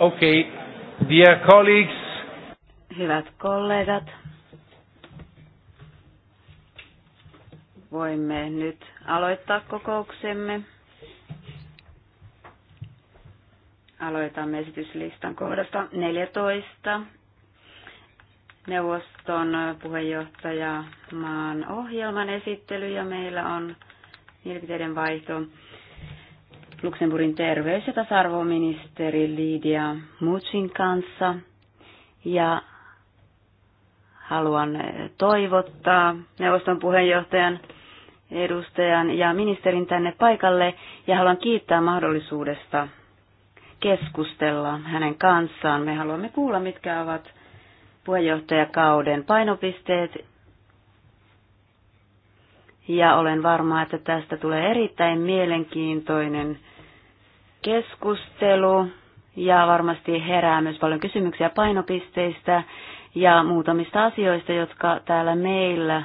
Okay, dear colleagues. Hyvät kollegat, voimme nyt aloittaa kokouksemme. Aloitamme esityslistan kohdasta 14. Neuvoston puheenjohtaja maan ohjelman esittely ja meillä on mielipiteiden vaihto Luxemburgin terveys- ja tasa-arvoministeri Lidia Mutsin kanssa. Ja haluan toivottaa neuvoston puheenjohtajan edustajan ja ministerin tänne paikalle ja haluan kiittää mahdollisuudesta keskustella hänen kanssaan. Me haluamme kuulla, mitkä ovat puheenjohtajakauden painopisteet ja olen varma, että tästä tulee erittäin mielenkiintoinen keskustelu ja varmasti herää myös paljon kysymyksiä painopisteistä ja muutamista asioista, jotka täällä meillä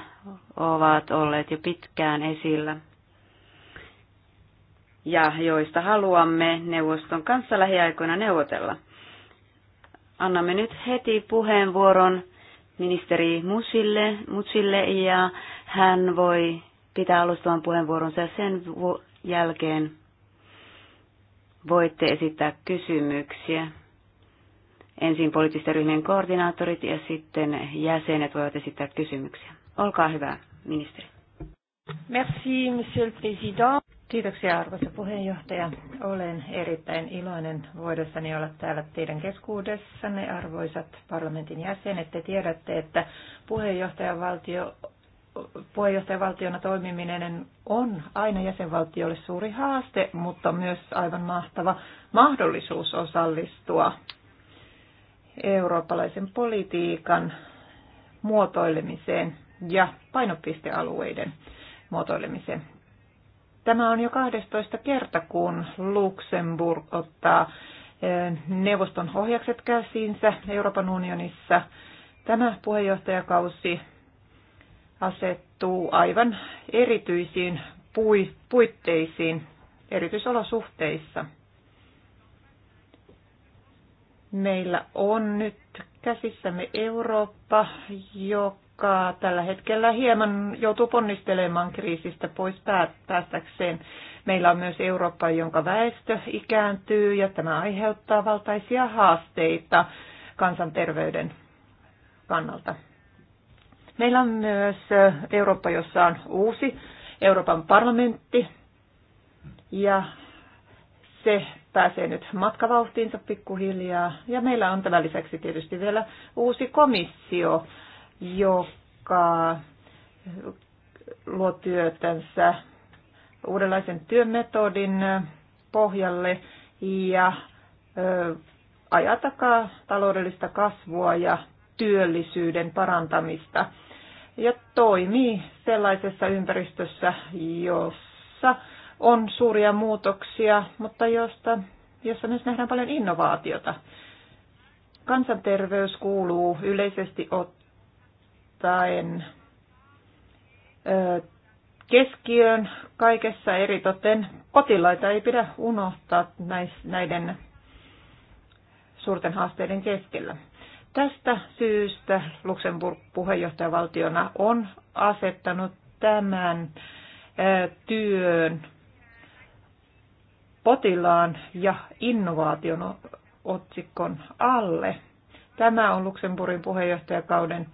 ovat olleet jo pitkään esillä ja joista haluamme neuvoston kanssa lähiaikoina neuvotella. Annamme nyt heti puheenvuoron ministeri Musille, Musille ja hän voi pitää alustavan puheenvuoronsa ja sen jälkeen voitte esittää kysymyksiä. Ensin poliittisten ryhmien koordinaattorit ja sitten jäsenet voivat esittää kysymyksiä. Olkaa hyvä, ministeri. Merci, monsieur le président. Kiitoksia arvoisa puheenjohtaja. Olen erittäin iloinen voidessani olla täällä teidän keskuudessanne, arvoisat parlamentin jäsenet. Te tiedätte, että puheenjohtajavaltio puheenjohtajavaltiona toimiminen on aina jäsenvaltiolle suuri haaste, mutta myös aivan mahtava mahdollisuus osallistua eurooppalaisen politiikan muotoilemiseen ja painopistealueiden muotoilemiseen. Tämä on jo 12 kerta, kun Luxemburg ottaa eh, neuvoston ohjakset käsiinsä Euroopan unionissa. Tämä puheenjohtajakausi asettuu aivan erityisiin puitteisiin, erityisolosuhteissa. Meillä on nyt käsissämme Eurooppa, joka tällä hetkellä hieman joutuu ponnistelemaan kriisistä pois päästäkseen. Meillä on myös Eurooppa, jonka väestö ikääntyy ja tämä aiheuttaa valtaisia haasteita kansanterveyden kannalta. Meillä on myös Eurooppa, jossa on uusi Euroopan parlamentti ja se pääsee nyt matkavauhtiinsa pikkuhiljaa. Ja meillä on tämän lisäksi tietysti vielä uusi komissio, joka luo työtänsä uudenlaisen työmetodin pohjalle ja ajatakaa taloudellista kasvua ja työllisyyden parantamista – ja toimii sellaisessa ympäristössä, jossa on suuria muutoksia, mutta josta, jossa myös nähdään paljon innovaatiota. Kansanterveys kuuluu yleisesti ottaen keskiöön kaikessa eritoten. Potilaita ei pidä unohtaa näiden suurten haasteiden keskellä. Tästä syystä Luxemburg puheenjohtajavaltiona on asettanut tämän työn potilaan ja innovaation otsikon alle. Tämä on Luxemburgin puheenjohtajakauden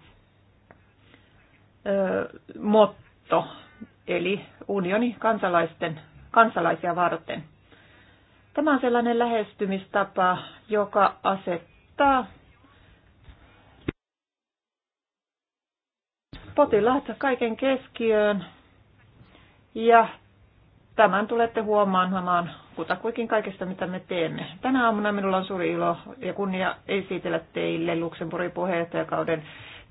motto, eli unioni kansalaisten, kansalaisia varten. Tämä on sellainen lähestymistapa, joka asettaa potilaat kaiken keskiöön ja tämän tulette huomaamaan kutakuinkin kaikesta, mitä me teemme. Tänä aamuna minulla on suuri ilo ja kunnia esitellä teille Luxemburgin puheenjohtajakauden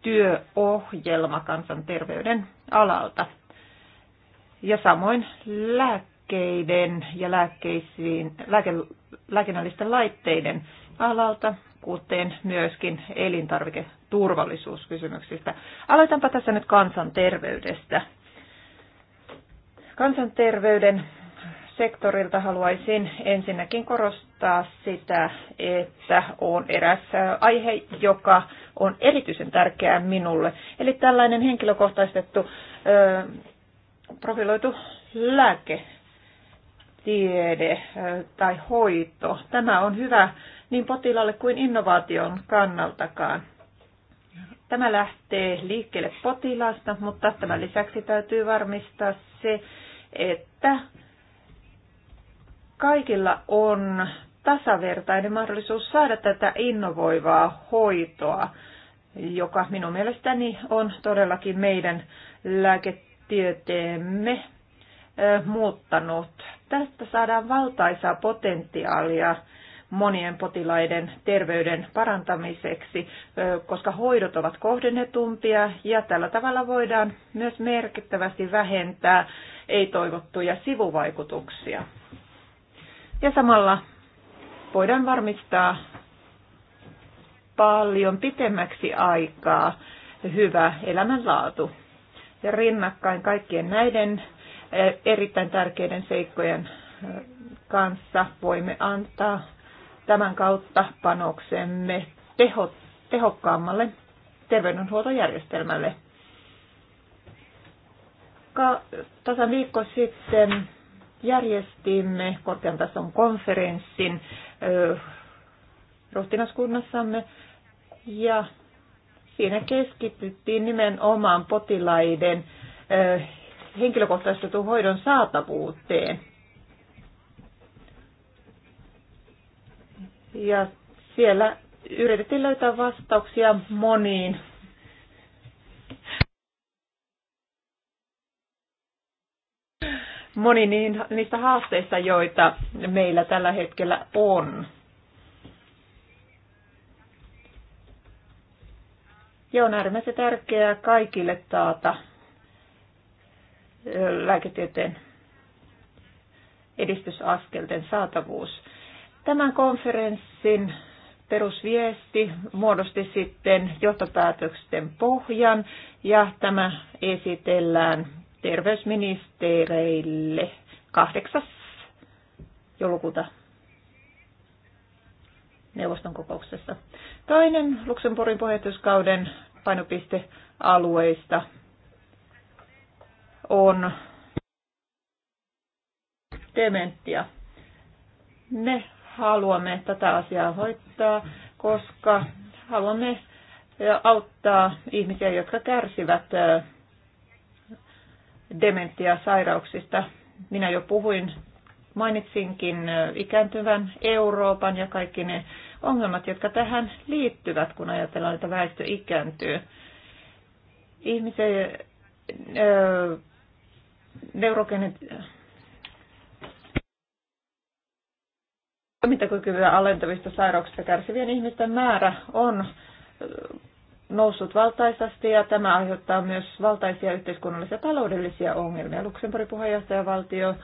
työohjelma kansanterveyden alalta. Ja samoin lääkkeiden ja lääkkeisiin, lääke, lääkinnällisten laitteiden alalta kuten myöskin elintarviketurvallisuuskysymyksistä. Aloitanpa tässä nyt kansanterveydestä. Kansanterveyden sektorilta haluaisin ensinnäkin korostaa sitä, että on eräs aihe, joka on erityisen tärkeää minulle. Eli tällainen henkilökohtaistettu profiloitu lääketiede tai hoito. Tämä on hyvä niin potilaalle kuin innovaation kannaltakaan. Tämä lähtee liikkeelle potilaasta, mutta tämän lisäksi täytyy varmistaa se, että kaikilla on tasavertainen mahdollisuus saada tätä innovoivaa hoitoa, joka minun mielestäni on todellakin meidän lääketieteemme muuttanut. Tästä saadaan valtaisaa potentiaalia monien potilaiden terveyden parantamiseksi, koska hoidot ovat kohdennetumpia ja tällä tavalla voidaan myös merkittävästi vähentää ei-toivottuja sivuvaikutuksia. Ja samalla voidaan varmistaa paljon pitemmäksi aikaa hyvä elämänlaatu. Ja rinnakkain kaikkien näiden erittäin tärkeiden seikkojen kanssa voimme antaa tämän kautta panoksemme teho, tehokkaammalle terveydenhuoltojärjestelmälle. Ka- tasan viikko sitten järjestimme korkean tason konferenssin ö, ruhtinaskunnassamme ja siinä keskityttiin nimenomaan potilaiden ö, henkilökohtaistetun hoidon saatavuuteen Ja siellä yritettiin löytää vastauksia moniin moni niin, niistä haasteista, joita meillä tällä hetkellä on. Ja on äärimmäisen tärkeää kaikille taata lääketieteen edistysaskelten saatavuus. Tämän konferenssin perusviesti muodosti sitten johtopäätösten pohjan ja tämä esitellään terveysministereille 8. joulukuuta neuvoston kokouksessa. Toinen Luxemburgin puheenjohtajuuskauden painopistealueista on dementia. Me haluamme tätä asiaa hoitaa, koska haluamme auttaa ihmisiä, jotka kärsivät dementiasairauksista. Minä jo puhuin, mainitsinkin ikääntyvän Euroopan ja kaikki ne ongelmat, jotka tähän liittyvät, kun ajatellaan, että väestö ikääntyy. Ihmisen neurogenet toimintakykyä alentavista sairauksista kärsivien ihmisten määrä on noussut valtaisasti ja tämä aiheuttaa myös valtaisia yhteiskunnallisia taloudellisia ongelmia. Luxemburgin puheenjohtajavaltio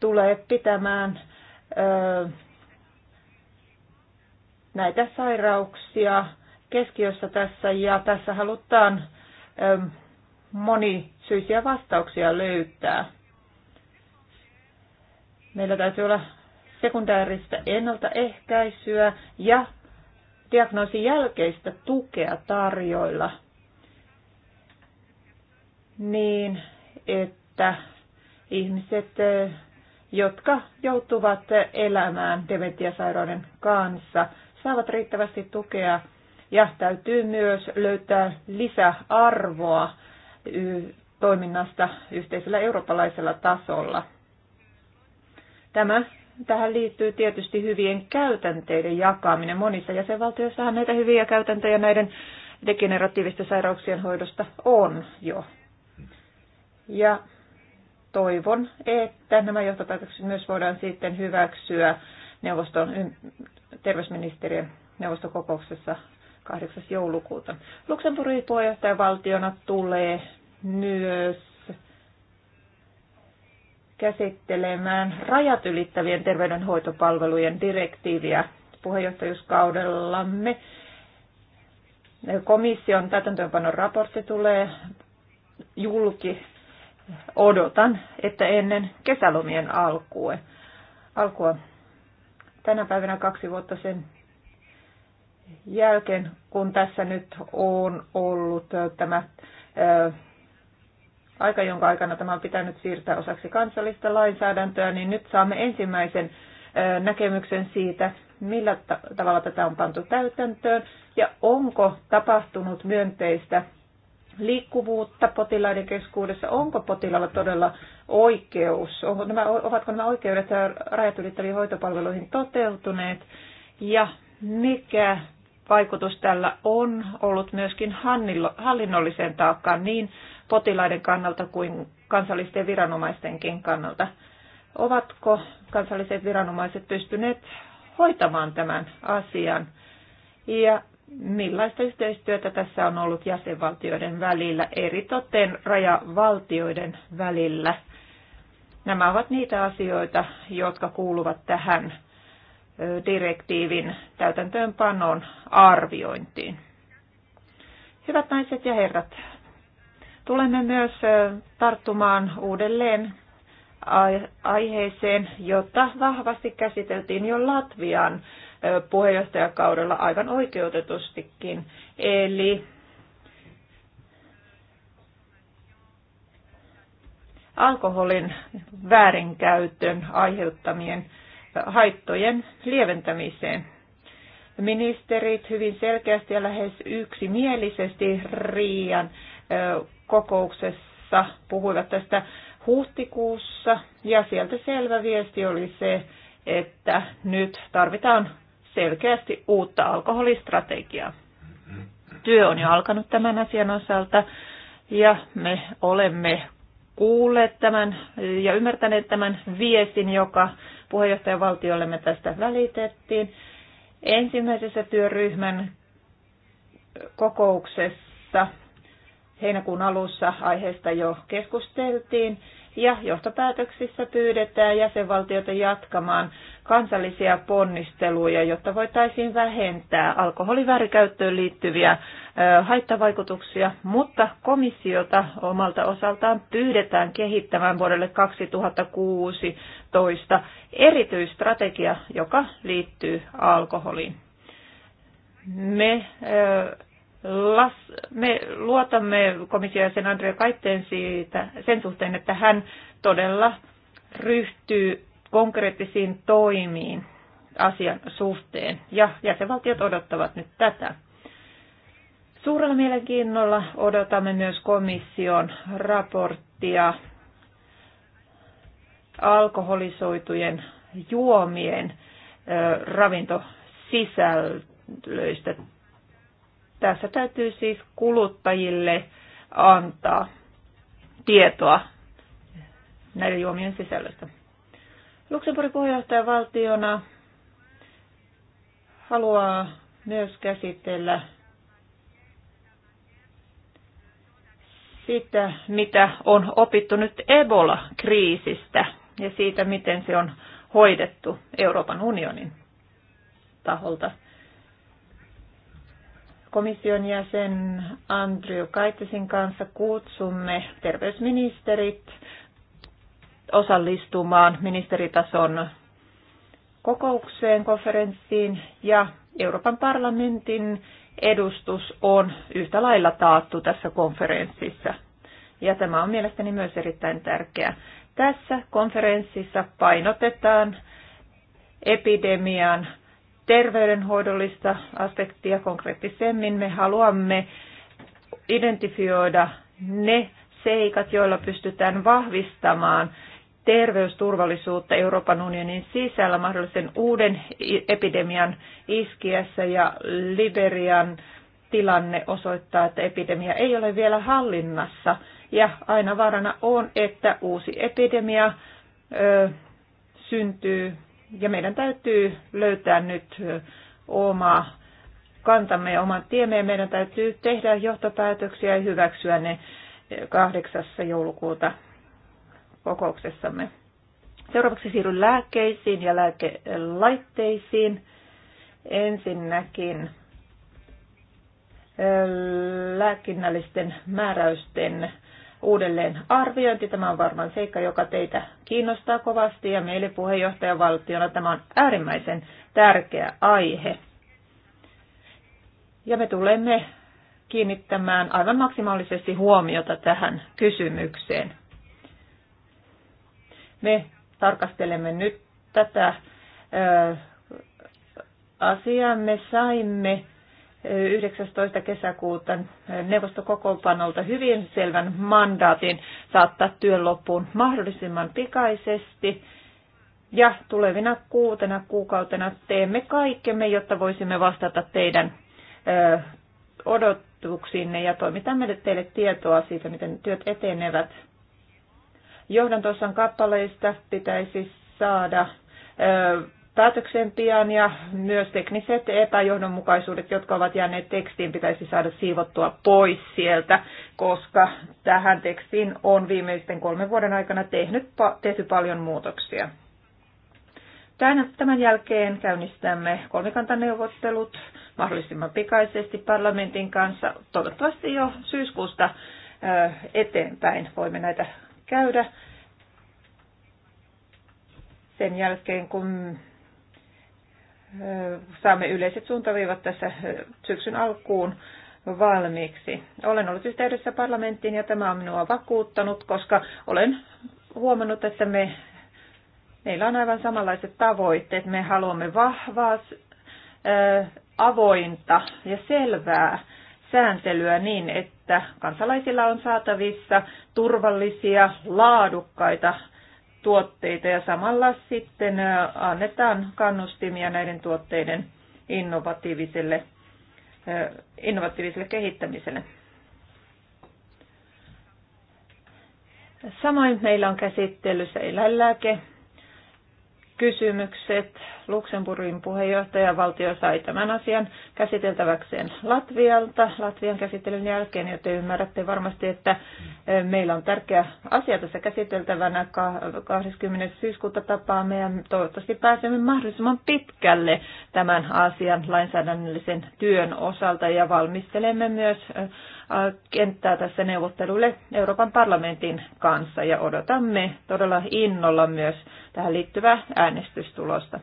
tulee pitämään ö, näitä sairauksia keskiössä tässä ja tässä halutaan ö, monisyisiä vastauksia löytää. Meillä täytyy olla sekundääristä ennaltaehkäisyä ja diagnoosin jälkeistä tukea tarjoilla niin, että ihmiset, jotka joutuvat elämään dementiasairauden kanssa, saavat riittävästi tukea ja täytyy myös löytää lisäarvoa toiminnasta yhteisellä eurooppalaisella tasolla. Tämä Tähän liittyy tietysti hyvien käytänteiden jakaminen. Monissa jäsenvaltioissahan näitä hyviä käytäntöjä näiden degeneratiivisten sairauksien hoidosta on jo. Ja toivon, että nämä johtopäätökset myös voidaan sitten hyväksyä neuvoston terveysministeriön neuvostokokouksessa 8. joulukuuta. Luxemburgin puheenjohtajavaltiona tulee myös käsittelemään rajat ylittävien terveydenhoitopalvelujen direktiiviä puheenjohtajuuskaudellamme. Komission täytäntöönpanon raportti tulee julki. Odotan, että ennen kesälomien alkua, alkua tänä päivänä kaksi vuotta sen jälkeen, kun tässä nyt on ollut tämä aika, jonka aikana tämä on pitänyt siirtää osaksi kansallista lainsäädäntöä, niin nyt saamme ensimmäisen näkemyksen siitä, millä tavalla tätä on pantu täytäntöön ja onko tapahtunut myönteistä liikkuvuutta potilaiden keskuudessa, onko potilaalla todella oikeus, onko nämä, ovatko nämä oikeudet rajat ylittäviin hoitopalveluihin toteutuneet ja mikä vaikutus tällä on ollut myöskin hallinnolliseen taakkaan niin potilaiden kannalta kuin kansallisten viranomaistenkin kannalta. Ovatko kansalliset viranomaiset pystyneet hoitamaan tämän asian ja millaista yhteistyötä tässä on ollut jäsenvaltioiden välillä, eritoten rajavaltioiden välillä. Nämä ovat niitä asioita, jotka kuuluvat tähän direktiivin täytäntöönpanon arviointiin. Hyvät naiset ja herrat, Tulemme myös tarttumaan uudelleen aiheeseen, jota vahvasti käsiteltiin jo Latvian puheenjohtajakaudella aivan oikeutetustikin. Eli alkoholin väärinkäytön aiheuttamien haittojen lieventämiseen. Ministerit hyvin selkeästi ja lähes yksimielisesti Riian kokouksessa puhuivat tästä huhtikuussa ja sieltä selvä viesti oli se, että nyt tarvitaan selkeästi uutta alkoholistrategiaa. Työ on jo alkanut tämän asian osalta ja me olemme kuulleet tämän ja ymmärtäneet tämän viestin, joka me tästä välitettiin. Ensimmäisessä työryhmän kokouksessa Heinäkuun alussa aiheesta jo keskusteltiin ja johtopäätöksissä pyydetään jäsenvaltioita jatkamaan kansallisia ponnisteluja, jotta voitaisiin vähentää alkoholiväärikäyttöön liittyviä haittavaikutuksia, mutta komissiota omalta osaltaan pyydetään kehittämään vuodelle 2016 erityistrategia, joka liittyy alkoholiin. Me Las, me luotamme komission sen Andrea Kaitteen siitä, sen suhteen, että hän todella ryhtyy konkreettisiin toimiin asian suhteen. Ja jäsenvaltiot odottavat nyt tätä. Suurella mielenkiinnolla odotamme myös komission raporttia alkoholisoitujen juomien ravintosisällöistä. Tässä täytyy siis kuluttajille antaa tietoa näiden juomien sisällöstä. Luxemburgin puheenjohtajavaltiona haluaa myös käsitellä sitä, mitä on opittu nyt Ebola-kriisistä ja siitä, miten se on hoidettu Euroopan unionin taholta komission jäsen Andrew Kaitisen kanssa kutsumme terveysministerit osallistumaan ministeritason kokoukseen, konferenssiin ja Euroopan parlamentin edustus on yhtä lailla taattu tässä konferenssissa. Ja tämä on mielestäni myös erittäin tärkeää. Tässä konferenssissa painotetaan epidemian terveydenhoidollista aspektia konkreettisemmin. Me haluamme identifioida ne seikat, joilla pystytään vahvistamaan terveysturvallisuutta Euroopan unionin sisällä mahdollisen uuden epidemian iskiessä ja Liberian tilanne osoittaa, että epidemia ei ole vielä hallinnassa ja aina vaarana on, että uusi epidemia ö, syntyy ja meidän täytyy löytää nyt oma kantamme ja oman tiemme ja meidän täytyy tehdä johtopäätöksiä ja hyväksyä ne 8. joulukuuta kokouksessamme. Seuraavaksi siirryn lääkkeisiin ja lääkelaitteisiin. Ensinnäkin lääkinnällisten määräysten uudelleen arviointi. Tämä on varmaan seikka, joka teitä kiinnostaa kovasti ja meille puheenjohtajavaltiona tämä on äärimmäisen tärkeä aihe. Ja me tulemme kiinnittämään aivan maksimaalisesti huomiota tähän kysymykseen. Me tarkastelemme nyt tätä asiaa. Me saimme 19. kesäkuuta neuvostokokoonpanolta hyvin selvän mandaatin saattaa työn loppuun mahdollisimman pikaisesti. Ja tulevina kuutena kuukautena teemme kaikkemme, jotta voisimme vastata teidän odotuksiinne ja toimitamme teille tietoa siitä, miten työt etenevät. Johdantossan kappaleista pitäisi saada päätöksen pian ja myös tekniset epäjohdonmukaisuudet, jotka ovat jääneet tekstiin, pitäisi saada siivottua pois sieltä, koska tähän tekstiin on viimeisten kolmen vuoden aikana tehnyt, tehty paljon muutoksia. Tämän jälkeen käynnistämme kolmikantaneuvottelut mahdollisimman pikaisesti parlamentin kanssa. Toivottavasti jo syyskuusta eteenpäin voimme näitä käydä sen jälkeen, kun saamme yleiset suuntaviivat tässä syksyn alkuun valmiiksi. Olen ollut yhteydessä parlamenttiin ja tämä on minua vakuuttanut, koska olen huomannut, että me, meillä on aivan samanlaiset tavoitteet. Me haluamme vahvaa, avointa ja selvää sääntelyä niin, että kansalaisilla on saatavissa turvallisia, laadukkaita tuotteita ja samalla sitten annetaan kannustimia näiden tuotteiden innovatiiviselle, innovatiiviselle kehittämiselle. Samoin meillä on käsittelyssä eläinlääke kysymykset. Luxemburgin puheenjohtajavaltio sai tämän asian käsiteltäväkseen Latvialta Latvian käsittelyn jälkeen, joten ymmärrätte varmasti, että meillä on tärkeä asia tässä käsiteltävänä 20. syyskuuta tapaamme ja toivottavasti pääsemme mahdollisimman pitkälle tämän asian lainsäädännöllisen työn osalta ja valmistelemme myös kenttää tässä neuvotteluille Euroopan parlamentin kanssa ja odotamme todella innolla myös tähän liittyvää äänestystulosta.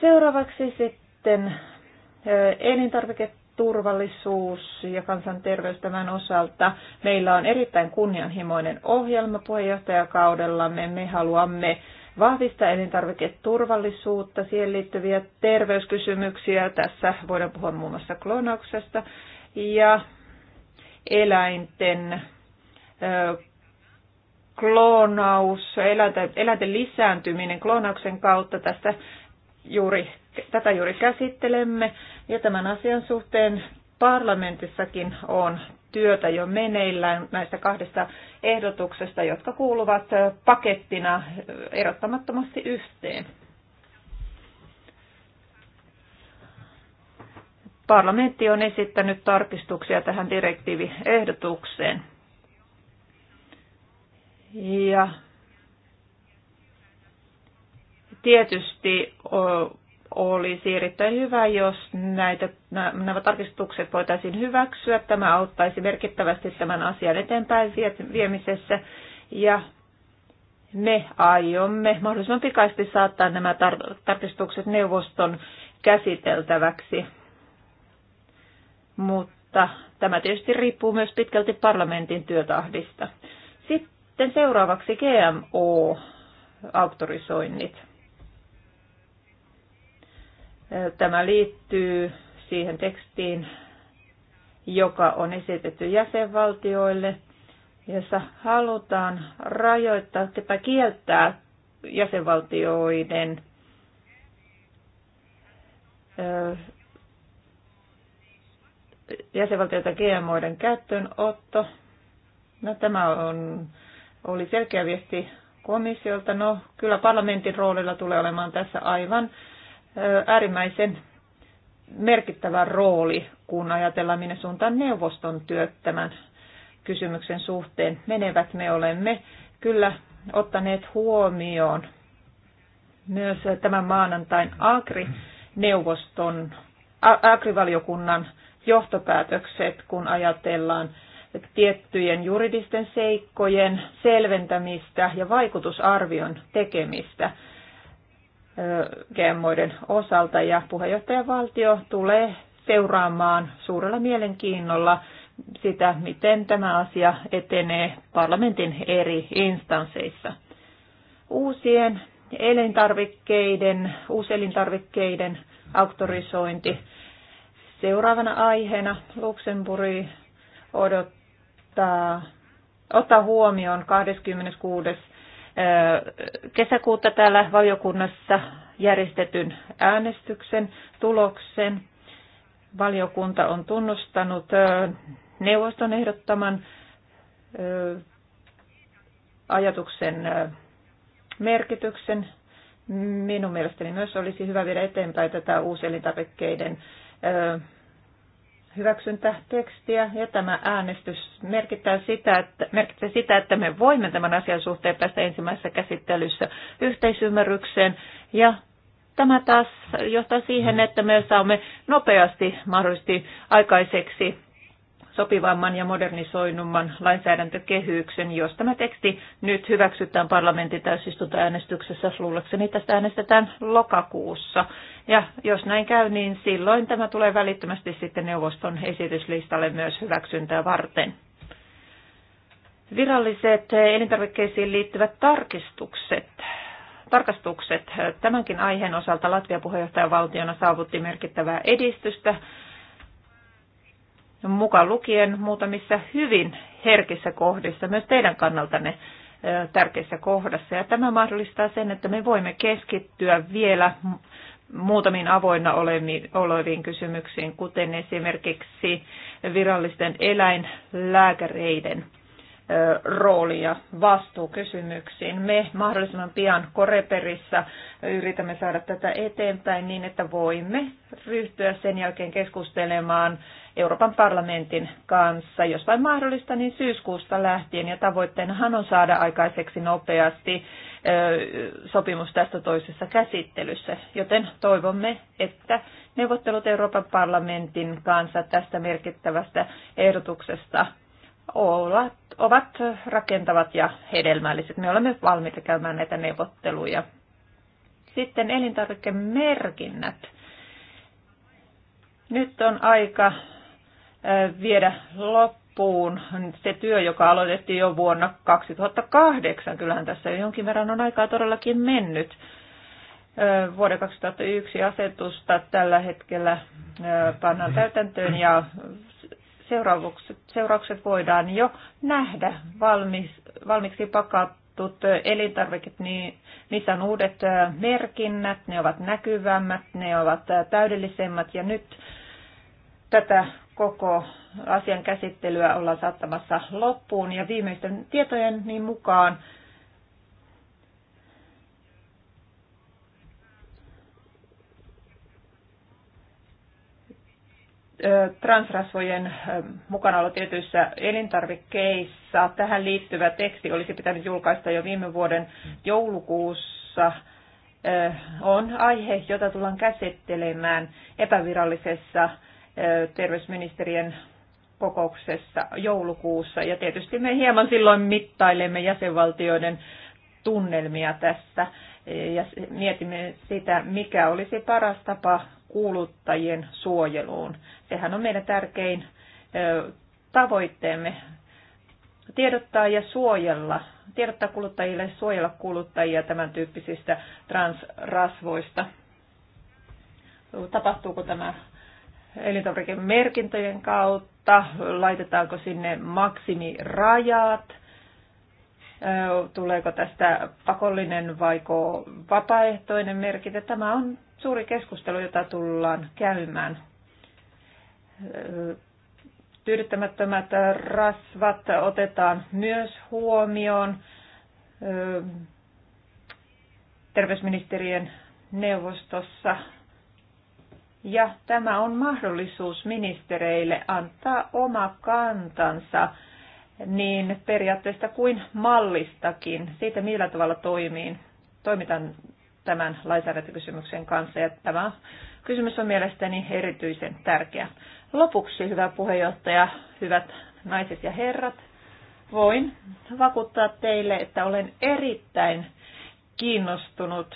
Seuraavaksi sitten elintarviketurvallisuus ja kansanterveys tämän osalta. Meillä on erittäin kunnianhimoinen ohjelma puheenjohtajakaudellamme. Me haluamme vahvistaa elintarviketurvallisuutta, siihen liittyviä terveyskysymyksiä. Tässä voidaan puhua muun muassa klonauksesta ja eläinten kloonaus, eläinten, eläinten lisääntyminen kloonauksen kautta. Tästä juuri, tätä juuri käsittelemme ja tämän asian suhteen parlamentissakin on työtä jo meneillään näistä kahdesta ehdotuksesta, jotka kuuluvat pakettina erottamattomasti yhteen. Parlamentti on esittänyt tarkistuksia tähän direktiiviehdotukseen. Ja tietysti olisi erittäin hyvä, jos näitä, nämä tarkistukset voitaisiin hyväksyä. Tämä auttaisi merkittävästi tämän asian eteenpäin viemisessä. Ja me aiomme mahdollisimman pikaisesti saattaa nämä tar- tarkistukset neuvoston käsiteltäväksi mutta tämä tietysti riippuu myös pitkälti parlamentin työtahdista. Sitten seuraavaksi GMO-auktorisoinnit. Tämä liittyy siihen tekstiin, joka on esitetty jäsenvaltioille, jossa halutaan rajoittaa tai kieltää jäsenvaltioiden jäsenvaltioita GMOiden käyttöönotto. No, tämä on, oli selkeä viesti komissiolta. No, kyllä parlamentin roolilla tulee olemaan tässä aivan äärimmäisen merkittävä rooli, kun ajatellaan, minne suuntaan neuvoston työt tämän kysymyksen suhteen menevät. Me olemme kyllä ottaneet huomioon myös tämän maanantain Agri-neuvoston, Agrivaliokunnan johtopäätökset, kun ajatellaan tiettyjen juridisten seikkojen selventämistä ja vaikutusarvion tekemistä GMOiden osalta. Ja puheenjohtajavaltio tulee seuraamaan suurella mielenkiinnolla sitä, miten tämä asia etenee parlamentin eri instansseissa. Uusien elintarvikkeiden, uuselintarvikkeiden auktorisointi Seuraavana aiheena Luxemburg odottaa, ottaa huomioon 26. kesäkuuta täällä valiokunnassa järjestetyn äänestyksen tuloksen. Valiokunta on tunnustanut neuvoston ehdottaman ajatuksen merkityksen. Minun mielestäni myös olisi hyvä viedä eteenpäin tätä uuselintarvikkeiden hyväksyntätekstiä ja tämä äänestys merkittää sitä, että, merkittää sitä, että me voimme tämän asian suhteen päästä ensimmäisessä käsittelyssä yhteisymmärrykseen ja tämä taas johtaa siihen, että me saamme nopeasti mahdollisesti aikaiseksi sopivamman ja modernisoinnumman lainsäädäntökehyksen. Jos tämä teksti nyt hyväksytään parlamentin täysistuntoäänestyksessä, luulekseni tästä äänestetään lokakuussa. Ja jos näin käy, niin silloin tämä tulee välittömästi sitten neuvoston esityslistalle myös hyväksyntää varten. Viralliset elintarvikkeisiin liittyvät tarkistukset tarkastukset. Tämänkin aiheen osalta Latvia puheenjohtajavaltiona saavutti merkittävää edistystä mukaan lukien muutamissa hyvin herkissä kohdissa, myös teidän kannaltanne tärkeissä kohdassa. Ja tämä mahdollistaa sen, että me voimme keskittyä vielä muutamiin avoinna oleviin kysymyksiin, kuten esimerkiksi virallisten eläinlääkäreiden rooli- ja vastuukysymyksiin. Me mahdollisimman pian Koreperissa yritämme saada tätä eteenpäin niin, että voimme ryhtyä sen jälkeen keskustelemaan Euroopan parlamentin kanssa. Jos vain mahdollista, niin syyskuusta lähtien. Ja tavoitteenahan on saada aikaiseksi nopeasti sopimus tästä toisessa käsittelyssä. Joten toivomme, että neuvottelut Euroopan parlamentin kanssa tästä merkittävästä ehdotuksesta ovat rakentavat ja hedelmälliset. Me olemme valmiita käymään näitä neuvotteluja. Sitten elintarvikemerkinnät. Nyt on aika viedä loppuun se työ, joka aloitettiin jo vuonna 2008. Kyllähän tässä jo jonkin verran on aikaa todellakin mennyt. Vuoden 2001 asetusta tällä hetkellä pannaan täytäntöön ja seuraukset, seuraukset voidaan jo nähdä valmis, valmiiksi pakattut elintarvikkeet, niin niissä on uudet merkinnät, ne ovat näkyvämmät, ne ovat täydellisemmät ja nyt tätä koko asian käsittelyä ollaan saattamassa loppuun ja viimeisten tietojen niin mukaan transrasvojen mukanaolo tietyissä elintarvikkeissa. Tähän liittyvä teksti olisi pitänyt julkaista jo viime vuoden joulukuussa. On aihe, jota tullaan käsittelemään epävirallisessa terveysministerien kokouksessa joulukuussa. Ja tietysti me hieman silloin mittailemme jäsenvaltioiden tunnelmia tässä e, ja mietimme sitä, mikä olisi paras tapa kuluttajien suojeluun. Sehän on meidän tärkein tavoitteemme tiedottaa ja suojella, tiedottaa kuluttajille suojella kuluttajia tämän tyyppisistä transrasvoista. Tapahtuuko tämä elintarvikemerkintöjen kautta, laitetaanko sinne maksimirajat, tuleeko tästä pakollinen vai vapaaehtoinen merkintä. Tämä on suuri keskustelu, jota tullaan käymään. Tyydyttämättömät rasvat otetaan myös huomioon terveysministeriön neuvostossa ja tämä on mahdollisuus ministereille antaa oma kantansa niin periaatteesta kuin mallistakin, siitä millä tavalla toimiin, toimitaan tämän lainsäädäntökysymyksen kanssa. Ja tämä kysymys on mielestäni erityisen tärkeä. Lopuksi, hyvä puheenjohtaja, hyvät naiset ja herrat, voin vakuuttaa teille, että olen erittäin kiinnostunut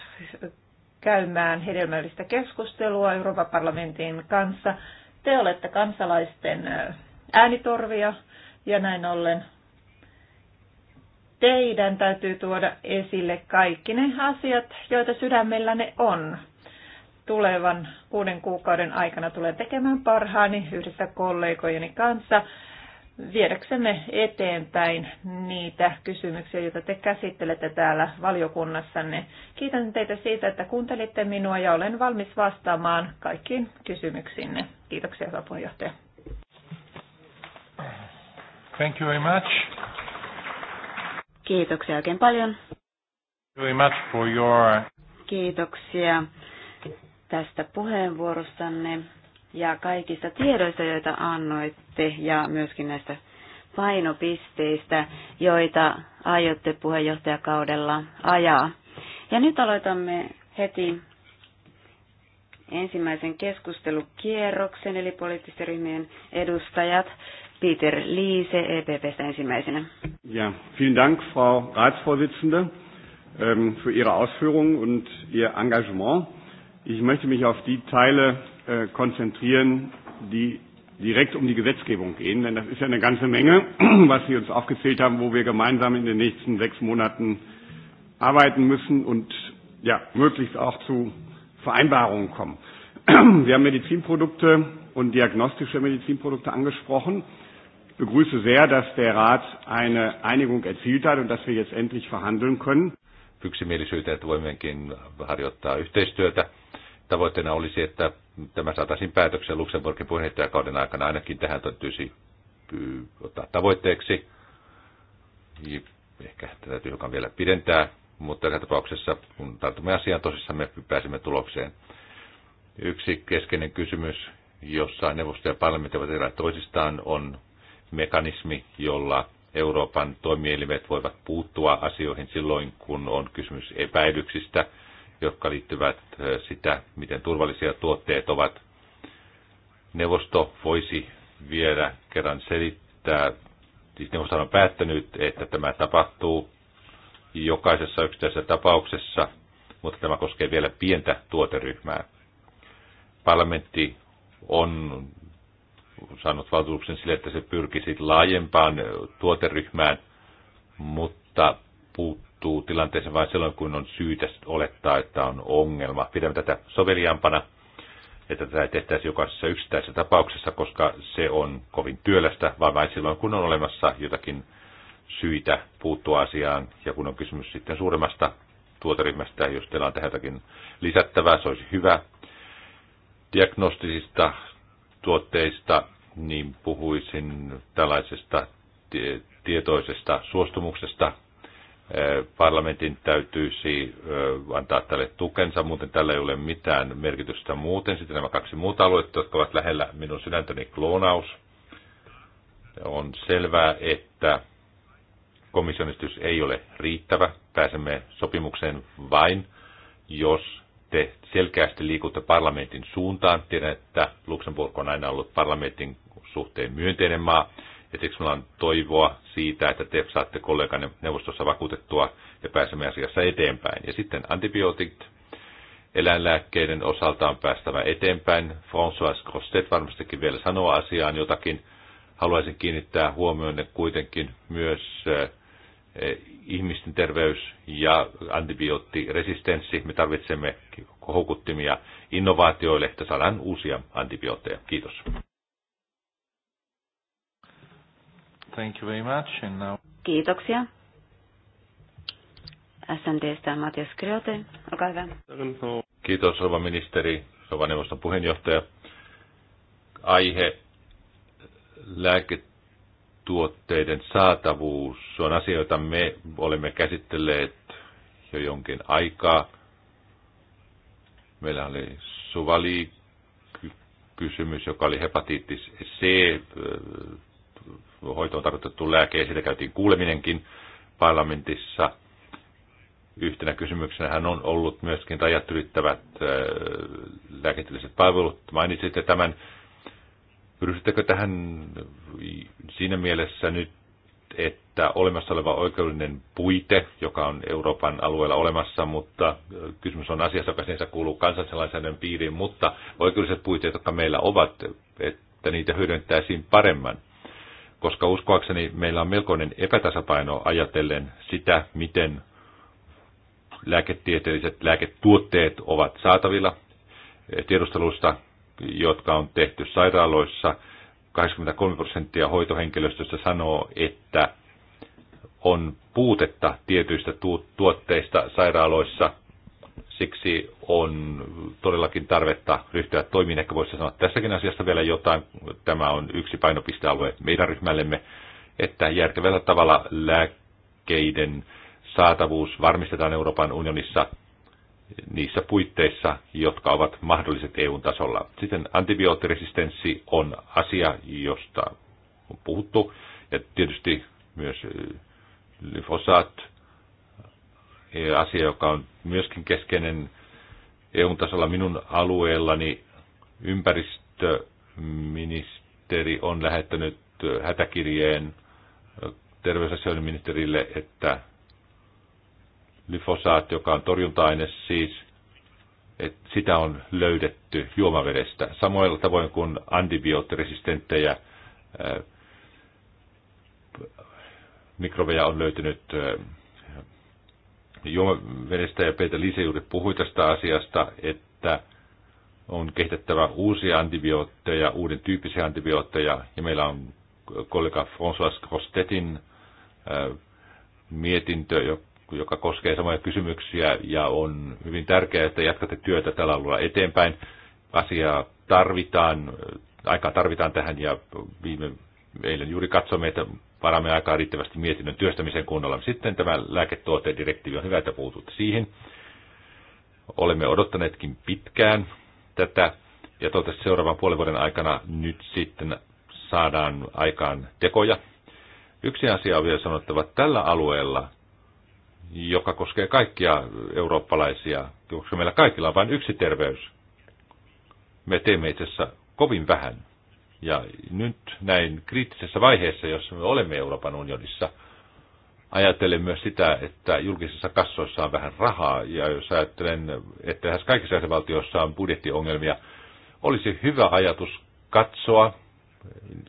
käymään hedelmällistä keskustelua Euroopan parlamentin kanssa. Te olette kansalaisten äänitorvia ja näin ollen teidän täytyy tuoda esille kaikki ne asiat, joita ne on. Tulevan kuuden kuukauden aikana tulen tekemään parhaani yhdessä kollegojeni kanssa viedäksemme eteenpäin niitä kysymyksiä, joita te käsittelette täällä valiokunnassanne. Kiitän teitä siitä, että kuuntelitte minua ja olen valmis vastaamaan kaikkiin kysymyksiinne. Kiitoksia, hyvä puheenjohtaja. Thank you very much. Kiitoksia oikein paljon. Thank you very much for your... Kiitoksia tästä puheenvuorostanne ja kaikista tiedoista, joita annoitte ja myöskin näistä painopisteistä, joita aiotte puheenjohtajakaudella ajaa. Ja nyt aloitamme heti ensimmäisen keskustelukierroksen, eli poliittisten ryhmien edustajat. Peter Liise, EPPstä ensimmäisenä. Ja, vielen Dank, Frau Ratsvorsitzende, ähm, für Ihre Ausführungen und Ihr Engagement. Ich möchte mich auf die Teile Äh, konzentrieren, die direkt um die Gesetzgebung gehen. Denn das ist ja eine ganze Menge, was Sie uns aufgezählt haben, wo wir gemeinsam in den nächsten sechs Monaten arbeiten müssen und ja, möglichst auch zu Vereinbarungen kommen. Wir haben Medizinprodukte und diagnostische Medizinprodukte angesprochen. Ich begrüße sehr, dass der Rat eine Einigung erzielt hat und dass wir jetzt endlich verhandeln können. Yksimielisyyteen, että voimmekin harjoittaa yhteistyötä tavoitteena olisi, että tämä saataisiin päätöksen Luxemburgin puheenjohtajakauden aikana. Ainakin tähän täytyisi ottaa tavoitteeksi. Ehkä tätä täytyy hiukan vielä pidentää, mutta tässä tapauksessa, kun tartumme asiaan tosissaan, me pääsemme tulokseen. Yksi keskeinen kysymys, jossa neuvosto ja parlamentti ovat erää toisistaan, on mekanismi, jolla Euroopan toimielimet voivat puuttua asioihin silloin, kun on kysymys epäilyksistä – jotka liittyvät sitä, miten turvallisia tuotteet ovat. Neuvosto voisi vielä kerran selittää, siis neuvosto on päättänyt, että tämä tapahtuu jokaisessa yksittäisessä tapauksessa, mutta tämä koskee vielä pientä tuoteryhmää. Parlamentti on saanut valtuutuksen sille, että se pyrkisi laajempaan tuoteryhmään, mutta puuttuu puuttuu tilanteeseen vain silloin, kun on syytä olettaa, että on ongelma. Pidämme tätä soveliaampana, että tätä ei tehtäisi jokaisessa yksittäisessä tapauksessa, koska se on kovin työlästä, vaan vain silloin, kun on olemassa jotakin syitä puuttua asiaan ja kun on kysymys sitten suuremmasta tuoteryhmästä, jos teillä on tähän jotakin lisättävää, se olisi hyvä. Diagnostisista tuotteista niin puhuisin tällaisesta tietoisesta suostumuksesta Parlamentin täytyisi antaa tälle tukensa, muuten tällä ei ole mitään merkitystä muuten. Sitten nämä kaksi muuta aluetta, jotka ovat lähellä minun sydäntäni kloonaus. On selvää, että komissionistys ei ole riittävä. Pääsemme sopimukseen vain, jos te selkeästi liikutte parlamentin suuntaan. Tiedän, että Luxemburg on aina ollut parlamentin suhteen myönteinen maa. Ja siksi meillä on toivoa siitä, että te saatte kollegan neuvostossa vakuutettua ja pääsemme asiassa eteenpäin. Ja sitten antibiootit. Eläinlääkkeiden osalta on päästävä eteenpäin. François Grosset varmastikin vielä sanoo asiaan jotakin. Haluaisin kiinnittää huomioon kuitenkin myös eh, ihmisten terveys ja antibioottiresistenssi. Me tarvitsemme houkuttimia innovaatioille, että saadaan uusia antibiootteja. Kiitos. Thank you very much. And now... Kiitoksia. SNDstä Matias Kriote, olkaa hyvä. Kiitos, rouva ministeri, rouva neuvoston puheenjohtaja. Aihe lääketuotteiden saatavuus on asia, jota me olemme käsitelleet jo jonkin aikaa. Meillä oli suvali kysymys, joka oli hepatiittis C hoitoon tarkoitettu lääke, ja siitä käytiin kuuleminenkin parlamentissa. Yhtenä kysymyksenähän on ollut myöskin rajat ylittävät lääketieteelliset palvelut. Mainitsitte tämän. Ryhdyttekö tähän siinä mielessä nyt, että olemassa oleva oikeudellinen puite, joka on Euroopan alueella olemassa, mutta kysymys on asiassa, joka sinänsä kuuluu kansallisen piiriin, mutta oikeudelliset puitteet, jotka meillä ovat, että niitä hyödyntäisiin paremman koska uskoakseni meillä on melkoinen epätasapaino ajatellen sitä, miten lääketieteelliset lääketuotteet ovat saatavilla tiedustelusta, jotka on tehty sairaaloissa. 83 prosenttia hoitohenkilöstöstä sanoo, että on puutetta tietyistä tuotteista sairaaloissa – Siksi on todellakin tarvetta ryhtyä toimiin. Ehkä voisi sanoa tässäkin asiasta vielä jotain. Tämä on yksi painopistealue meidän ryhmällemme, että järkevällä tavalla lääkkeiden saatavuus varmistetaan Euroopan unionissa niissä puitteissa, jotka ovat mahdolliset EU-tasolla. Sitten antibioottiresistenssi on asia, josta on puhuttu, ja tietysti myös lyfosaat, asia, joka on myöskin keskeinen EU-tasolla minun alueellani. Ympäristöministeri on lähettänyt hätäkirjeen terveysasioiden ministerille, että lyfosaat, joka on torjunta-aine siis, että sitä on löydetty juomavedestä. Samoilla tavoin kuin antibioottiresistenttejä mikrobeja on löytynyt juomavedestä ja Peter Lise juuri puhui tästä asiasta, että on kehitettävä uusia antibiootteja, uuden tyyppisiä antibiootteja, ja meillä on kollega François Crostetin äh, mietintö, joka koskee samoja kysymyksiä, ja on hyvin tärkeää, että jatkatte työtä tällä alueella eteenpäin. Asiaa tarvitaan, äh, aikaa tarvitaan tähän, ja viime Eilen juuri katsomme, että varamme aikaa riittävästi mietinnön työstämisen kunnolla. Sitten tämä lääketuotedirektiivi on hyvä, että puututte siihen. Olemme odottaneetkin pitkään tätä ja toivottavasti seuraavan puolen vuoden aikana nyt sitten saadaan aikaan tekoja. Yksi asia on vielä sanottava, että tällä alueella, joka koskee kaikkia eurooppalaisia, koska meillä kaikilla on vain yksi terveys, me teemme itse asiassa kovin vähän. Ja nyt näin kriittisessä vaiheessa, jossa me olemme Euroopan unionissa, ajattelen myös sitä, että julkisissa kassoissa on vähän rahaa, ja jos ajattelen, että lähes kaikissa jäsenvaltioissa on budjettiongelmia, olisi hyvä ajatus katsoa,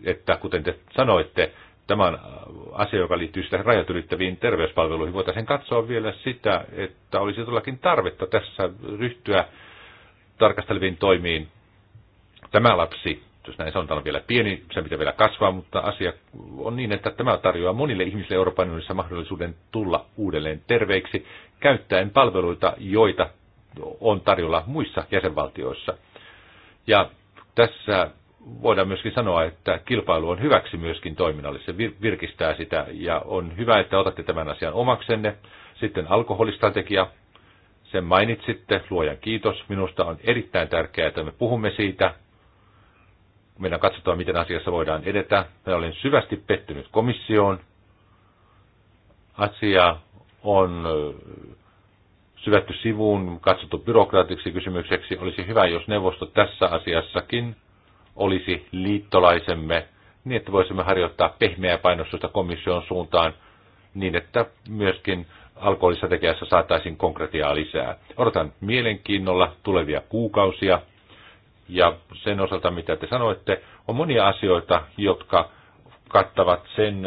että kuten te sanoitte, tämän asia, joka liittyy sitä rajat ylittäviin terveyspalveluihin. Voitaisiin katsoa vielä sitä, että olisi todellakin tarvetta tässä ryhtyä tarkasteleviin toimiin. Tämä lapsi jos näin sanotaan, on vielä pieni, se pitää vielä kasvaa, mutta asia on niin, että tämä tarjoaa monille ihmisille Euroopan unionissa mahdollisuuden tulla uudelleen terveiksi käyttäen palveluita, joita on tarjolla muissa jäsenvaltioissa. Ja tässä voidaan myöskin sanoa, että kilpailu on hyväksi myöskin toiminnalle. Se virkistää sitä ja on hyvä, että otatte tämän asian omaksenne. Sitten alkoholistrategia, sen mainitsitte, luojan kiitos. Minusta on erittäin tärkeää, että me puhumme siitä, meidän katsotaan, miten asiassa voidaan edetä. Minä olen syvästi pettynyt komissioon. Asia on syvätty sivuun, katsottu byrokraattiksi kysymykseksi. Olisi hyvä, jos neuvosto tässä asiassakin olisi liittolaisemme niin, että voisimme harjoittaa pehmeää painostusta komission suuntaan niin, että myöskin alkoholistrategiassa saataisiin konkretiaa lisää. Odotan mielenkiinnolla tulevia kuukausia ja sen osalta, mitä te sanoitte, on monia asioita, jotka kattavat sen,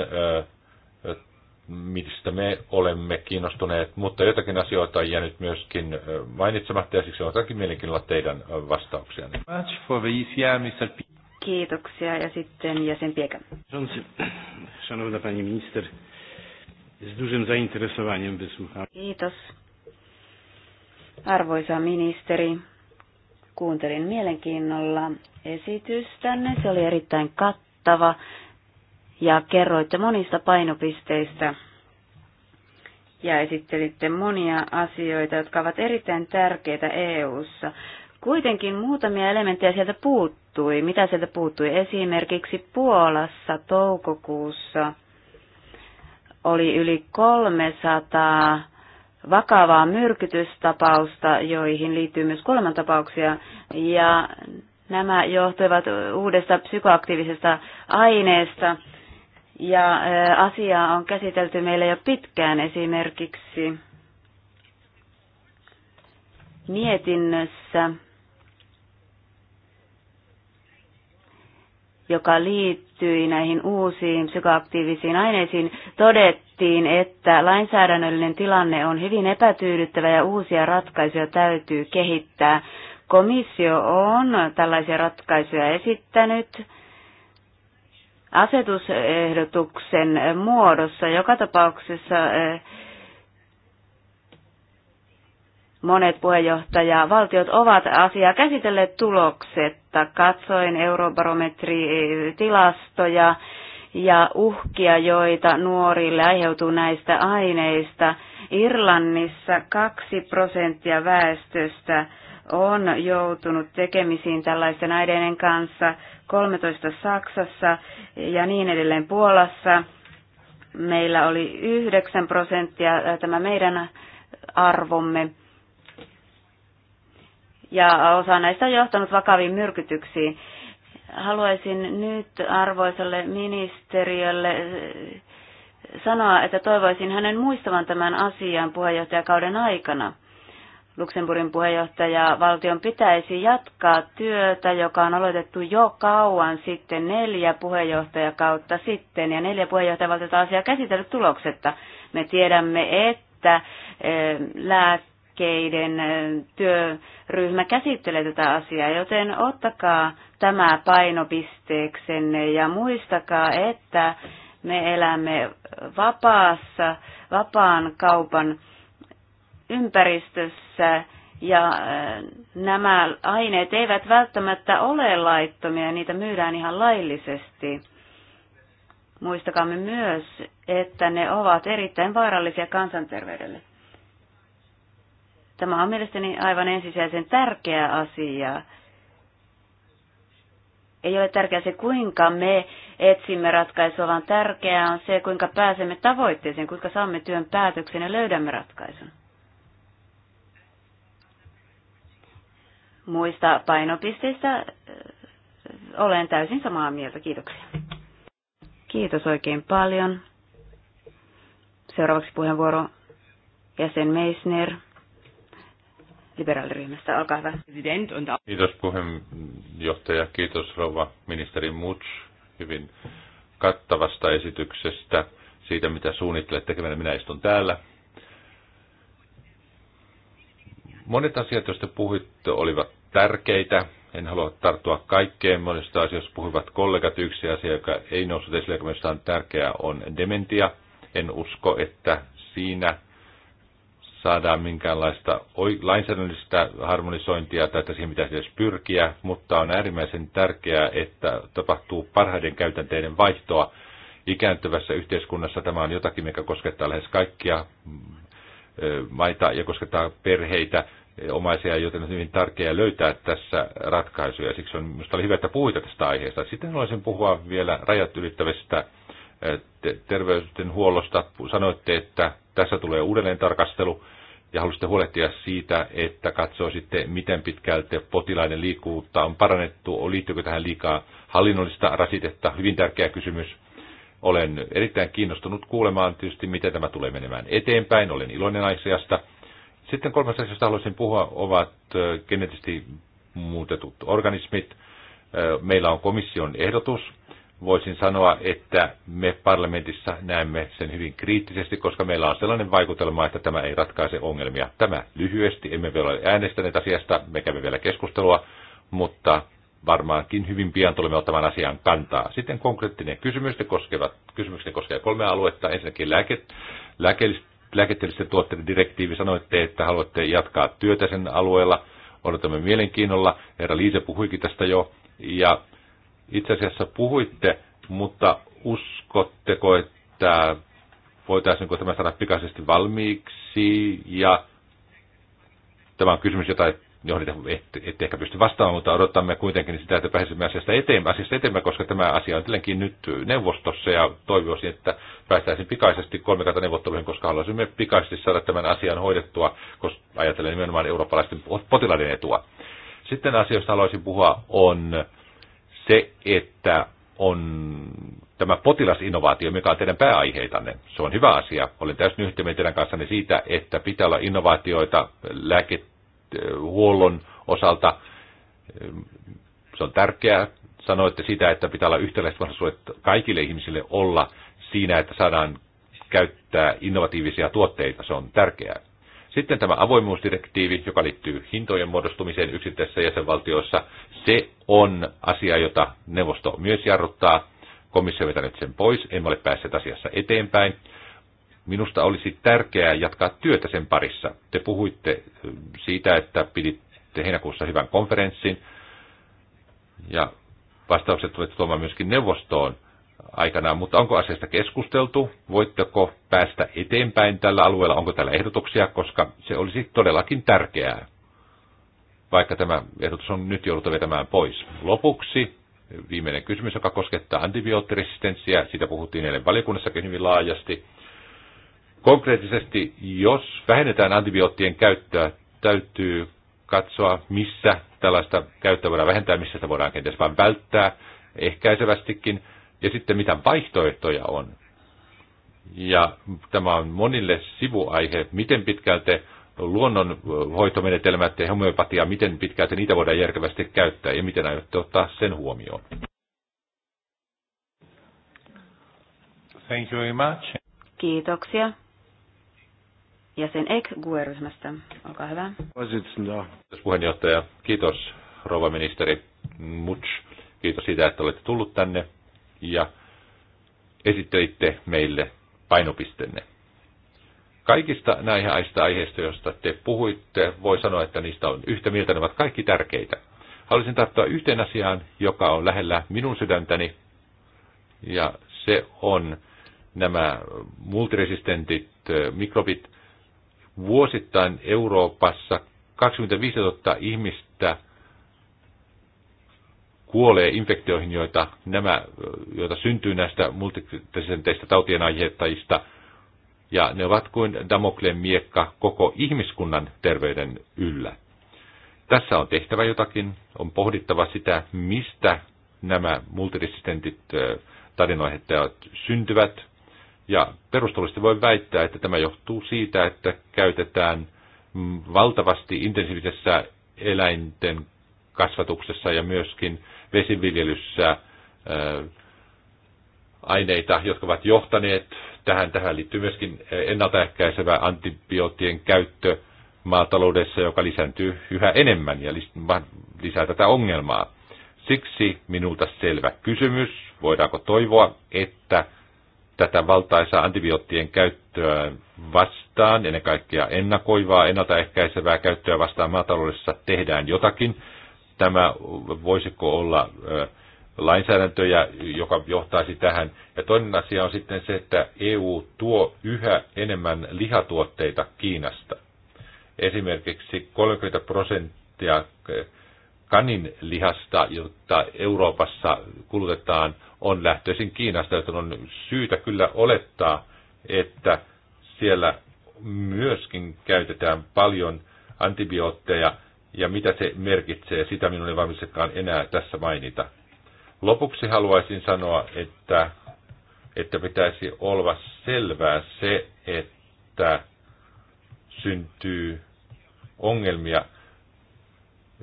mistä me olemme kiinnostuneet, mutta jotakin asioita on jäänyt myöskin mainitsematta, ja siksi on jotakin mielenkiinnolla teidän vastauksia. Kiitoksia, ja sitten jäsen Pieka. Szanowna Pani Minister, z dużym zainteresowaniem wysłucham. Kiitos. Arvoisa ministeri, Kuuntelin mielenkiinnolla esitystänne. Se oli erittäin kattava ja kerroitte monista painopisteistä ja esittelitte monia asioita, jotka ovat erittäin tärkeitä EU:ssa. Kuitenkin muutamia elementtejä sieltä puuttui. Mitä sieltä puuttui? Esimerkiksi Puolassa toukokuussa oli yli 300 vakavaa myrkytystapausta, joihin liittyy myös kuolemantapauksia, ja nämä johtuivat uudesta psykoaktiivisesta aineesta, ja asiaa on käsitelty meillä jo pitkään esimerkiksi mietinnössä, joka liittyi näihin uusiin psykoaktiivisiin aineisiin, Todet todettiin, että lainsäädännöllinen tilanne on hyvin epätyydyttävä ja uusia ratkaisuja täytyy kehittää. Komissio on tällaisia ratkaisuja esittänyt asetusehdotuksen muodossa. Joka tapauksessa eh, monet puheenjohtajavaltiot ovat asiaa käsitelleet tuloksetta. Katsoin eurobarometritilastoja tilastoja ja uhkia, joita nuorille aiheutuu näistä aineista. Irlannissa kaksi prosenttia väestöstä on joutunut tekemisiin tällaisten aineiden kanssa, 13 Saksassa ja niin edelleen Puolassa. Meillä oli 9 prosenttia tämä meidän arvomme. Ja osa näistä on johtanut vakaviin myrkytyksiin. Haluaisin nyt arvoisalle ministeriölle äh, sanoa, että toivoisin hänen muistavan tämän asian puheenjohtajakauden aikana. Luxemburgin puheenjohtaja valtion pitäisi jatkaa työtä, joka on aloitettu jo kauan sitten, neljä puheenjohtajakautta sitten, ja neljä puheenjohtajavaltiota asiaa käsitellyt tuloksetta. Me tiedämme, että äh, lääkkeiden äh, työryhmä käsittelee tätä asiaa, joten ottakaa tämä painopisteeksenne ja muistakaa, että me elämme vapaassa, vapaan kaupan ympäristössä ja äh, nämä aineet eivät välttämättä ole laittomia, niitä myydään ihan laillisesti. Muistakaamme myös, että ne ovat erittäin vaarallisia kansanterveydelle. Tämä on mielestäni aivan ensisijaisen tärkeä asia ei ole tärkeää se, kuinka me etsimme ratkaisua, vaan tärkeää on se, kuinka pääsemme tavoitteeseen, kuinka saamme työn päätöksen ja löydämme ratkaisun. Muista painopisteistä äh, olen täysin samaa mieltä. Kiitoksia. Kiitos oikein paljon. Seuraavaksi puheenvuoro jäsen Meisner liberaaliryhmästä. Olkaa hyvä. Kiitos puheenjohtaja, kiitos rouva ministeri Muts hyvin kattavasta esityksestä siitä, mitä suunnittelet tekemään. Minä istun täällä. Monet asiat, joista puhuitte, olivat tärkeitä. En halua tarttua kaikkeen. Monista asioista puhuivat kollegat. Yksi asia, joka ei noussut esille, joka on tärkeää, on dementia. En usko, että siinä – saadaan minkäänlaista lainsäädännöllistä harmonisointia tai että siihen pitäisi edes pyrkiä, mutta on äärimmäisen tärkeää, että tapahtuu parhaiden käytänteiden vaihtoa ikääntyvässä yhteiskunnassa. Tämä on jotakin, mikä koskettaa lähes kaikkia mm, maita ja koskettaa perheitä, omaisia, joten on hyvin tärkeää löytää tässä ratkaisuja. Siksi on minusta oli hyvä, että puhuit tästä aiheesta. Sitten haluaisin puhua vielä rajat ylittävästä terveydenhuollosta. Sanoitte, että tässä tulee uudelleen tarkastelu ja halusitte huolehtia siitä, että katsoisitte, miten pitkälti potilaiden liikkuvuutta on parannettu, liittyykö tähän liikaa hallinnollista rasitetta, hyvin tärkeä kysymys. Olen erittäin kiinnostunut kuulemaan tietysti, miten tämä tulee menemään eteenpäin, olen iloinen asiasta. Sitten kolmas asia, josta haluaisin puhua, ovat geneettisesti muutetut organismit. Meillä on komission ehdotus, voisin sanoa, että me parlamentissa näemme sen hyvin kriittisesti, koska meillä on sellainen vaikutelma, että tämä ei ratkaise ongelmia. Tämä lyhyesti, emme vielä ole äänestäneet asiasta, me kävimme vielä keskustelua, mutta varmaankin hyvin pian tulemme ottamaan asian kantaa. Sitten konkreettinen kysymys, ne koskevat, kysymykset koskee aluetta. Ensinnäkin lääke, lääke, lääketieteellisten tuotteiden direktiivi. Sanoitte, että haluatte jatkaa työtä sen alueella. Odotamme mielenkiinnolla. Herra Liise puhuikin tästä jo. Ja itse asiassa puhuitte, mutta uskotteko, että voitaisiin tämä saada pikaisesti valmiiksi ja tämä on kysymys, jota johon ette, ette ehkä pysty vastaamaan, mutta odotamme kuitenkin sitä, että pääsemme asiasta eteenpäin, asiasta eteenpäin koska tämä asia on tietenkin nyt neuvostossa ja toivoisin, että päästäisiin pikaisesti neuvotteluihin, koska haluaisimme pikaisesti saada tämän asian hoidettua, koska ajatellen nimenomaan eurooppalaisten potilaiden etua. Sitten asia, josta haluaisin puhua, on se, että on tämä potilasinnovaatio, mikä on teidän pääaiheitanne. Se on hyvä asia. Olen täysin yhtä mieltä teidän kanssanne siitä, että pitää olla innovaatioita lääkehuollon osalta. Se on tärkeää. Sanoitte sitä, että pitää olla yhtäläiset mahdollisuudet kaikille ihmisille olla siinä, että saadaan käyttää innovatiivisia tuotteita. Se on tärkeää. Sitten tämä avoimuusdirektiivi, joka liittyy hintojen muodostumiseen yksittäisissä jäsenvaltioissa, se on asia, jota neuvosto myös jarruttaa. Komissio vetänyt sen pois, emme ole päässeet asiassa eteenpäin. Minusta olisi tärkeää jatkaa työtä sen parissa. Te puhuitte siitä, että piditte heinäkuussa hyvän konferenssin, ja vastaukset tulette tuomaan myöskin neuvostoon Aikanaan, mutta onko asiasta keskusteltu? Voitteko päästä eteenpäin tällä alueella? Onko täällä ehdotuksia, koska se olisi todellakin tärkeää, vaikka tämä ehdotus on nyt jouduttu vetämään pois. Lopuksi viimeinen kysymys, joka koskettaa antibioottiresistenssiä. Siitä puhuttiin eilen valiokunnassakin hyvin laajasti. Konkreettisesti, jos vähennetään antibioottien käyttöä, täytyy katsoa, missä tällaista käyttöä voidaan vähentää, missä sitä voidaan kenties vain välttää ehkäisevästikin – ja sitten mitä vaihtoehtoja on. Ja tämä on monille sivuaihe, miten pitkälti luonnonhoitomenetelmät ja homeopatia, miten pitkälti niitä voidaan järkevästi käyttää ja miten aiotte ottaa sen huomioon. Thank you very much. Kiitoksia. Ja Ek e GUE-ryhmästä, olkaa hyvä. Kiitos puheenjohtaja. Kiitos rouva ministeri Mutsch. Kiitos siitä, että olette tullut tänne ja esittelitte meille painopistenne. Kaikista näistä aiheista, joista te puhuitte, voi sanoa, että niistä on yhtä mieltä, ne ovat kaikki tärkeitä. Haluaisin tarttua yhteen asiaan, joka on lähellä minun sydäntäni, ja se on nämä multiresistentit mikrobit. Vuosittain Euroopassa 25 000 ihmistä – kuolee infektioihin, joita, nämä, joita syntyy näistä multipresenteistä tautien aiheuttajista. Ja ne ovat kuin Damokleen miekka koko ihmiskunnan terveyden yllä. Tässä on tehtävä jotakin, on pohdittava sitä, mistä nämä multiresistentit tarinoihettajat syntyvät. Ja perustollisesti voi väittää, että tämä johtuu siitä, että käytetään valtavasti intensiivisessä eläinten kasvatuksessa ja myöskin vesiviljelyssä aineita, jotka ovat johtaneet tähän. Tähän liittyy myöskin ennaltaehkäisevä antibioottien käyttö maataloudessa, joka lisääntyy yhä enemmän ja lisää tätä ongelmaa. Siksi minulta selvä kysymys, voidaanko toivoa, että tätä valtaisaa antibioottien käyttöä vastaan, ennen kaikkea ennakoivaa, ennaltaehkäisevää käyttöä vastaan maataloudessa tehdään jotakin, tämä voisiko olla lainsäädäntöjä, joka johtaisi tähän. Ja toinen asia on sitten se, että EU tuo yhä enemmän lihatuotteita Kiinasta. Esimerkiksi 30 prosenttia kanin lihasta, jota Euroopassa kulutetaan, on lähtöisin Kiinasta, joten on syytä kyllä olettaa, että siellä myöskin käytetään paljon antibiootteja – ja mitä se merkitsee, sitä minun ei varmistakaan enää tässä mainita. Lopuksi haluaisin sanoa, että, että pitäisi olla selvää se, että syntyy ongelmia,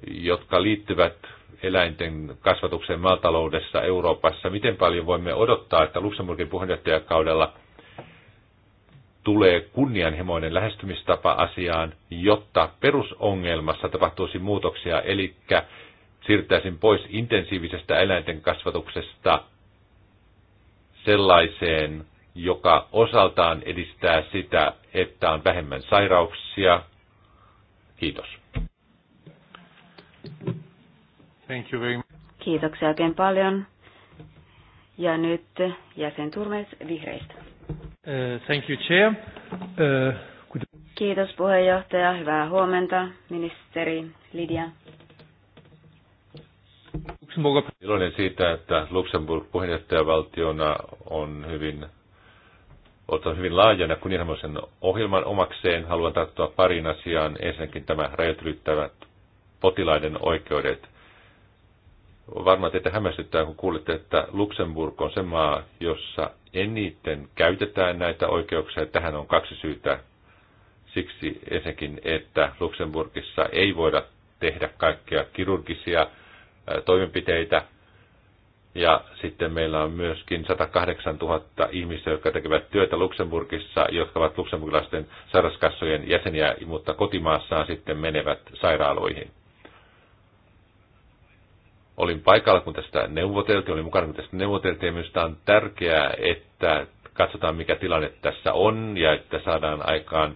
jotka liittyvät eläinten kasvatukseen maataloudessa Euroopassa. Miten paljon voimme odottaa, että Luxemburgin puheenjohtajakaudella – tulee kunnianhimoinen lähestymistapa asiaan, jotta perusongelmassa tapahtuisi muutoksia, eli siirtäisin pois intensiivisestä eläinten kasvatuksesta sellaiseen, joka osaltaan edistää sitä, että on vähemmän sairauksia. Kiitos. Thank you very much. Kiitoksia oikein paljon. Ja nyt jäsen Turmes vihreistä. Uh, thank you, Chair. Uh, Kiitos puheenjohtaja. Hyvää huomenta, ministeri Lidia. Luxemburg on iloinen siitä, että Luxemburg puheenjohtajavaltiona on hyvin ottanut hyvin laajana kunnianhimoisen ohjelman omakseen. Haluan tarttua pariin asiaan. Ensinnäkin tämä rajoitylittävät potilaiden oikeudet varmaan teitä hämmästyttää, kun kuulitte, että Luxemburg on se maa, jossa eniten käytetään näitä oikeuksia. Tähän on kaksi syytä. Siksi ensinnäkin, että Luxemburgissa ei voida tehdä kaikkia kirurgisia toimenpiteitä. Ja sitten meillä on myöskin 108 000 ihmistä, jotka tekevät työtä Luxemburgissa, jotka ovat luxemburgilaisten sairauskassojen jäseniä, mutta kotimaassaan sitten menevät sairaaloihin olin paikalla, kun tästä neuvoteltiin, olin mukana, kun tästä neuvoteltiin, ja minusta on tärkeää, että katsotaan, mikä tilanne tässä on, ja että saadaan aikaan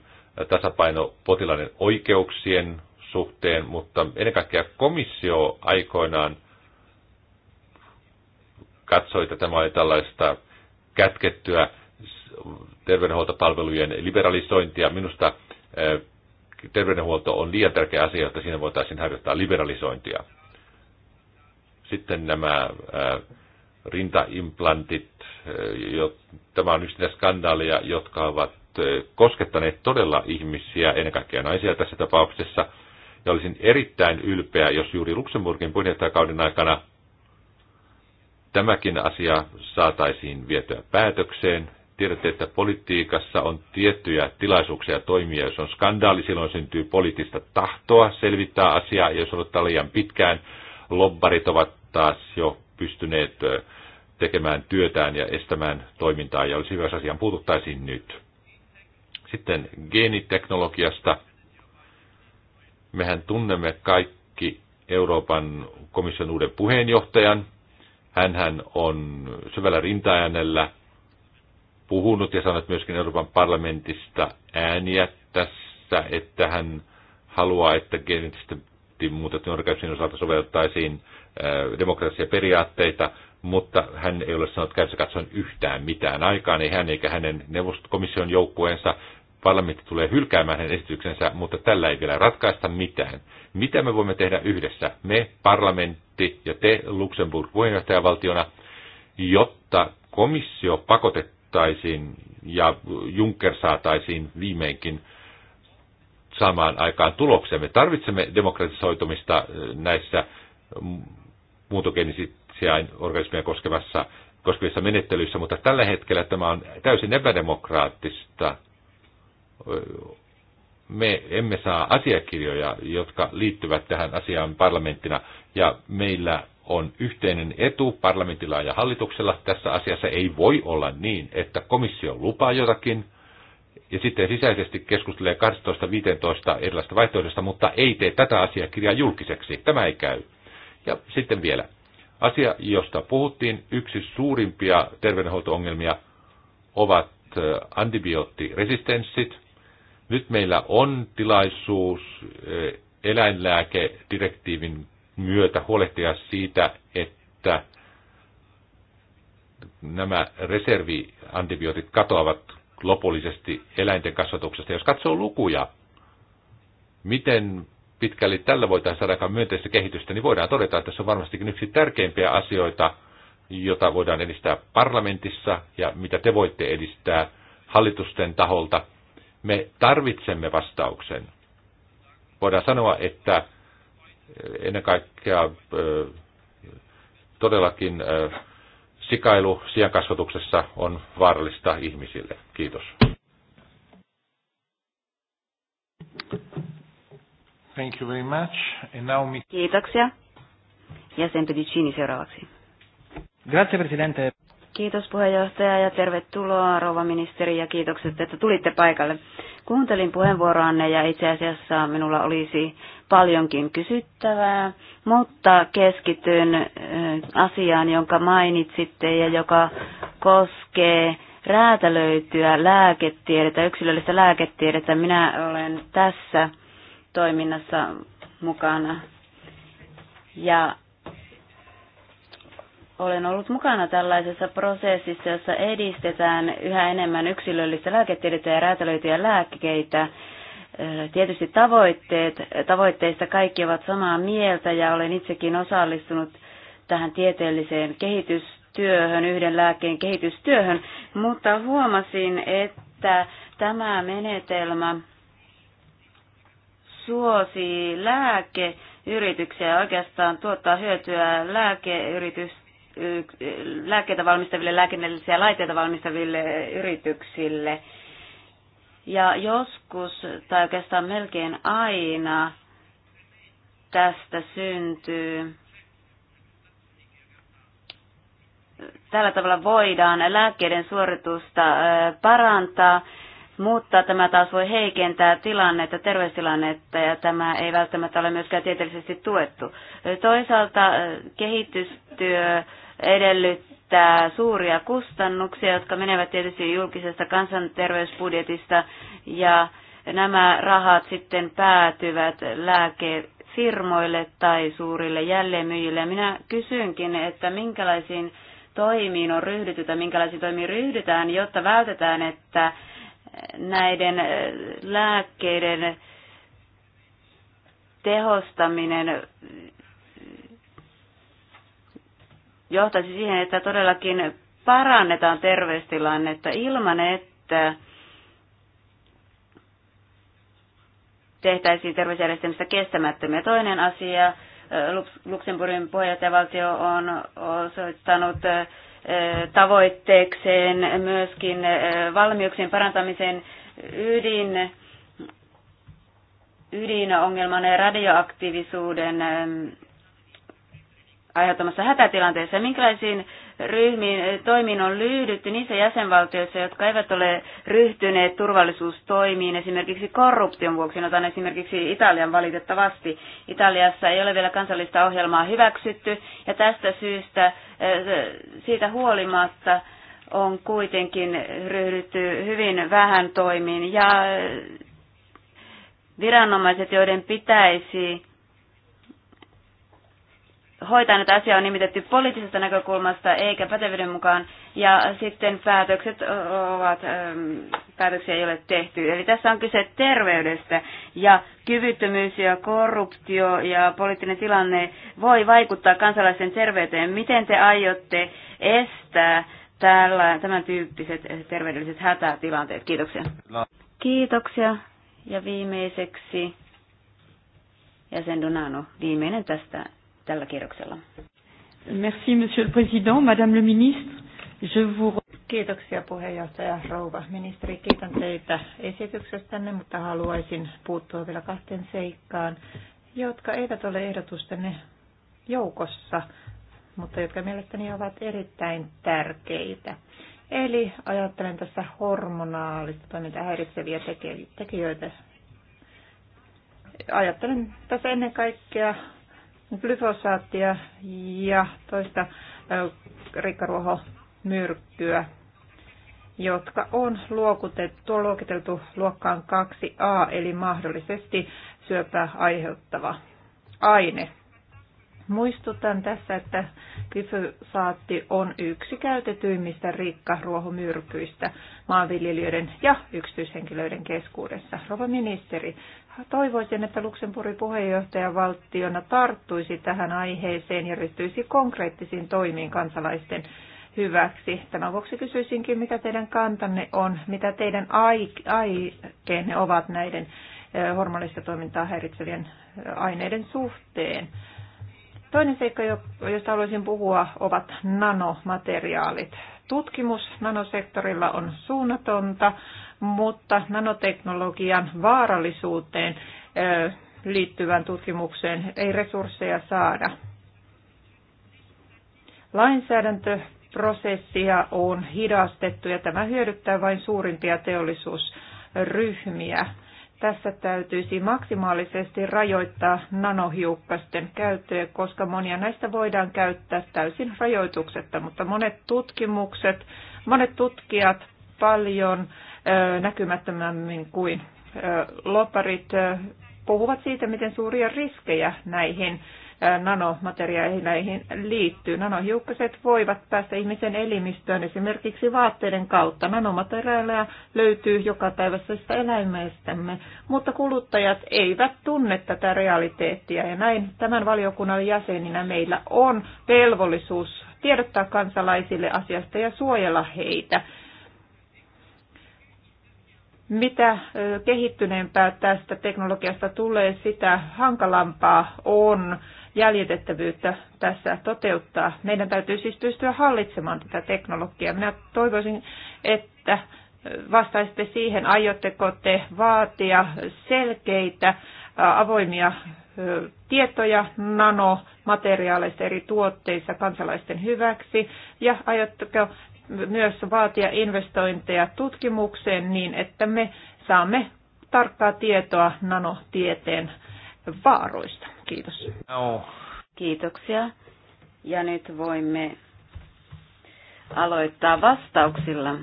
tasapaino potilaiden oikeuksien suhteen, mutta ennen kaikkea komissio aikoinaan katsoi, että tämä oli tällaista kätkettyä terveydenhuoltopalvelujen liberalisointia. Minusta eh, terveydenhuolto on liian tärkeä asia, että siinä voitaisiin harjoittaa liberalisointia. Sitten nämä äh, rintaimplantit, äh, tämä on yksi niitä skandaaleja, jotka ovat äh, koskettaneet todella ihmisiä, ennen kaikkea naisia tässä tapauksessa. Ja olisin erittäin ylpeä, jos juuri Luxemburgin puheenjohtajakauden aikana tämäkin asia saataisiin vietyä päätökseen. Tiedätte, että politiikassa on tiettyjä tilaisuuksia toimia. Jos on skandaali, silloin syntyy poliittista tahtoa selvittää asiaa, ja jos odottaa liian pitkään, lobbarit ovat taas jo pystyneet tekemään työtään ja estämään toimintaa, ja olisi hyvä, jos asiaan puututtaisiin nyt. Sitten geeniteknologiasta. Mehän tunnemme kaikki Euroopan komission uuden puheenjohtajan. Hänhän on syvällä rintaäänellä puhunut ja sanonut myöskin Euroopan parlamentista ääniä tässä, että hän haluaa, että geneettisten muutettujen oikeuksien osalta sovellettaisiin demokraattisia periaatteita, mutta hän ei ole sanonut käytössä katsoen yhtään mitään aikaa, niin hän eikä hänen neuvostokomission joukkueensa parlamentti tulee hylkäämään hänen esityksensä, mutta tällä ei vielä ratkaista mitään. Mitä me voimme tehdä yhdessä, me, parlamentti ja te, Luxemburg puheenjohtajavaltiona, jotta komissio pakotettaisiin ja Juncker saataisiin viimeinkin saamaan aikaan tuloksia. Me tarvitsemme demokratisoitumista eh, näissä muutogenisiä organismeja koskevassa, koskevissa menettelyissä, mutta tällä hetkellä tämä on täysin epädemokraattista. Eh, me emme saa asiakirjoja, jotka liittyvät tähän asiaan parlamenttina, ja meillä on yhteinen etu parlamentilla ja hallituksella tässä asiassa. Ei voi olla niin, että komissio lupaa jotakin, ja sitten sisäisesti keskustelee 12-15 erilaista vaihtoehdosta, mutta ei tee tätä asiakirjaa julkiseksi. Tämä ei käy. Ja sitten vielä. Asia, josta puhuttiin, yksi suurimpia terveydenhuolto-ongelmia ovat antibioottiresistenssit. Nyt meillä on tilaisuus eläinlääkedirektiivin myötä huolehtia siitä, että nämä reserviantibiootit katoavat lopullisesti eläinten kasvatuksesta. Jos katsoo lukuja, miten pitkälle tällä voitaisiin saada aika myönteistä kehitystä, niin voidaan todeta, että se on varmastikin yksi tärkeimpiä asioita, jota voidaan edistää parlamentissa ja mitä te voitte edistää hallitusten taholta. Me tarvitsemme vastauksen. Voidaan sanoa, että eh, ennen kaikkea eh, todellakin eh, sikailu sian kasvatuksessa on vaarallista ihmisille. Kiitos. Thank you very much. And now me... Kiitoksia. Jäsen Pedicini seuraavaksi. Grazie, Presidente. Kiitos puheenjohtaja ja tervetuloa rouva ministeri ja kiitokset, että tulitte paikalle. Kuuntelin puheenvuoroanne ja itse asiassa minulla olisi paljonkin kysyttävää, mutta keskityn asiaan, jonka mainitsitte ja joka koskee räätälöityä lääketiedettä, yksilöllistä lääketiedettä. Minä olen tässä toiminnassa mukana. Ja olen ollut mukana tällaisessa prosessissa, jossa edistetään yhä enemmän yksilöllistä lääketiedettä ja räätälöityjä lääkkeitä. Tietysti tavoitteet, tavoitteista kaikki ovat samaa mieltä ja olen itsekin osallistunut tähän tieteelliseen kehitystyöhön, yhden lääkkeen kehitystyöhön, mutta huomasin, että tämä menetelmä suosii lääkeyrityksiä ja oikeastaan tuottaa hyötyä lääkeyritystä lääkkeitä valmistaville, lääkinnällisiä laitteita valmistaville yrityksille. Ja joskus, tai oikeastaan melkein aina, tästä syntyy tällä tavalla voidaan lääkkeiden suoritusta parantaa, mutta tämä taas voi heikentää tilannetta, terveystilannetta ja tämä ei välttämättä ole myöskään tieteellisesti tuettu. Toisaalta kehitystyö edellyttää suuria kustannuksia, jotka menevät tietysti julkisesta kansanterveysbudjetista ja nämä rahat sitten päätyvät lääkefirmoille tai suurille jälleenmyyjille. Minä kysynkin, että minkälaisiin toimiin on ryhdytty tai minkälaisiin toimiin ryhdytään, jotta vältetään, että näiden lääkkeiden tehostaminen johtaisi siihen, että todellakin parannetaan terveystilannetta ilman, että tehtäisiin terveysjärjestelmistä kestämättömiä. Toinen asia, Luxemburgin puheenjohtajavaltio on osoittanut tavoitteekseen myöskin valmiuksien parantamisen ydin, ydinongelman ja radioaktiivisuuden aiheuttamassa hätätilanteessa. Minkälaisiin ryhmiin eh, toimiin on lyhdytty niissä jäsenvaltioissa, jotka eivät ole ryhtyneet turvallisuustoimiin esimerkiksi korruption vuoksi. Otan esimerkiksi Italian valitettavasti. Italiassa ei ole vielä kansallista ohjelmaa hyväksytty ja tästä syystä eh, siitä huolimatta on kuitenkin ryhdytty hyvin vähän toimiin ja eh, viranomaiset, joiden pitäisi hoitaa näitä asiaa on nimitetty poliittisesta näkökulmasta eikä pätevyyden mukaan, ja sitten päätökset ovat, ähm, päätöksiä ei ole tehty. Eli tässä on kyse terveydestä, ja kyvyttömyys ja korruptio ja poliittinen tilanne voi vaikuttaa kansalaisten terveyteen. Miten te aiotte estää tällä, tämän tyyppiset terveydelliset hätätilanteet? Kiitoksia. Kiitoksia. Ja viimeiseksi jäsen Donano, viimeinen tästä tällä kierroksella. Merci, monsieur le président, madame le ministre. Je vous... Kiitoksia puheenjohtaja Rouva. Ministeri, kiitän teitä esityksestänne, mutta haluaisin puuttua vielä kahteen seikkaan, jotka eivät ole ehdotustenne joukossa, mutta jotka mielestäni ovat erittäin tärkeitä. Eli ajattelen tässä hormonaalista toimintaa häiritseviä tekijöitä. Ajattelen tässä ennen kaikkea glyfosaattia ja toista rikkaruohomyrkkyä, jotka on luokitettu, luokiteltu luokkaan 2a, eli mahdollisesti syöpää aiheuttava aine. Muistutan tässä, että glyfosaatti on yksi käytetyimmistä rikkaruohomyrkyistä maanviljelijöiden ja yksityishenkilöiden keskuudessa. Rova ministeri, Toivoisin, että Luxemburgin puheenjohtajavaltiona tarttuisi tähän aiheeseen ja ryhtyisi konkreettisiin toimiin kansalaisten hyväksi. Tämän vuoksi kysyisinkin, mikä teidän kantanne on, mitä teidän aikeenne ovat näiden hormonallista toimintaa häiritsevien aineiden suhteen. Toinen seikka, josta haluaisin puhua, ovat nanomateriaalit. Tutkimus nanosektorilla on suunnatonta, mutta nanoteknologian vaarallisuuteen liittyvään tutkimukseen ei resursseja saada. Lainsäädäntöprosessia on hidastettu ja tämä hyödyttää vain suurimpia teollisuusryhmiä. Tässä täytyisi maksimaalisesti rajoittaa nanohiukkasten käyttöä, koska monia näistä voidaan käyttää täysin rajoituksetta, mutta monet tutkimukset, monet tutkijat paljon näkymättömämmin kuin loparit puhuvat siitä, miten suuria riskejä näihin nanomateriaaleihin liittyy. Nanohiukkaset voivat päästä ihmisen elimistöön esimerkiksi vaatteiden kautta. Nanomateriaaleja löytyy joka päiväisestä eläimestämme, mutta kuluttajat eivät tunne tätä realiteettia ja näin tämän valiokunnan jäseninä meillä on velvollisuus tiedottaa kansalaisille asiasta ja suojella heitä mitä kehittyneempää tästä teknologiasta tulee, sitä hankalampaa on jäljitettävyyttä tässä toteuttaa. Meidän täytyy siis pystyä hallitsemaan tätä teknologiaa. Minä toivoisin, että vastaisitte siihen, aiotteko te vaatia selkeitä avoimia tietoja nanomateriaaleista eri tuotteissa kansalaisten hyväksi ja aiotteko myös vaatia investointeja tutkimukseen niin, että me saamme tarkkaa tietoa nanotieteen vaaroista. Kiitos. No. Kiitoksia. Ja nyt voimme aloittaa vastauksilla.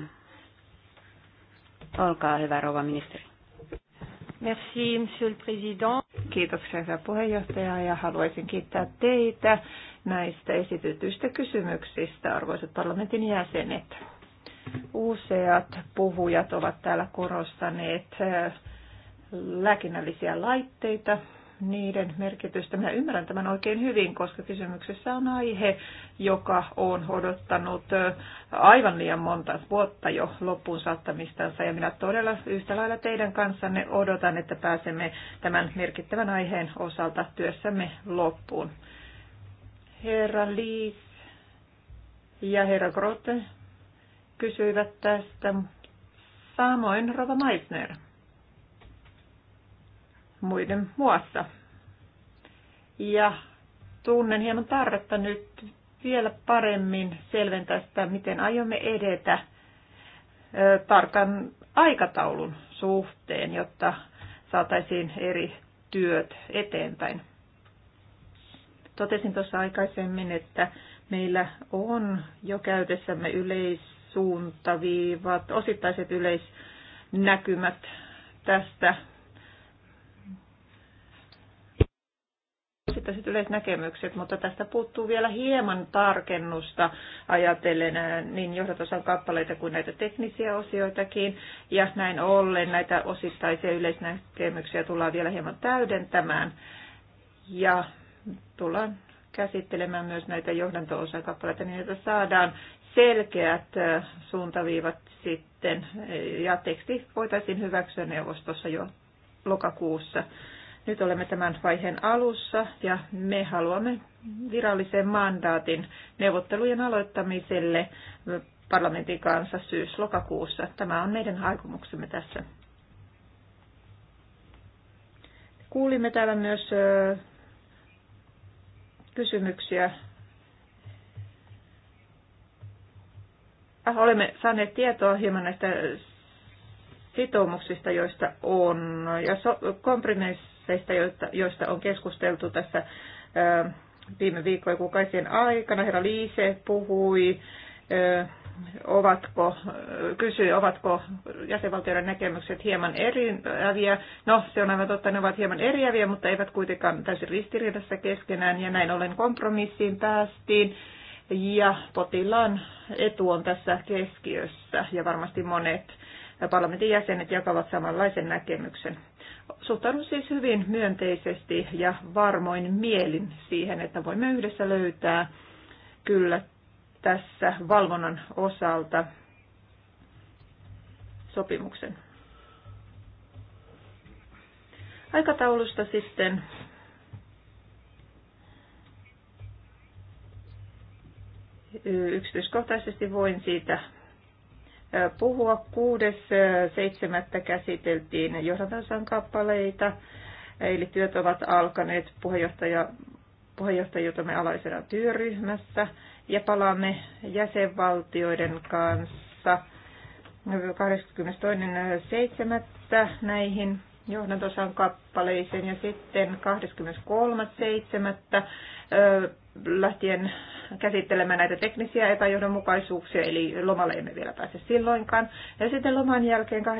Olkaa hyvä, rouva ministeri. Merci, monsieur le président. Kiitoksia, hyvä puheenjohtaja, ja haluaisin kiittää teitä näistä esitetyistä kysymyksistä, arvoisat parlamentin jäsenet. Useat puhujat ovat täällä korostaneet eh, lääkinnällisiä laitteita niiden merkitystä. Minä ymmärrän tämän oikein hyvin, koska kysymyksessä on aihe, joka on odottanut aivan liian monta vuotta jo loppuun saattamistansa. Ja minä todella yhtä lailla teidän kanssanne odotan, että pääsemme tämän merkittävän aiheen osalta työssämme loppuun. Herra Liis ja herra Grote kysyivät tästä. Samoin Rova Meissner muiden muassa. Ja tunnen hieman tarvetta nyt vielä paremmin selventää sitä, miten aiomme edetä tarkan aikataulun suhteen, jotta saataisiin eri työt eteenpäin. Totesin tuossa aikaisemmin, että meillä on jo käytössämme yleissuuntaviivat, osittaiset yleisnäkymät tästä Sitten yleisnäkemykset, mutta tästä puuttuu vielä hieman tarkennusta ajatellen niin johdatosan kappaleita kuin näitä teknisiä osioitakin. Ja näin ollen näitä osittaisia yleisnäkemyksiä tullaan vielä hieman täydentämään. Ja tullaan käsittelemään myös näitä johdanto-osan kappaleita, niin että saadaan selkeät suuntaviivat sitten ja teksti voitaisiin hyväksyä neuvostossa jo lokakuussa. Nyt olemme tämän vaiheen alussa ja me haluamme virallisen mandaatin neuvottelujen aloittamiselle parlamentin kanssa syys-lokakuussa. Tämä on meidän aikomuksemme tässä. Kuulimme täällä myös kysymyksiä. Ah, olemme saaneet tietoa hieman näistä sitoumuksista, joista on, ja so- kompromisseista, joista, joista on keskusteltu tässä ö, viime viikkojen kuukausien aikana. Herra Liise puhui, ö, ovatko, kysyi, ovatko jäsenvaltioiden näkemykset hieman eriäviä. No, se on aivan totta, ne ovat hieman eriäviä, mutta eivät kuitenkaan täysin ristiriidassa keskenään, ja näin ollen kompromissiin päästiin. Ja potilaan etu on tässä keskiössä, ja varmasti monet parlamentin jäsenet jakavat samanlaisen näkemyksen. Suhtaudun siis hyvin myönteisesti ja varmoin mielin siihen, että voimme yhdessä löytää kyllä tässä valvonnan osalta sopimuksen. Aikataulusta sitten yksityiskohtaisesti voin siitä puhua. kuudes seitsemättä käsiteltiin johdatansan kappaleita, eli työt ovat alkaneet puheenjohtaja, puheenjohtajutamme alaisena työryhmässä ja palaamme jäsenvaltioiden kanssa 22.7. näihin johdantosan kappaleisiin ja sitten 23.7 lähtien käsittelemään näitä teknisiä epäjohdonmukaisuuksia, eli lomalle emme vielä pääse silloinkaan. Ja sitten loman jälkeen 8.9.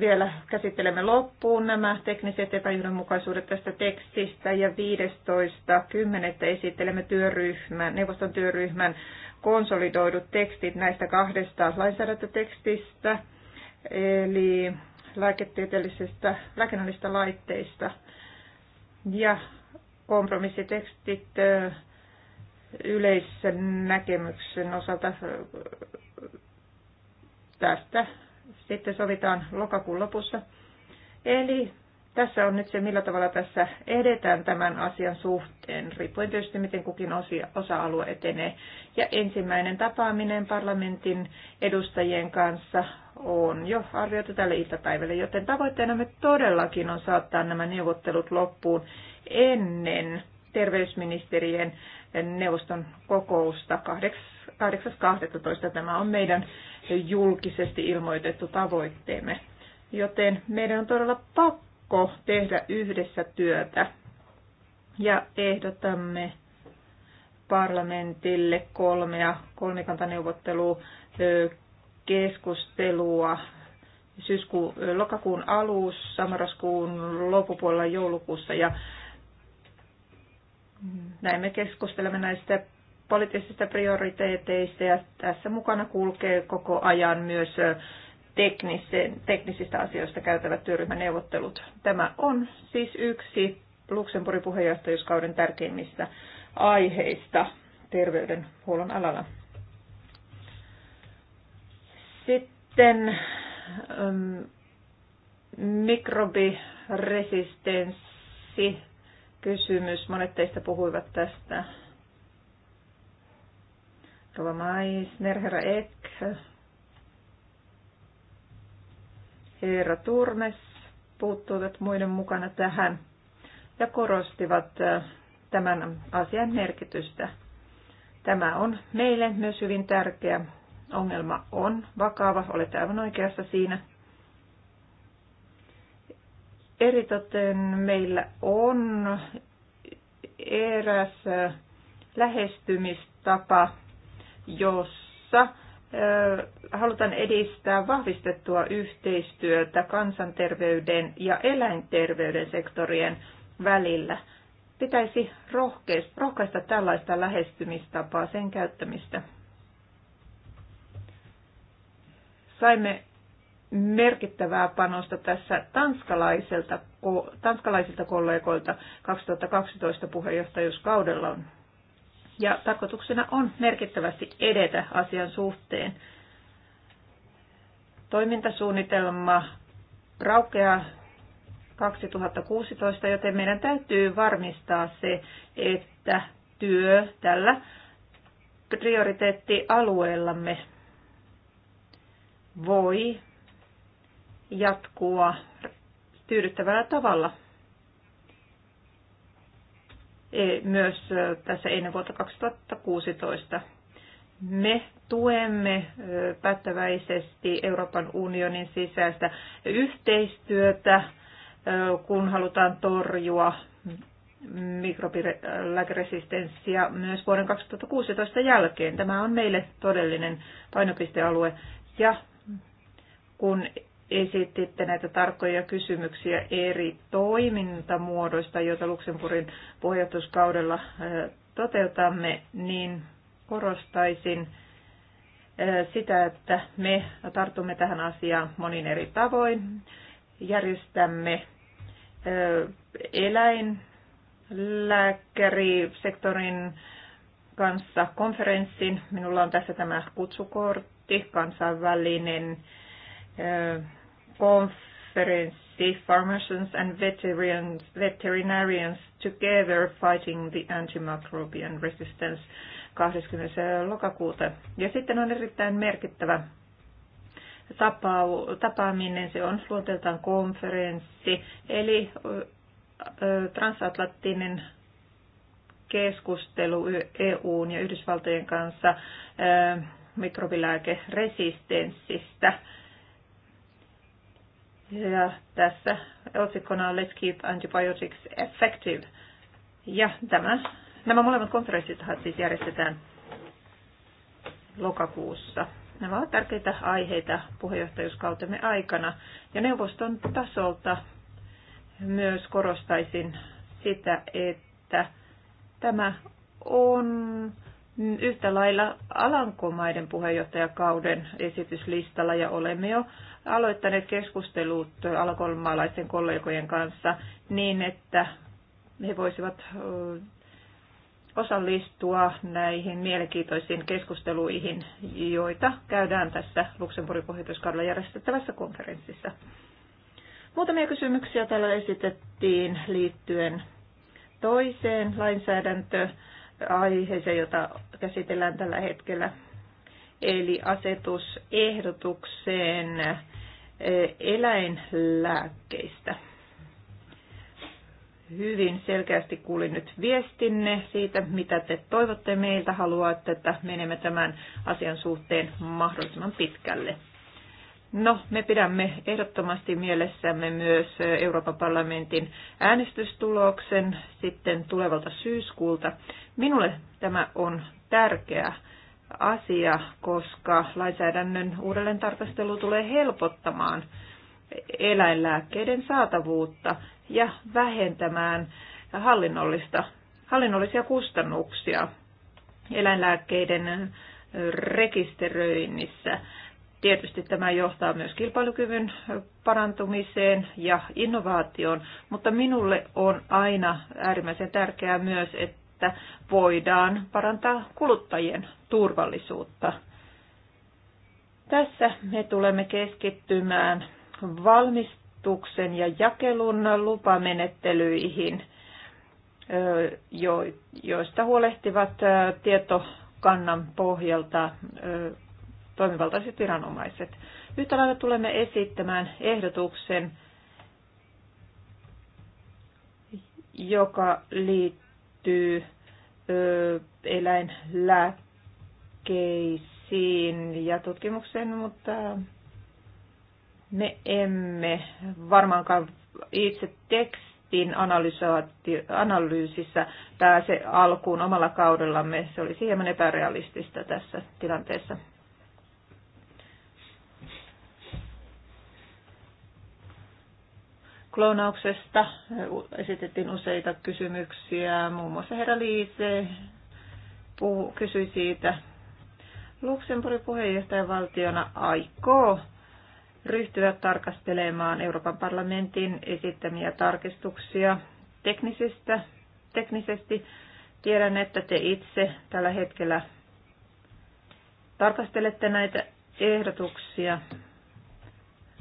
vielä käsittelemme loppuun nämä tekniset epäjohdonmukaisuudet tästä tekstistä ja 15.10. esittelemme työryhmän, neuvoston työryhmän konsolidoidut tekstit näistä kahdesta lainsäädäntötekstistä, eli lääketieteellisistä, lääkinnällisistä laitteista – ja kompromissitekstit yleisen näkemyksen osalta tästä sitten sovitaan lokakuun lopussa. Eli tässä on nyt se, millä tavalla tässä edetään tämän asian suhteen, riippuen tietysti miten kukin osa-alue etenee. Ja ensimmäinen tapaaminen parlamentin edustajien kanssa on jo arvioitu tälle iltapäivälle, joten tavoitteena me todellakin on saattaa nämä neuvottelut loppuun ennen terveysministerien neuvoston kokousta 8.12. Tämä on meidän julkisesti ilmoitettu tavoitteemme. Joten meidän on todella pakko tehdä yhdessä työtä. Ja ehdotamme parlamentille kolmea kolmikantaneuvottelua keskustelua syyskuun, lokakuun alussa, marraskuun loppupuolella joulukuussa ja näin me keskustelemme näistä poliittisista prioriteeteista ja tässä mukana kulkee koko ajan myös teknisistä asioista käytävät työryhmäneuvottelut. Tämä on siis yksi Luxemburgin puheenjohtajuuskauden tärkeimmistä aiheista terveydenhuollon alalla. Sitten ähm, mikrobiresistenssi kysymys. Monet teistä puhuivat tästä. Rova Mais, Nerhera Ek, herra Turmes puuttuivat muiden mukana tähän ja korostivat tämän asian merkitystä. Tämä on meille myös hyvin tärkeä. Ongelma on vakava, olet aivan oikeassa siinä. Eritoten meillä on eräs lähestymistapa, jossa halutaan edistää vahvistettua yhteistyötä kansanterveyden ja eläinterveyden sektorien välillä. Pitäisi rohkaista tällaista lähestymistapaa, sen käyttämistä. Saimme merkittävää panosta tässä tanskalaisilta, tanskalaisilta kollegoilta 2012 on ja tarkoituksena on merkittävästi edetä asian suhteen. Toimintasuunnitelma raukeaa 2016, joten meidän täytyy varmistaa se, että työ tällä prioriteettialueellamme voi jatkua tyydyttävällä tavalla E, myös tässä ennen vuotta 2016. Me tuemme päättäväisesti Euroopan unionin sisäistä yhteistyötä, kun halutaan torjua mikrobilääkeresistenssiä myös vuoden 2016 jälkeen. Tämä on meille todellinen painopistealue. Ja kun esititte näitä tarkkoja kysymyksiä eri toimintamuodoista, joita Luxemburgin puheenjohtajuuskaudella toteutamme, niin korostaisin sitä, että me tartumme tähän asiaan monin eri tavoin. Järjestämme eläinlääkärisektorin kanssa konferenssin. Minulla on tässä tämä kutsukortti, kansainvälinen conference, pharmacians and veterans, veterinarians together fighting the antimicrobian resistance 20. lokakuuta. Ja sitten on erittäin merkittävä tapaaminen, se on luonteeltaan konferenssi, eli transatlanttinen keskustelu EUn ja Yhdysvaltojen kanssa mikrobilääkeresistenssistä. Ja tässä otsikkona on Let's Keep Antibiotics Effective. Ja tämä, nämä molemmat konferenssit siis järjestetään lokakuussa. Nämä ovat tärkeitä aiheita puheenjohtajuuskautemme aikana. Ja neuvoston tasolta myös korostaisin sitä, että tämä on yhtä lailla Alankomaiden puheenjohtajakauden esityslistalla ja olemme jo aloittaneet keskustelut alankomaalaisten kollegojen kanssa niin, että he voisivat osallistua näihin mielenkiintoisiin keskusteluihin, joita käydään tässä Luxemburgin pohjoituskaudella järjestettävässä konferenssissa. Muutamia kysymyksiä täällä esitettiin liittyen toiseen lainsäädäntöön aiheeseen, jota käsitellään tällä hetkellä, eli asetusehdotukseen eh, eläinlääkkeistä. Hyvin selkeästi kuulin nyt viestinne siitä, mitä te toivotte meiltä, haluatte, että menemme tämän asian suhteen mahdollisimman pitkälle. No, me pidämme ehdottomasti mielessämme myös Euroopan parlamentin äänestystuloksen sitten tulevalta syyskuulta. Minulle tämä on tärkeä asia, koska lainsäädännön uudelleen tarkastelu tulee helpottamaan eläinlääkkeiden saatavuutta ja vähentämään hallinnollista, hallinnollisia kustannuksia eläinlääkkeiden rekisteröinnissä Tietysti tämä johtaa myös kilpailukyvyn parantumiseen ja innovaatioon, mutta minulle on aina äärimmäisen tärkeää myös, että voidaan parantaa kuluttajien turvallisuutta. Tässä me tulemme keskittymään valmistuksen ja jakelun lupamenettelyihin, joista huolehtivat tietokannan pohjalta toimivaltaiset viranomaiset. Yhtä lailla tulemme esittämään ehdotuksen, joka liittyy ö, eläinlääkkeisiin ja tutkimukseen, mutta me emme varmaankaan itse tekstin analyysissä pääse alkuun omalla kaudellamme. Se olisi hieman epärealistista tässä tilanteessa. kloonauksesta. Esitettiin useita kysymyksiä, muun muassa herra Liise puhu, kysyi siitä. Luxemburgin puheenjohtajavaltiona aikoo ryhtyä tarkastelemaan Euroopan parlamentin esittämiä tarkistuksia teknisistä, teknisesti. Tiedän, että te itse tällä hetkellä tarkastelette näitä ehdotuksia,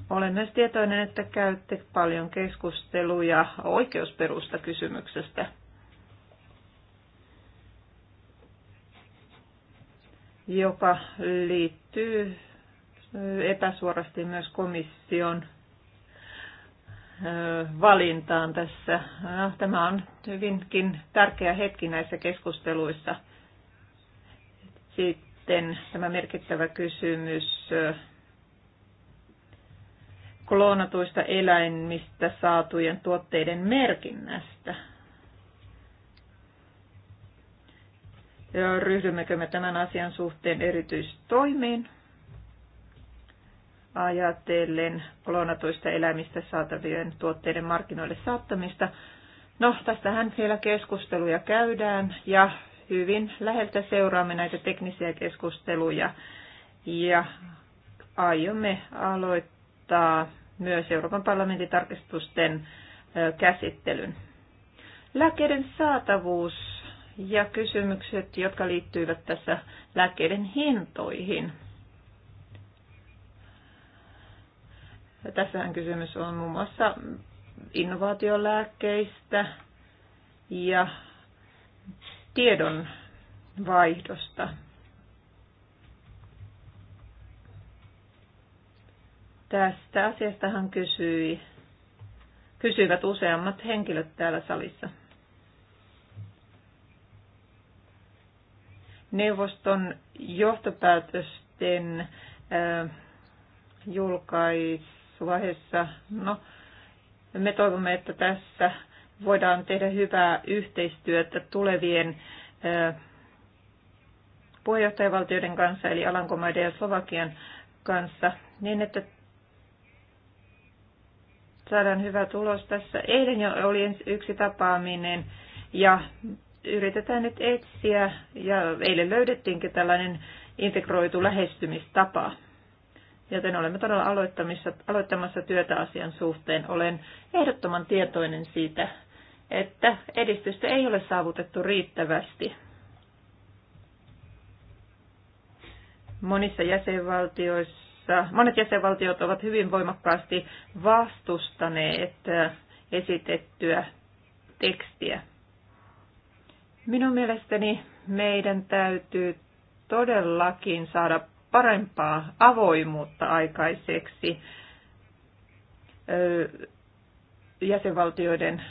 olen myös tietoinen, että käytte paljon keskusteluja oikeusperusta kysymyksestä. joka liittyy epäsuorasti myös komission valintaan tässä. No, tämä on hyvinkin tärkeä hetki näissä keskusteluissa. Sitten tämä merkittävä kysymys kloonatuista eläimistä saatujen tuotteiden merkinnästä. Ja ryhdymmekö me tämän asian suhteen erityistoimiin? Ajatellen kloonatuista eläimistä saatavien tuotteiden markkinoille saattamista. No, tästähän siellä keskusteluja käydään ja hyvin läheltä seuraamme näitä teknisiä keskusteluja ja aiomme aloittaa myös Euroopan parlamentin tarkistusten käsittelyn. Lääkkeiden saatavuus ja kysymykset, jotka liittyivät tässä lääkkeiden hintoihin. Tässähän kysymys on muun muassa innovaatiolääkkeistä ja tiedon vaihdosta Tästä asiasta hän kysyi, kysyivät useammat henkilöt täällä salissa. Neuvoston johtopäätösten äh, julkaisuvaiheessa, no, me toivomme, että tässä voidaan tehdä hyvää yhteistyötä tulevien äh, puheenjohtajavaltioiden kanssa, eli Alankomaiden ja Slovakian kanssa, niin että saadaan hyvä tulos. Tässä eilen jo oli yksi tapaaminen ja yritetään nyt etsiä, ja eilen löydettiinkin tällainen integroitu lähestymistapa. Joten olemme todella aloittamassa, aloittamassa työtä asian suhteen. Olen ehdottoman tietoinen siitä, että edistystä ei ole saavutettu riittävästi. Monissa jäsenvaltioissa että monet jäsenvaltiot ovat hyvin voimakkaasti vastustaneet äh, esitettyä tekstiä. Minun mielestäni meidän täytyy todellakin saada parempaa avoimuutta aikaiseksi äh, jäsenvaltioiden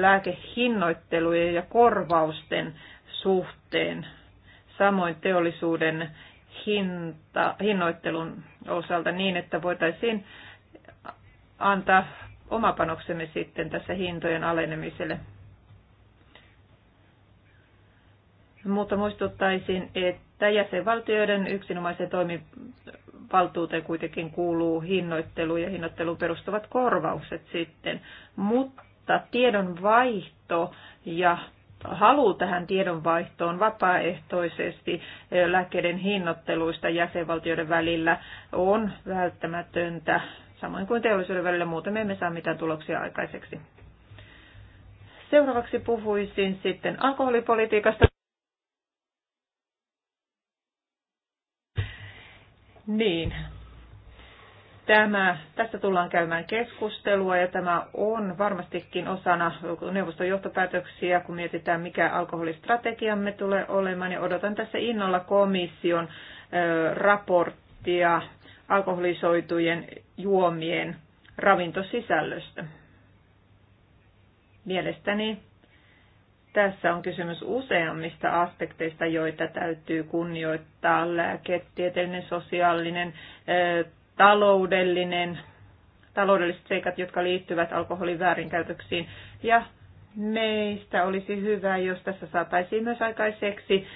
lääkehinnoittelujen ja korvausten suhteen, samoin teollisuuden hinta, hinnoittelun osalta niin, että voitaisiin antaa oma panoksemme sitten tässä hintojen alenemiselle. Mutta muistuttaisin, että jäsenvaltioiden yksinomaisen toimivaltuuteen kuitenkin kuuluu hinnoittelu ja hinnoitteluun perustuvat korvaukset sitten. Mutta tiedon vaihto ja halu tähän tiedonvaihtoon vapaaehtoisesti eh, lääkkeiden hinnoitteluista jäsenvaltioiden välillä on välttämätöntä, samoin kuin teollisuuden välillä, muuten me emme saa mitään tuloksia aikaiseksi. Seuraavaksi puhuisin sitten alkoholipolitiikasta. Niin, Tämä, tästä tullaan käymään keskustelua ja tämä on varmastikin osana neuvoston johtopäätöksiä, kun mietitään, mikä alkoholistrategiamme tulee olemaan. Ja odotan tässä innolla komission raporttia alkoholisoitujen juomien ravintosisällöstä. Mielestäni tässä on kysymys useammista aspekteista, joita täytyy kunnioittaa. Lääketieteellinen, sosiaalinen, taloudellinen, taloudelliset seikat, jotka liittyvät alkoholin väärinkäytöksiin. Ja meistä olisi hyvä, jos tässä saataisiin myös aikaiseksi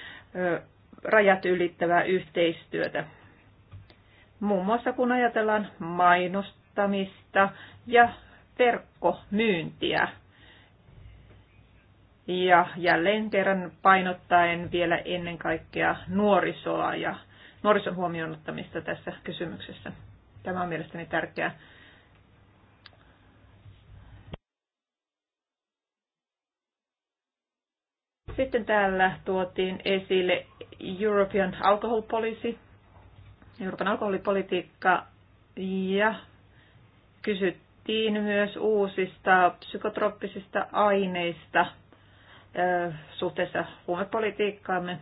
rajat ylittävää yhteistyötä. Muun muassa kun ajatellaan mainostamista ja verkkomyyntiä. Ja jälleen kerran painottaen vielä ennen kaikkea nuorisoa ja nuorison huomioon ottamista tässä kysymyksessä. Tämä on mielestäni tärkeää. Sitten täällä tuotiin esille European Alcohol Policy, Euroopan alkoholipolitiikka ja kysyttiin myös uusista psykotrooppisista aineista suhteessa huumepolitiikkaamme.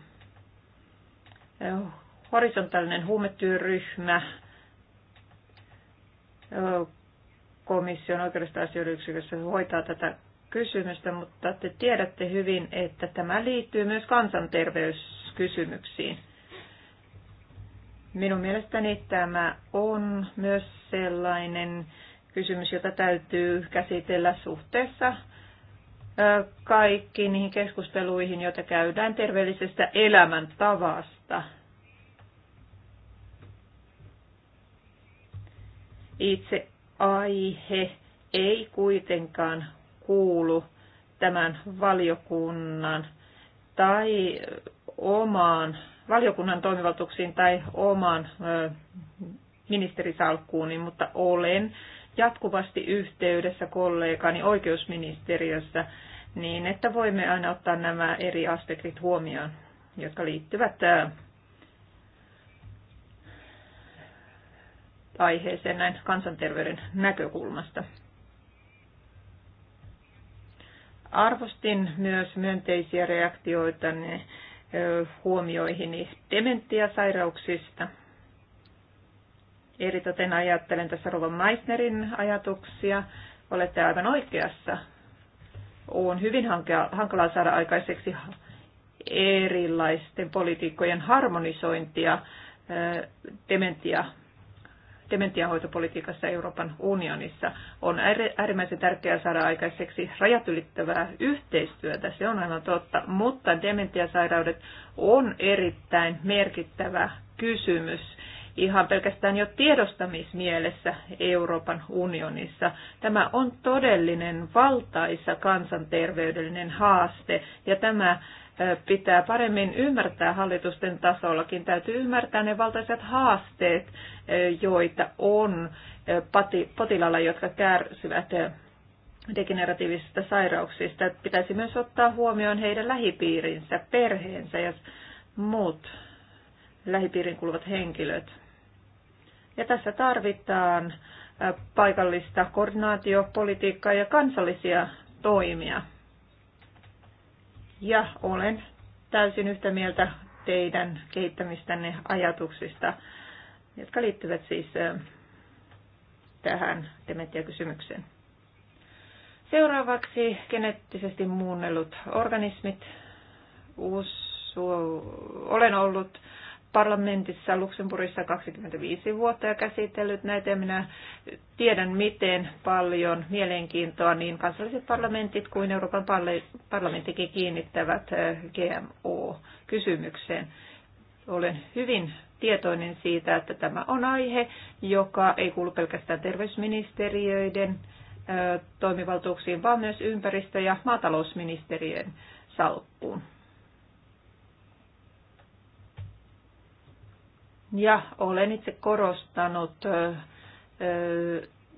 Horisontaalinen huumetyöryhmä komission oikeudesta asioiden yksikössä hoitaa tätä kysymystä, mutta te tiedätte hyvin, että tämä liittyy myös kansanterveyskysymyksiin. Minun mielestäni tämä on myös sellainen kysymys, jota täytyy käsitellä suhteessa kaikkiin niihin keskusteluihin, joita käydään terveellisestä elämäntavasta. Itse aihe ei kuitenkaan kuulu tämän valiokunnan tai omaan valiokunnan toimivaltuuksiin tai omaan ministerisalkkuuni, mutta olen jatkuvasti yhteydessä kollegani oikeusministeriössä niin, että voimme aina ottaa nämä eri aspektit huomioon, jotka liittyvät aiheeseen näin kansanterveyden näkökulmasta. Arvostin myös myönteisiä reaktioita huomioihini dementiasairauksista. Eritoten ajattelen tässä Rovan Meissnerin ajatuksia. Olette aivan oikeassa. On hyvin hankalaa saada aikaiseksi erilaisten politiikkojen harmonisointia dementia dementiahoitopolitiikassa Euroopan unionissa. On äärimmäisen tärkeää saada aikaiseksi rajat ylittävää yhteistyötä, se on aivan totta, mutta dementiasairaudet on erittäin merkittävä kysymys ihan pelkästään jo tiedostamismielessä Euroopan unionissa. Tämä on todellinen valtaisa kansanterveydellinen haaste ja tämä pitää paremmin ymmärtää hallitusten tasollakin. Täytyy ymmärtää ne valtaiset haasteet, joita on potilailla, jotka kärsivät degeneratiivisista sairauksista. Pitäisi myös ottaa huomioon heidän lähipiirinsä, perheensä ja muut lähipiirin kuuluvat henkilöt. Ja tässä tarvitaan paikallista koordinaatiopolitiikkaa ja kansallisia toimia ja olen täysin yhtä mieltä teidän kehittämistänne ajatuksista, jotka liittyvät siis tähän dementiakysymykseen. Seuraavaksi geneettisesti muunnellut organismit. Usu, olen ollut parlamentissa Luxemburgissa 25 vuotta ja käsitellyt näitä ja minä tiedän miten paljon mielenkiintoa niin kansalliset parlamentit kuin Euroopan parlamenttikin kiinnittävät eh, GMO-kysymykseen. Olen hyvin tietoinen siitä, että tämä on aihe, joka ei kuulu pelkästään terveysministeriöiden eh, toimivaltuuksiin, vaan myös ympäristö- ja maatalousministeriön salkkuun. Ja olen itse korostanut,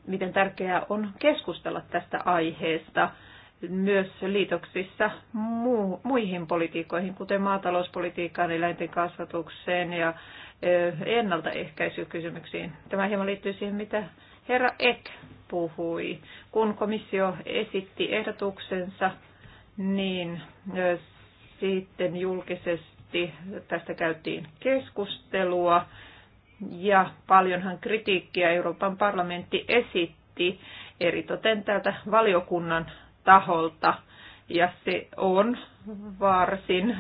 miten tärkeää on keskustella tästä aiheesta myös liitoksissa muihin politiikoihin, kuten maatalouspolitiikkaan, eläinten kasvatukseen ja ennaltaehkäisykysymyksiin. Tämä hieman liittyy siihen, mitä herra Ek puhui. Kun komissio esitti ehdotuksensa, niin sitten julkisessa paketti. Tästä käytiin keskustelua ja paljonhan kritiikkiä Euroopan parlamentti esitti eritoten täältä valiokunnan taholta. Ja se on varsin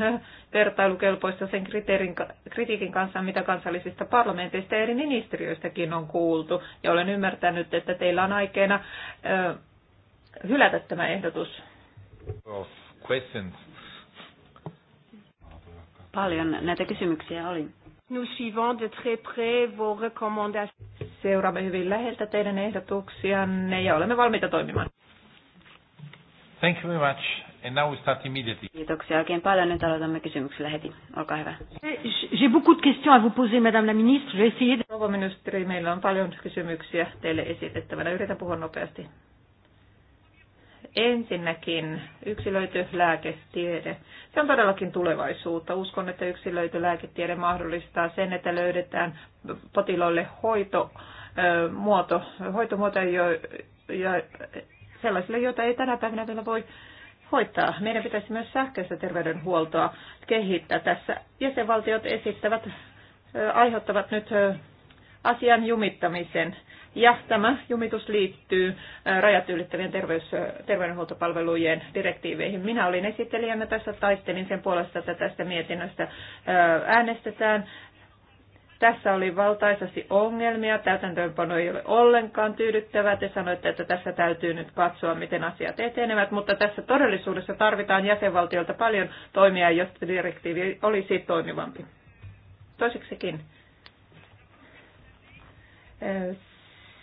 vertailukelpoista sen kriteerin, kritiikin kanssa, mitä kansallisista parlamenteista ja eri ministeriöistäkin on kuultu. Ja olen ymmärtänyt, että teillä on aikeena ö, hylätä tämä ehdotus. Of questions. Paljon näitä kysymyksiä oli. Nous suivons de très près vos recommandations. Seuraamme hyvin läheltä teidän ehdotuksianne ja olemme valmiita toimimaan. Thank you very much. And now we start immediately. Kiitoksia oikein paljon. Nyt aloitamme kysymyksillä heti. Olkaa hyvä. J'ai beaucoup de questions à vous poser, Madame la Ministre. Je vais essayer Rouva ministeri, meillä on paljon kysymyksiä teille esitettävänä. Yritän puhua nopeasti. Ensinnäkin yksilöity lääketiede. Se on todellakin tulevaisuutta. Uskon, että yksilöity lääketiede mahdollistaa sen, että löydetään potilaille hoito, muoto, hoitomuoto, jo, ja sellaisille, joita ei tänä päivänä vielä voi hoitaa. Meidän pitäisi myös sähköistä terveydenhuoltoa kehittää tässä. Jäsenvaltiot esittävät, aiheuttavat nyt asian jumittamisen. Ja tämä jumitus liittyy äh, rajat ylittävien terveys, terveydenhuoltopalvelujen direktiiveihin. Minä olin esittelijänä tässä, taistelin sen puolesta, että tästä mietinnöstä äh, äänestetään. Tässä oli valtaisasti ongelmia, täytäntöönpano ei ole ollenkaan tyydyttävää. Te sanoitte, että tässä täytyy nyt katsoa, miten asiat etenevät, mutta tässä todellisuudessa tarvitaan jäsenvaltiolta paljon toimia, jotta direktiivi olisi toimivampi. Toiseksikin äh,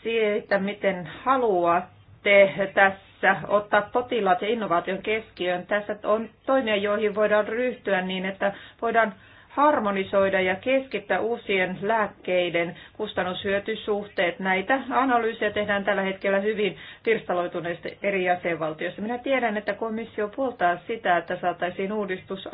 siitä, miten haluatte tässä ottaa potilaat ja innovaation keskiöön. Tässä on toimia, joihin voidaan ryhtyä niin, että voidaan harmonisoida ja keskittää uusien lääkkeiden kustannushyötysuhteet. Näitä analyysejä tehdään tällä hetkellä hyvin pirstaloituneista eri jäsenvaltioissa. Minä tiedän, että komissio puoltaa sitä, että saataisiin uudistus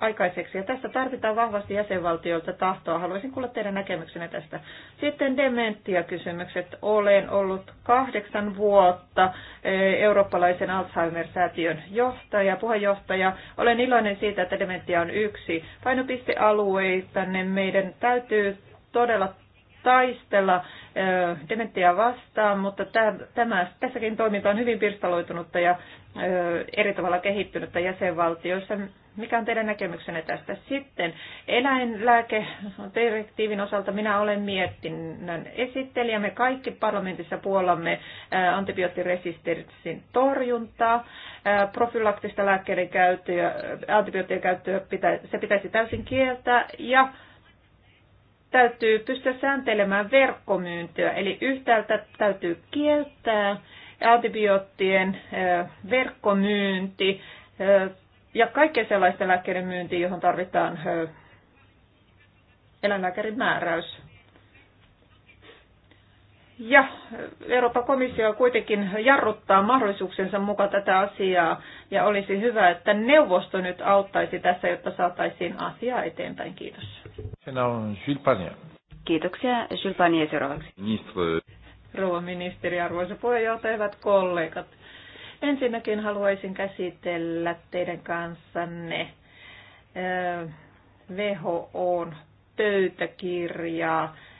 aikaiseksi, ja tässä tarvitaan vahvasti jäsenvaltioilta tahtoa. Haluaisin kuulla teidän näkemyksenne tästä. Sitten dementiakysymykset. Olen ollut kahdeksan vuotta eh, eurooppalaisen Alzheimer-säätiön johtaja, puheenjohtaja. Olen iloinen siitä, että dementia on yksi painopiste pistealueita, niin meidän täytyy todella taistella eh, dementia vastaan, mutta tämä, tässäkin toiminta on hyvin pirstaloitunutta ja eh, eri tavalla kehittynyttä jäsenvaltioissa. Mikä on teidän näkemyksenne tästä? Sitten eläinlääkedirektiivin osalta minä olen miettinnän esittelijä. Me kaikki parlamentissa puolamme eh, antibioottiresistenssin torjuntaa. Profylaktista lääkkeiden käyttöä, antibioottien käyttöä pitä, se pitäisi täysin kieltää ja täytyy pystyä sääntelemään verkkomyyntiä. Eli yhtäältä täytyy kieltää antibioottien verkkomyynti ja kaikkien sellaisten lääkkeiden myynti, johon tarvitaan eläinlääkärin määräys. Ja Euroopan komissio kuitenkin jarruttaa mahdollisuuksensa mukaan tätä asiaa ja olisi hyvä, että neuvosto nyt auttaisi tässä, jotta saataisiin asiaa eteenpäin. Kiitos. Kiitoksia. Sylpania seuraavaksi. Rouva ministeri, arvoisa puheenjohtaja, hyvät kollegat. Ensinnäkin haluaisin käsitellä teidän kanssanne eh, who pöytäkirjaa Äh,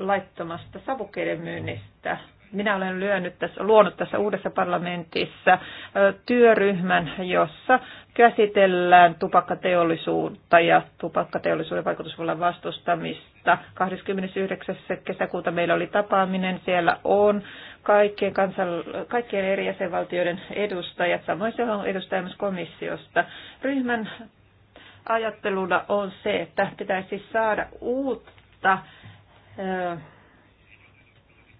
laittomasta savukkeiden myynnistä. Minä olen lyönyt tässä, luonut tässä uudessa parlamentissa työryhmän, jossa käsitellään tupakkateollisuutta ja tupakkateollisuuden vaikutusvallan vastustamista. 29. kesäkuuta meillä oli tapaaminen. Siellä on kaikkien, kansan, kaikkien eri jäsenvaltioiden edustajat, samoin se on edustaja myös komissiosta. Ryhmän ajatteluna on se, että pitäisi saada uutta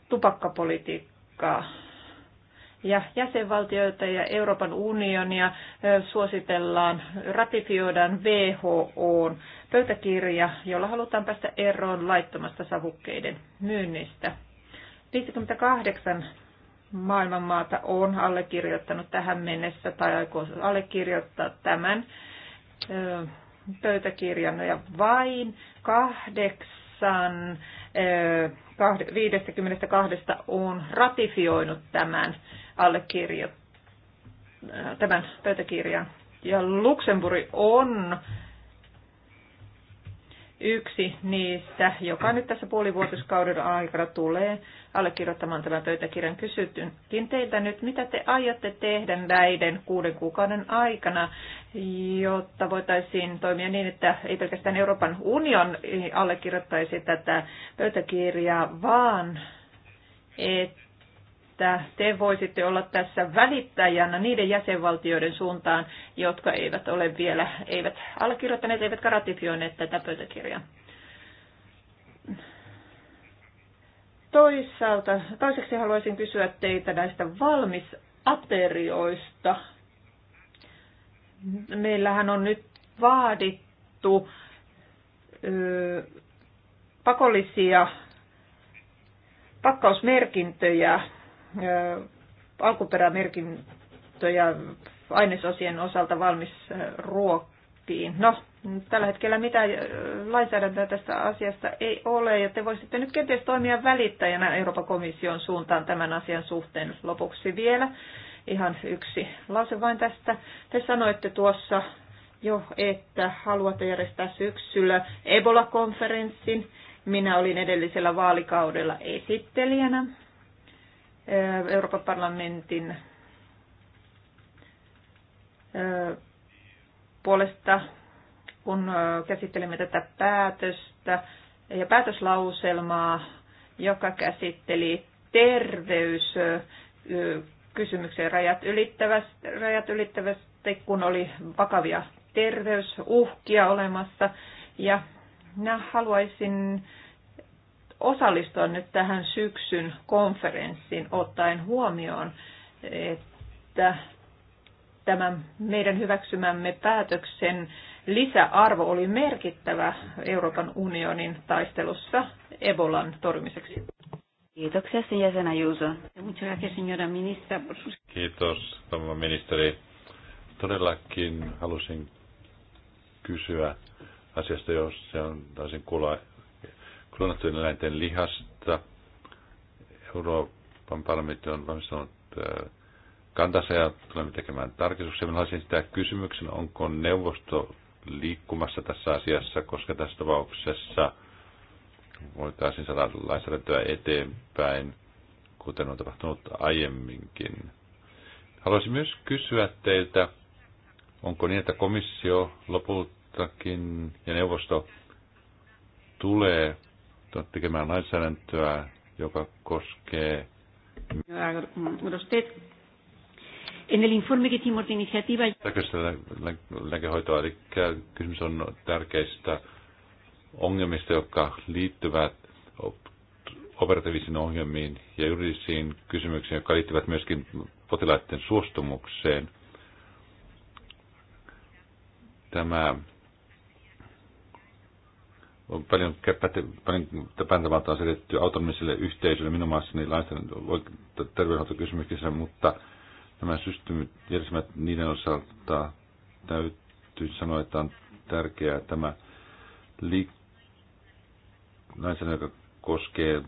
tupakkapolitiikkaa ja jäsenvaltioita ja Euroopan unionia suositellaan, ratifioidaan WHOn pöytäkirja, jolla halutaan päästä eroon laittomasta savukkeiden myynnistä. 58 maailmanmaata on allekirjoittanut tähän mennessä tai aikoo allekirjoittaa tämän pöytäkirjan ja vain kahdeksan kahdeksan 52 on ratifioinut tämän allekirjo, tämän pöytäkirjan. Ja Luxemburg on Yksi niistä, joka nyt tässä puolivuotiskauden aikana tulee allekirjoittamaan tämän pöytäkirjan, kysytynkin teiltä nyt, mitä te aiotte tehdä näiden kuuden kuukauden aikana, jotta voitaisiin toimia niin, että ei pelkästään Euroopan union allekirjoittaisi tätä pöytäkirjaa, vaan että että te voisitte olla tässä välittäjänä niiden jäsenvaltioiden suuntaan, jotka eivät ole vielä, eivät allekirjoittaneet, eivätkä ratifioineet tätä pöytäkirjaa. Toisaalta, toiseksi haluaisin kysyä teitä näistä valmisaterioista. Meillähän on nyt vaadittu ö, pakollisia pakkausmerkintöjä alkuperämerkintöjä ainesosien osalta valmis ruokkiin. No, tällä hetkellä mitä lainsäädäntöä tästä asiasta ei ole, ja te voisitte nyt kenties toimia välittäjänä Euroopan komission suuntaan tämän asian suhteen lopuksi vielä. Ihan yksi lause vain tästä. Te sanoitte tuossa jo, että haluatte järjestää syksyllä Ebola-konferenssin. Minä olin edellisellä vaalikaudella esittelijänä Euroopan parlamentin puolesta, kun käsittelemme tätä päätöstä ja päätöslauselmaa, joka käsitteli terveys kysymykseen rajat ylittävästi, rajat ylittävästi, kun oli vakavia terveysuhkia olemassa. Ja minä haluaisin osallistua nyt tähän syksyn konferenssiin ottaen huomioon, että tämä meidän hyväksymämme päätöksen lisäarvo oli merkittävä Euroopan unionin taistelussa Ebolan torjumiseksi. Kiitoksia sen jäsenä Juuso. Kiitos, tämä ministeri. Todellakin halusin kysyä asiasta, jos se on, taisin kuulla klonattujen eläinten lihasta. Euroopan parlamentti on valmistunut äh, kantansa ja tulemme tekemään tarkistuksia. Minä haluaisin sitä kysymyksen, onko neuvosto liikkumassa tässä asiassa, koska tässä tapauksessa voitaisiin saada lainsäädäntöä eteenpäin, kuten on tapahtunut aiemminkin. Haluaisin myös kysyä teiltä, onko niin, että komissio lopultakin ja neuvosto tulee tekemään lainsäädäntöä, joka koskee... En el informe que hicimos de iniciativa... Lääkehoitoa, eli kysymys on tärkeistä ongelmista, jotka liittyvät operatiivisiin ongelmiin ja juridisiin kysymyksiin, jotka liittyvät myöskin potilaiden suostumukseen. Tämä on paljon, paljon pääntävaltaa selitetty autonomisille yhteisöille minun niin laisten terveydenhuoltokysymyksissä, mutta nämä systeemit, järjestelmät, niiden osalta täytyy sanoa, että on tärkeää tämä liik- lainsäädäntö, joka koskee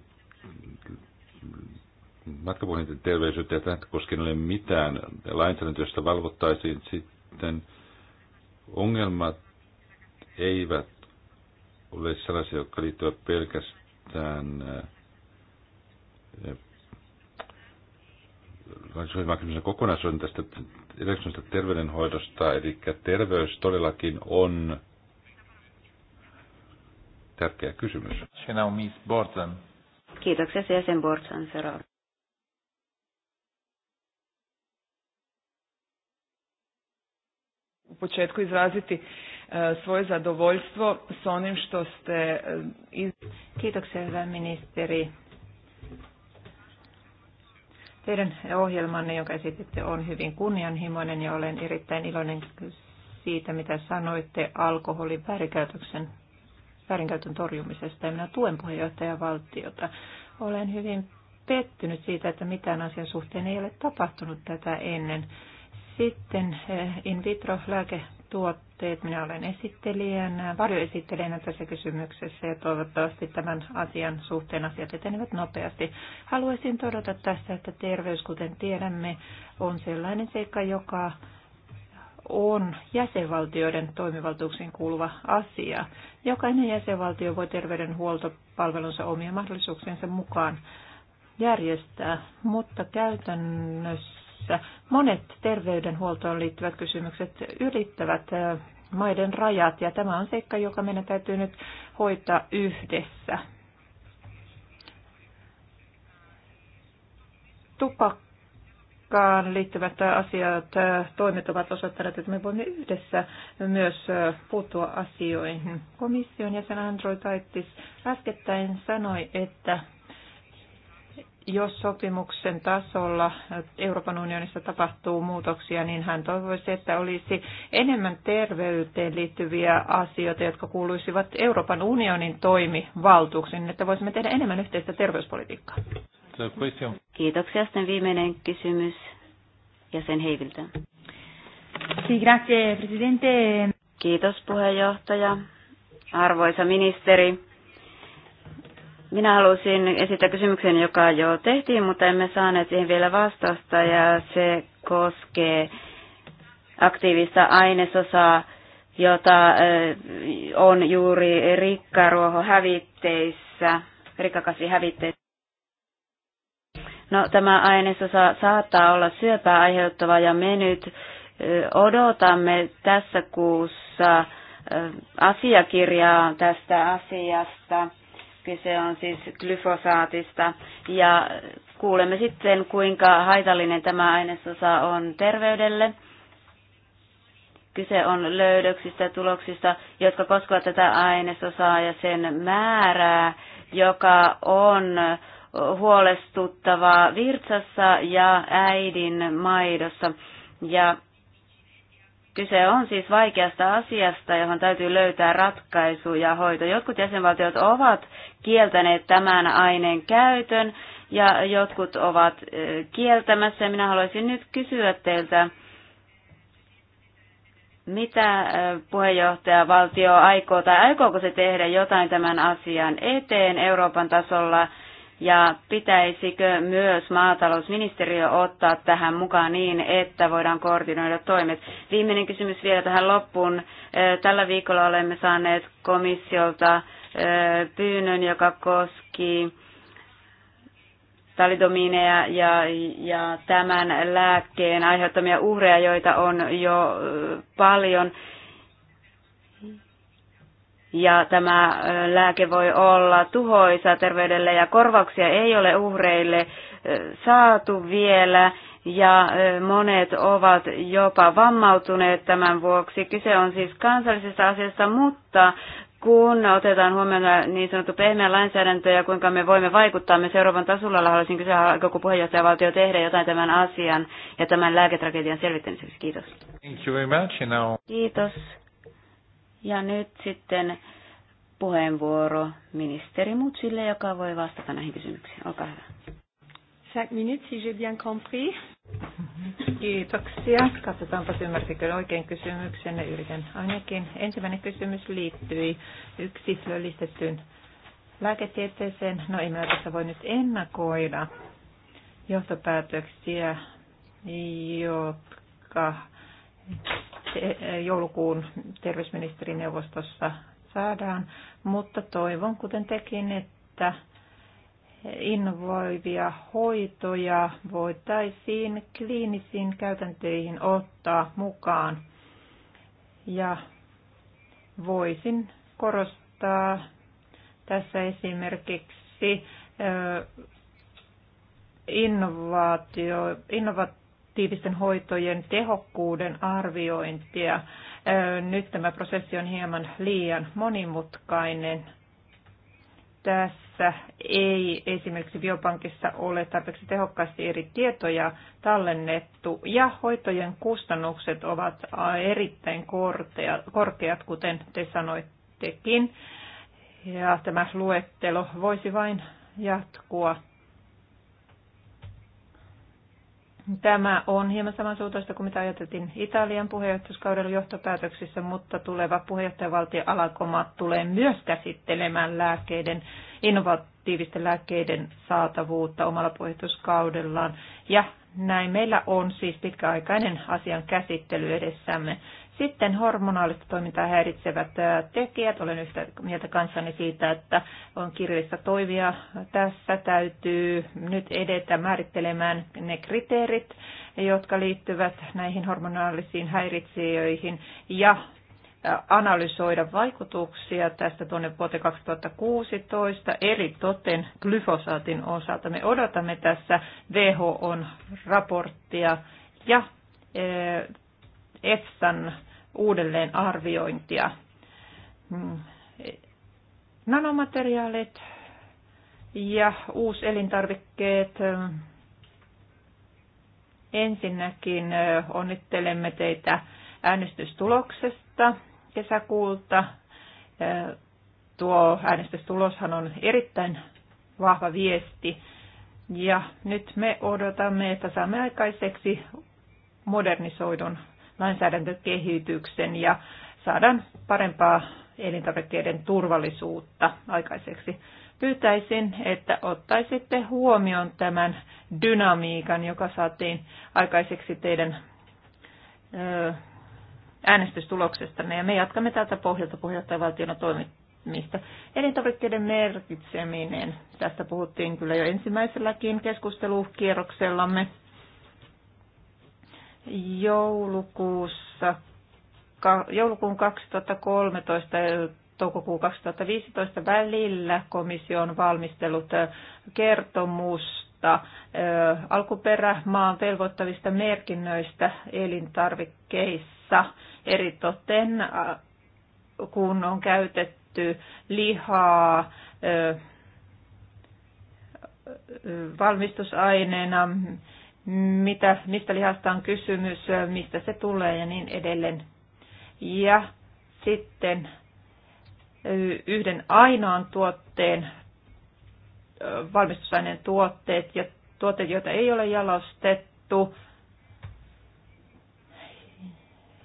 matkapuhelinten terveysyyttä, ja tähän koskee ole mitään lainsäädäntöä, josta valvottaisiin sitten ongelmat eivät ole sellaisia, jotka liittyvät pelkästään äh, äh, kysymyksen kokonaisuuden tästä elektronista terveydenhoidosta, eli terveys todellakin on tärkeä kysymys. Miss Kiitoksia, jäsen Bortsan, seuraava. početku izraziti E, svoje zadovoljstvo s onim što ste... E, iz... Kiitoksia hyvä ministeri. Teidän ohjelmanne, jonka esititte, on hyvin kunnianhimoinen ja olen erittäin iloinen siitä, mitä sanoitte alkoholin väärinkäytöksen väärinkäytön torjumisesta ja minä tuen puheenjohtajavaltiota. Olen hyvin pettynyt siitä, että mitään asian suhteen ei ole tapahtunut tätä ennen. Sitten eh, in vitro lääke tuotteet. Minä olen esittelijänä, varjoesittelijänä tässä kysymyksessä ja toivottavasti tämän asian suhteen asiat etenevät nopeasti. Haluaisin todeta tässä, että terveys, kuten tiedämme, on sellainen seikka, joka on jäsenvaltioiden toimivaltuuksiin kuuluva asia. Jokainen jäsenvaltio voi terveydenhuoltopalvelunsa omien mahdollisuuksiensa mukaan järjestää, mutta käytännössä tässä. monet terveydenhuoltoon liittyvät kysymykset ylittävät maiden rajat ja tämä on seikka, joka meidän täytyy nyt hoitaa yhdessä. Tupakkaan liittyvät asiat, toimet ovat osoittaneet, että me voimme yhdessä myös puuttua asioihin. Komission jäsen Android Aittis äskettäin sanoi, että jos sopimuksen tasolla Euroopan unionissa tapahtuu muutoksia, niin hän toivoisi, että olisi enemmän terveyteen liittyviä asioita, jotka kuuluisivat Euroopan unionin toimivaltuuksiin, että voisimme tehdä enemmän yhteistä terveyspolitiikkaa. Kiitoksia. Sitten viimeinen kysymys jäsen Heiviltä. Kiitos puheenjohtaja. Arvoisa ministeri, minä halusin esittää kysymyksen, joka jo tehtiin, mutta emme saaneet siihen vielä vastausta, ja se koskee aktiivista ainesosaa, jota on juuri rikkaruohohävitteissä, hävitteissä. No, tämä ainesosa saattaa olla syöpää aiheuttava ja me nyt odotamme tässä kuussa asiakirjaa tästä asiasta. Kyse on siis glyfosaatista ja kuulemme sitten, kuinka haitallinen tämä ainesosa on terveydelle. Kyse on löydöksistä ja tuloksista, jotka koskevat tätä ainesosaa ja sen määrää, joka on huolestuttavaa virtsassa ja äidin maidossa. Ja Kyse on siis vaikeasta asiasta, johon täytyy löytää ratkaisu ja hoito. Jotkut jäsenvaltiot ovat kieltäneet tämän aineen käytön ja jotkut ovat kieltämässä. Minä haluaisin nyt kysyä teiltä, mitä puheenjohtaja valtio aikoo tai aikooko se tehdä jotain tämän asian eteen Euroopan tasolla – ja pitäisikö myös maatalousministeriö ottaa tähän mukaan niin, että voidaan koordinoida toimet? Viimeinen kysymys vielä tähän loppuun. Tällä viikolla olemme saaneet komissiolta pyynnön, joka koski talidomiineja ja, ja tämän lääkkeen aiheuttamia uhreja, joita on jo paljon ja tämä lääke voi olla tuhoisa terveydelle ja korvauksia ei ole uhreille saatu vielä ja monet ovat jopa vammautuneet tämän vuoksi. Kyse on siis kansallisesta asiasta, mutta kun otetaan huomioon niin sanottu pehmeä lainsäädäntö ja kuinka me voimme vaikuttaa me seuraavan tasolla, haluaisin kysyä, aikooko puheenjohtajavaltio tehdä jotain tämän asian ja tämän lääketragedian selvittämiseksi. Kiitos. Thank you very much. Now... Kiitos. Ja nyt sitten puheenvuoro ministeri Mutsille, joka voi vastata näihin kysymyksiin. Olkaa hyvä. Cinq minutes, si j'ai bien compris. Kiitoksia. Katsotaanpa, ymmärsikö oikein kysymyksen. Yritän ainakin. Ensimmäinen kysymys liittyi yksilöllistettyyn lääketieteeseen. No ei minä tässä voi nyt ennakoida johtopäätöksiä, jotka joulukuun terveysministerineuvostossa saadaan, mutta toivon kuten tekin, että innovoivia hoitoja voitaisiin kliinisiin käytäntöihin ottaa mukaan. Ja voisin korostaa tässä esimerkiksi innovaatio, innovaatio palliatiivisten hoitojen tehokkuuden arviointia. Nyt tämä prosessi on hieman liian monimutkainen. Tässä ei esimerkiksi biopankissa ole tarpeeksi tehokkaasti eri tietoja tallennettu ja hoitojen kustannukset ovat erittäin korkeat, kuten te sanoittekin. Ja tämä luettelo voisi vain jatkua Tämä on hieman samansuuntaista kuin mitä ajateltiin Italian puheenjohtajuuskauden johtopäätöksissä, mutta tuleva puheenjohtajavaltio Alakoma tulee myös käsittelemään lääkkeiden, innovatiivisten lääkkeiden saatavuutta omalla puheenjohtajuuskaudellaan. Ja näin meillä on siis pitkäaikainen asian käsittely edessämme. Sitten hormonaalista toimintaa häiritsevät tekijät. Olen yhtä mieltä kanssani siitä, että on kirjallista toivia. Tässä täytyy nyt edetä määrittelemään ne kriteerit, jotka liittyvät näihin hormonaalisiin häiritsijöihin ja analysoida vaikutuksia tästä tuonne vuoteen 2016 eri toten glyfosaatin osalta. Me odotamme tässä who raporttia ja EFSAn uudelleen arviointia. Mm. Nanomateriaalit ja uuselintarvikkeet. Ensinnäkin onnittelemme teitä äänestystuloksesta kesäkuulta. Tuo äänestystuloshan on erittäin vahva viesti. Ja nyt me odotamme, että saamme aikaiseksi modernisoidun lainsäädäntökehityksen ja saadaan parempaa elintarvikkeiden turvallisuutta aikaiseksi. Pyytäisin, että ottaisitte huomioon tämän dynamiikan, joka saatiin aikaiseksi teidän äänestystuloksestanne. Ja me jatkamme tältä pohjalta puheenjohtajavaltiona toimimista. Elintarvikkeiden merkitseminen. Tästä puhuttiin kyllä jo ensimmäiselläkin keskustelukierroksellamme joulukuussa, joulukuun 2013 toukokuun 2015 välillä komissio on valmistellut kertomusta alkuperämaan velvoittavista merkinnöistä elintarvikkeissa. toten, kun on käytetty lihaa valmistusaineena mitä, mistä lihasta on kysymys, mistä se tulee ja niin edelleen. Ja sitten yhden ainoan tuotteen, valmistusaineen tuotteet ja tuotteet, joita ei ole jalostettu.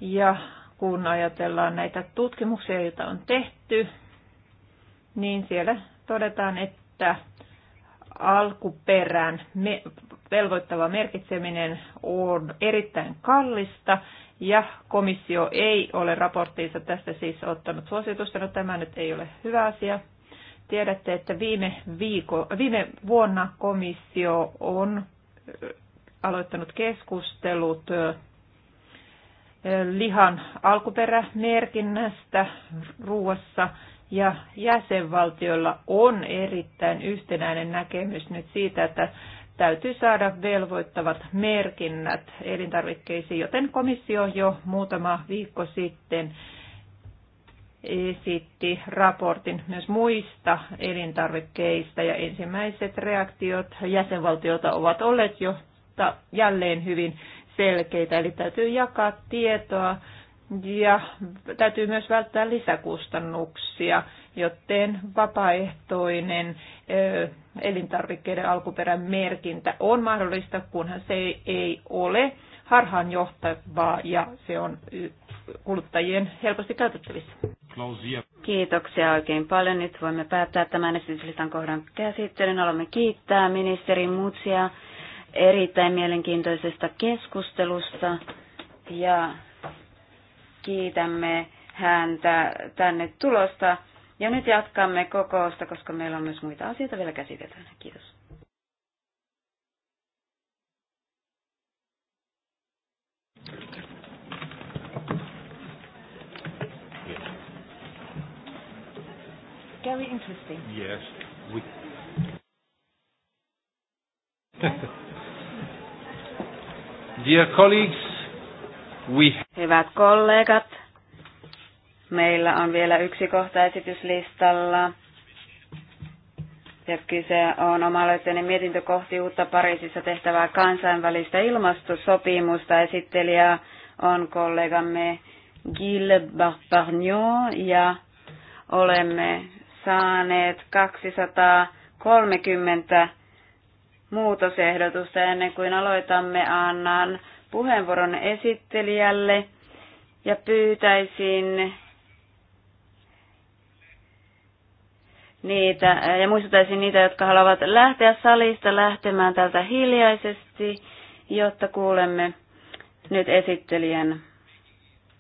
Ja kun ajatellaan näitä tutkimuksia, joita on tehty, niin siellä todetaan, että alkuperän me, velvoittava merkitseminen on erittäin kallista ja komissio ei ole raporttiinsa tästä siis ottanut suositusta. No tämä nyt ei ole hyvä asia. Tiedätte, että viime, viiko, viime vuonna komissio on aloittanut keskustelut lihan alkuperämerkinnästä ruoassa ja jäsenvaltioilla on erittäin yhtenäinen näkemys nyt siitä, että täytyy saada velvoittavat merkinnät elintarvikkeisiin, joten komissio jo muutama viikko sitten esitti raportin myös muista elintarvikkeista ja ensimmäiset reaktiot jäsenvaltiota ovat olleet jo jälleen hyvin selkeitä, eli täytyy jakaa tietoa ja täytyy myös välttää lisäkustannuksia, joten vapaaehtoinen elintarvikkeiden alkuperän merkintä on mahdollista, kunhan se ei ole harhaanjohtavaa ja se on kuluttajien helposti käytettävissä. Kiitoksia oikein paljon. Nyt voimme päättää tämän esityslistan kohdan käsittelyn. Haluamme kiittää ministeri Mutsia erittäin mielenkiintoisesta keskustelusta ja kiitämme häntä tänne tulosta. Ja nyt jatkamme kokousta, koska meillä on myös muita asioita vielä käsiteltävänä. Kiitos. Very interesting. Yes. We... Dear colleagues, We... Hyvät kollegat, meillä on vielä yksi kohta esityslistalla. Ja kyse on oma mietintö kohti uutta Pariisissa tehtävää kansainvälistä ilmastosopimusta. Esittelijä on kollegamme Gilles Barbarnon ja olemme saaneet 230 muutosehdotusta ennen kuin aloitamme annan puheenvuoron esittelijälle ja pyytäisin niitä, ja muistuttaisin niitä, jotka haluavat lähteä salista lähtemään tältä hiljaisesti, jotta kuulemme nyt esittelijän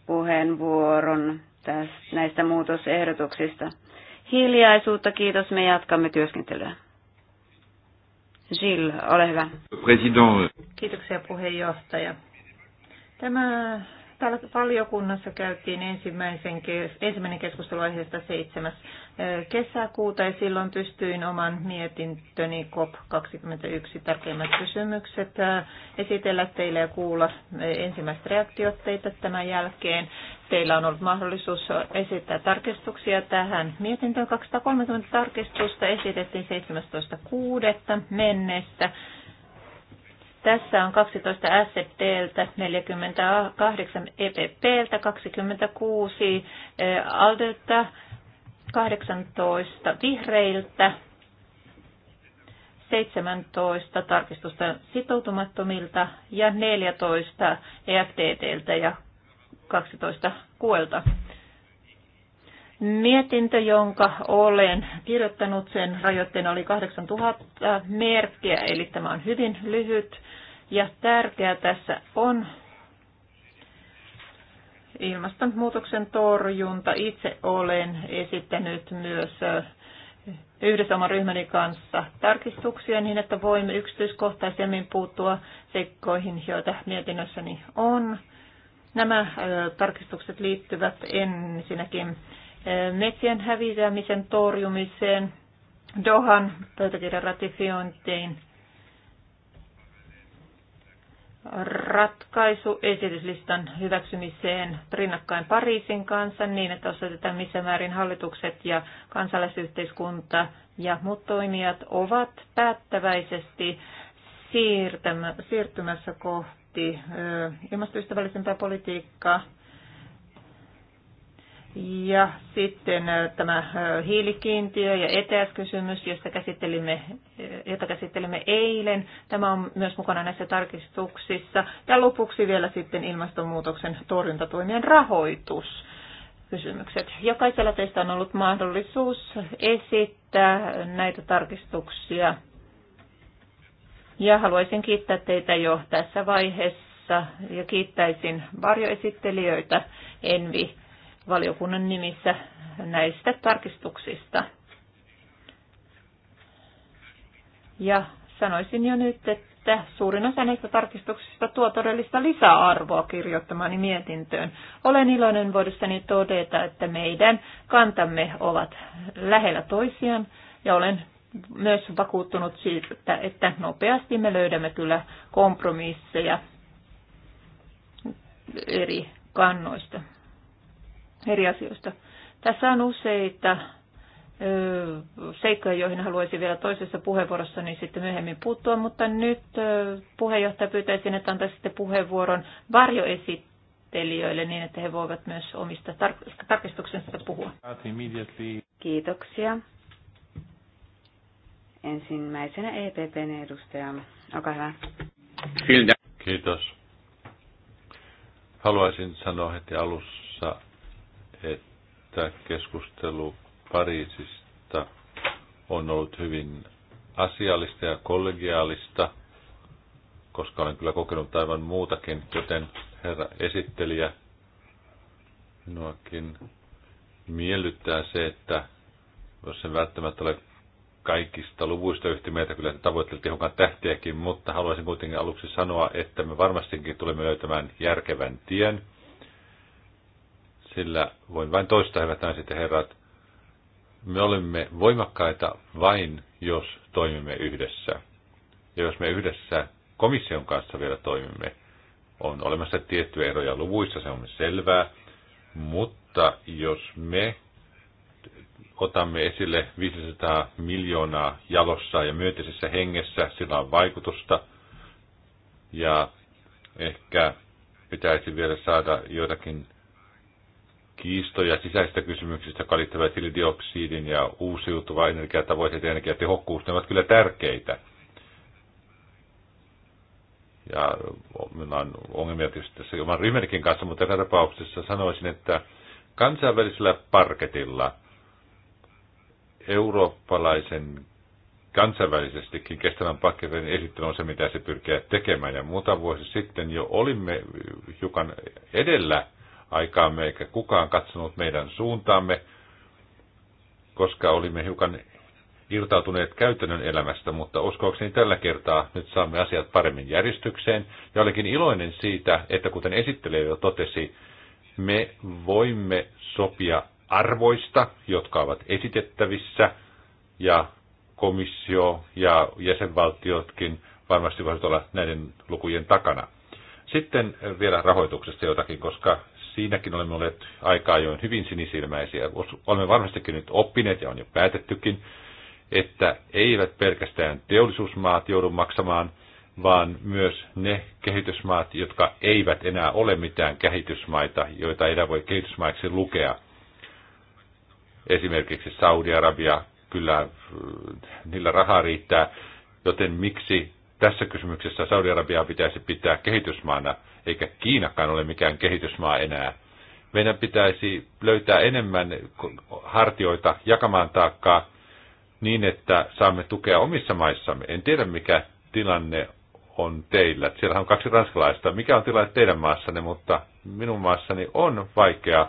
puheenvuoron tästä, näistä muutosehdotuksista. Hiljaisuutta, kiitos, me jatkamme työskentelyä. Jill, ole hyvä. President. Kiitoksia puheenjohtaja. Tämä Täällä valiokunnassa käytiin ensimmäisen kes, ensimmäinen keskustelu aiheesta 7. Eh, kesäkuuta ja silloin pystyin oman mietintöni COP21 tärkeimmät kysymykset eh, esitellä teille ja kuulla eh, ensimmäiset reaktiot teitä tämän jälkeen. Teillä on ollut mahdollisuus esittää tarkistuksia tähän mietintöön. 230 tarkistusta esitettiin 17.6. mennessä tässä on 12 SFTltä, 48 EPPltä, 26 Aldelta, 18 Vihreiltä, 17 tarkistusta sitoutumattomilta ja 14 EFTTltä ja 12 kuelta. Mietintö, jonka olen kirjoittanut, sen rajoitteena oli 8000 merkkiä, eli tämä on hyvin lyhyt. Ja tärkeää tässä on ilmastonmuutoksen torjunta. Itse olen esittänyt myös yhdessä oman ryhmäni kanssa tarkistuksia niin, että voimme yksityiskohtaisemmin puuttua seikkoihin, joita mietinnössäni on. Nämä tarkistukset liittyvät ensinnäkin metsien hävisämisen torjumiseen, Dohan pöytäkirjan ratifiointiin, ratkaisu esityslistan hyväksymiseen rinnakkain Pariisin kanssa niin, että osoitetaan missä määrin hallitukset ja kansalaisyhteiskunta ja muut toimijat ovat päättäväisesti siirtymässä kohti ilmastoystävällisempää politiikkaa ja sitten äh, tämä äh, hiilikiintiö ja ETS-kysymys, josta käsittelimme, äh, jota käsittelimme eilen. Tämä on myös mukana näissä tarkistuksissa. Ja lopuksi vielä sitten ilmastonmuutoksen torjuntatoimien rahoitus kysymykset. Jokaisella teistä on ollut mahdollisuus esittää näitä tarkistuksia. Ja haluaisin kiittää teitä jo tässä vaiheessa ja kiittäisin varjoesittelijöitä Envi valiokunnan nimissä näistä tarkistuksista. Ja sanoisin jo nyt, että suurin osa näistä tarkistuksista tuo todellista lisäarvoa kirjoittamani mietintöön. Olen iloinen voidessani todeta, että meidän kantamme ovat lähellä toisiaan ja olen myös vakuuttunut siitä, että nopeasti me löydämme kyllä kompromisseja eri kannoista eri asioista. Tässä on useita seikkoja, joihin haluaisin vielä toisessa puheenvuorossa niin sitten myöhemmin puuttua, mutta nyt puheenjohtaja pyytäisin, että antaisi sitten puheenvuoron varjoesittelijöille niin, että he voivat myös omista tarkistuksensa puhua. Kiitoksia. Ensimmäisenä EPPn edustaja. Olkaa hyvä. Kiitos. Haluaisin sanoa heti alussa että keskustelu Pariisista on ollut hyvin asiallista ja kollegiaalista, koska olen kyllä kokenut aivan muutakin, joten herra esittelijä, minuakin miellyttää se, että jos en välttämättä ole kaikista luvuista yhtä mieltä, kyllä tavoiteltiin hukkaan tähtiäkin, mutta haluaisin kuitenkin aluksi sanoa, että me varmastikin tulemme löytämään järkevän tien – sillä voin vain toistaa, hyvät naiset ja herrat, me olemme voimakkaita vain, jos toimimme yhdessä. Ja jos me yhdessä komission kanssa vielä toimimme, on olemassa tiettyjä eroja luvuissa, se on selvää, mutta jos me otamme esille 500 miljoonaa jalossa ja myötisessä hengessä, sillä on vaikutusta. Ja ehkä pitäisi vielä saada joitakin kiistoja sisäistä kysymyksistä, jotka liittyvät hiilidioksidin ja uusiutuva energiatavoitteet ja energiatehokkuus, ne ovat kyllä tärkeitä. Ja minulla on ongelmia tietysti tässä oman Rimerkin kanssa, mutta tässä tapauksessa sanoisin, että kansainvälisellä parketilla eurooppalaisen kansainvälisestikin kestävän paketin esittely on se, mitä se pyrkii tekemään. Ja muutama vuosi sitten jo olimme hiukan edellä aikaamme, eikä kukaan katsonut meidän suuntaamme, koska olimme hiukan irtautuneet käytännön elämästä, mutta uskoakseni tällä kertaa nyt saamme asiat paremmin järjestykseen. Ja olikin iloinen siitä, että kuten esittelijä jo totesi, me voimme sopia arvoista, jotka ovat esitettävissä, ja komissio ja jäsenvaltiotkin varmasti voisivat olla näiden lukujen takana. Sitten vielä rahoituksesta jotakin, koska siinäkin olemme olleet aika ajoin hyvin sinisilmäisiä. Olemme varmastikin nyt oppineet ja on jo päätettykin, että eivät pelkästään teollisuusmaat joudu maksamaan, vaan myös ne kehitysmaat, jotka eivät enää ole mitään kehitysmaita, joita ei voi kehitysmaiksi lukea. Esimerkiksi Saudi-Arabia, kyllä mm, niillä rahaa riittää, joten miksi tässä kysymyksessä Saudi-Arabiaa pitäisi pitää kehitysmaana, eikä Kiinakaan ole mikään kehitysmaa enää. Meidän pitäisi löytää enemmän hartioita jakamaan taakkaa niin, että saamme tukea omissa maissamme. En tiedä, mikä tilanne on teillä. Siellä on kaksi ranskalaista. Mikä on tilanne teidän maassanne, mutta minun maassani on vaikea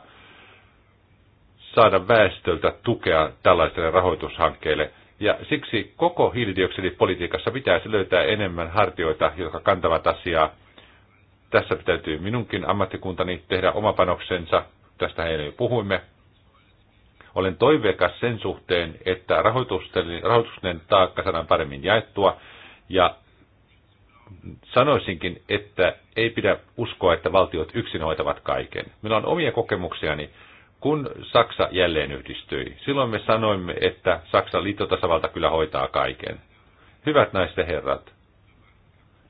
saada väestöltä tukea tällaisille rahoitushankkeille. Ja siksi koko hiilidioksidipolitiikassa pitäisi löytää enemmän hartioita, jotka kantavat asiaa. Tässä täytyy minunkin ammattikuntani tehdä oma panoksensa. Tästä heille jo puhuimme. Olen toiveikas sen suhteen, että rahoituksen taakka saadaan paremmin jaettua. Ja sanoisinkin, että ei pidä uskoa, että valtiot yksin hoitavat kaiken. Minulla on omia kokemuksiani kun Saksa jälleen yhdistyi, silloin me sanoimme, että Saksan liittotasavalta kyllä hoitaa kaiken. Hyvät naiset herrat,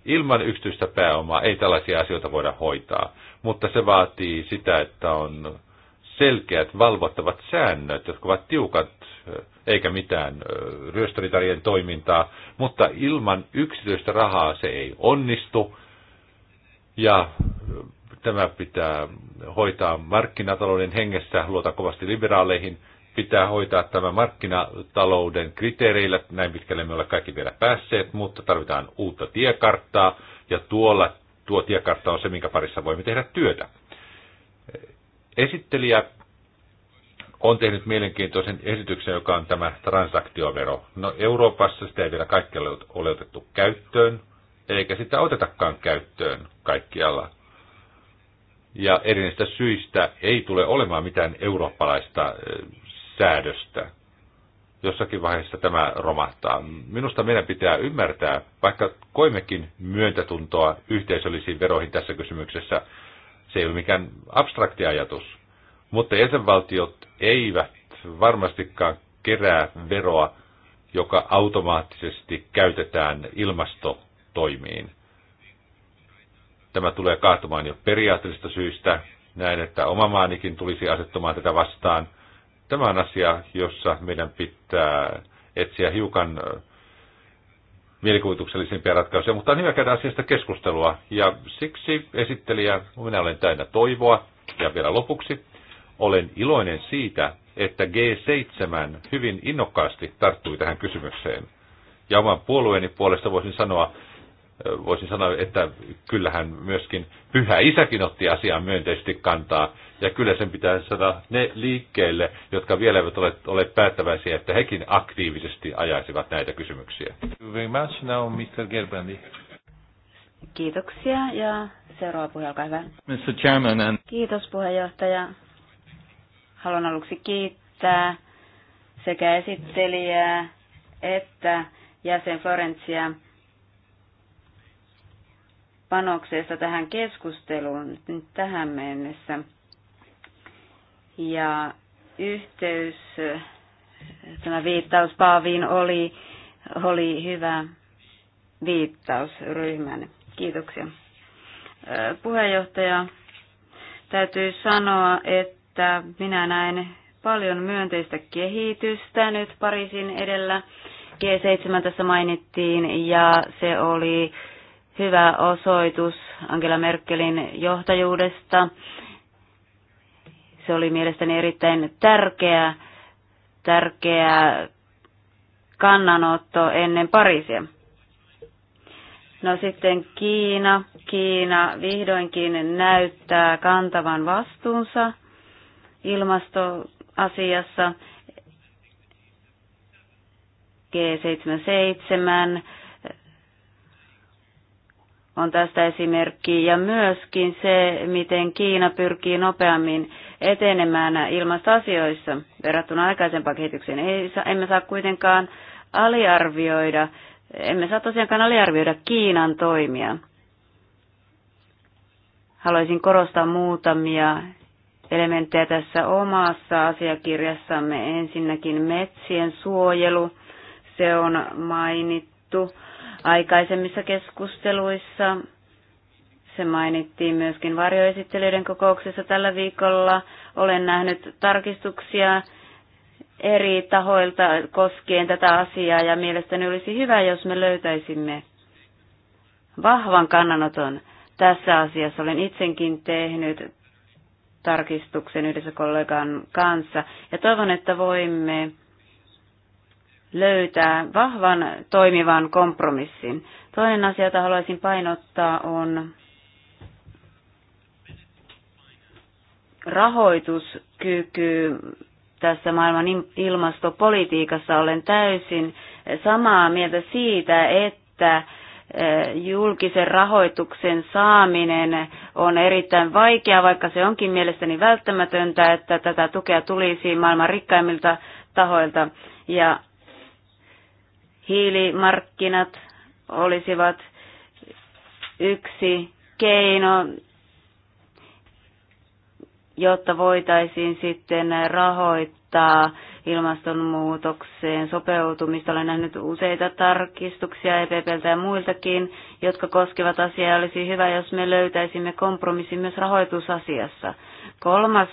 ilman yksityistä pääomaa ei tällaisia asioita voida hoitaa, mutta se vaatii sitä, että on selkeät valvottavat säännöt, jotka ovat tiukat, eikä mitään ryöstöritarien toimintaa, mutta ilman yksityistä rahaa se ei onnistu. Ja Tämä pitää hoitaa markkinatalouden hengessä, luota kovasti liberaaleihin, pitää hoitaa tämä markkinatalouden kriteereillä. Näin pitkälle me ollaan kaikki vielä päässeet, mutta tarvitaan uutta tiekarttaa ja tuolla tuo tiekartta on se, minkä parissa voimme tehdä työtä. Esittelijä on tehnyt mielenkiintoisen esityksen, joka on tämä transaktiovero. No Euroopassa sitä ei vielä kaikkialla ole otettu käyttöön, eikä sitä otetakaan käyttöön kaikkialla ja erinäistä syistä ei tule olemaan mitään eurooppalaista säädöstä. Jossakin vaiheessa tämä romahtaa. Minusta meidän pitää ymmärtää, vaikka koimmekin myöntätuntoa yhteisöllisiin veroihin tässä kysymyksessä, se ei ole mikään abstrakti ajatus. Mutta jäsenvaltiot eivät varmastikaan kerää veroa, joka automaattisesti käytetään ilmastotoimiin. Tämä tulee kaatumaan jo periaatteellisista syistä. Näin, että oma maanikin tulisi asettumaan tätä vastaan. Tämä on asia, jossa meidän pitää etsiä hiukan mielikuvituksellisimpia ratkaisuja, mutta on hyvä käydä asiasta keskustelua. Ja siksi esittelijä, minä olen täynnä toivoa. Ja vielä lopuksi, olen iloinen siitä, että G7 hyvin innokkaasti tarttui tähän kysymykseen. Ja oman puolueeni puolesta voisin sanoa, voisin sanoa, että kyllähän myöskin pyhä isäkin otti asiaan myönteisesti kantaa, ja kyllä sen pitää saada ne liikkeelle, jotka vielä eivät ole, ole päättäväisiä, että hekin aktiivisesti ajaisivat näitä kysymyksiä. Now, Mr. Gerbrandi. Kiitoksia, ja seuraava puhe, olkaa hyvä. Mr. Chairman and... Kiitos puheenjohtaja. Haluan aluksi kiittää sekä esittelijää että jäsen Florencia panoksesta tähän keskusteluun nyt tähän mennessä. Ja yhteys, tämä viittaus Paaviin oli, oli hyvä viittaus ryhmän. Kiitoksia. Puheenjohtaja, täytyy sanoa, että minä näen paljon myönteistä kehitystä nyt Pariisin edellä. G7 tässä mainittiin ja se oli hyvä osoitus Angela Merkelin johtajuudesta. Se oli mielestäni erittäin tärkeä, tärkeä kannanotto ennen Pariisia. No sitten Kiina. Kiina vihdoinkin näyttää kantavan vastuunsa ilmastoasiassa. G77 on tästä esimerkki, ja myöskin se, miten Kiina pyrkii nopeammin etenemään ilmastoasioissa verrattuna aikaisempaan kehitykseen. Ei, emme saa kuitenkaan aliarvioida, emme saa tosiaankaan aliarvioida Kiinan toimia. Haluaisin korostaa muutamia elementtejä tässä omassa asiakirjassamme. Ensinnäkin metsien suojelu, se on mainittu Aikaisemmissa keskusteluissa se mainittiin myöskin varjoesittelyiden kokouksessa tällä viikolla. Olen nähnyt tarkistuksia eri tahoilta koskien tätä asiaa ja mielestäni olisi hyvä, jos me löytäisimme vahvan kannanoton tässä asiassa. Olen itsekin tehnyt tarkistuksen yhdessä kollegan kanssa ja toivon, että voimme löytää vahvan toimivan kompromissin. Toinen asia, jota haluaisin painottaa, on rahoituskyky tässä maailman ilmastopolitiikassa. Olen täysin samaa mieltä siitä, että eh, julkisen rahoituksen saaminen on erittäin vaikeaa, vaikka se onkin mielestäni välttämätöntä, että tätä tukea tulisi maailman rikkaimmilta tahoilta. Ja hiilimarkkinat olisivat yksi keino, jotta voitaisiin sitten rahoittaa ilmastonmuutokseen sopeutumista. Olen nähnyt useita tarkistuksia EPPltä ja muiltakin, jotka koskevat asiaa. Olisi hyvä, jos me löytäisimme kompromissin myös rahoitusasiassa. Kolmas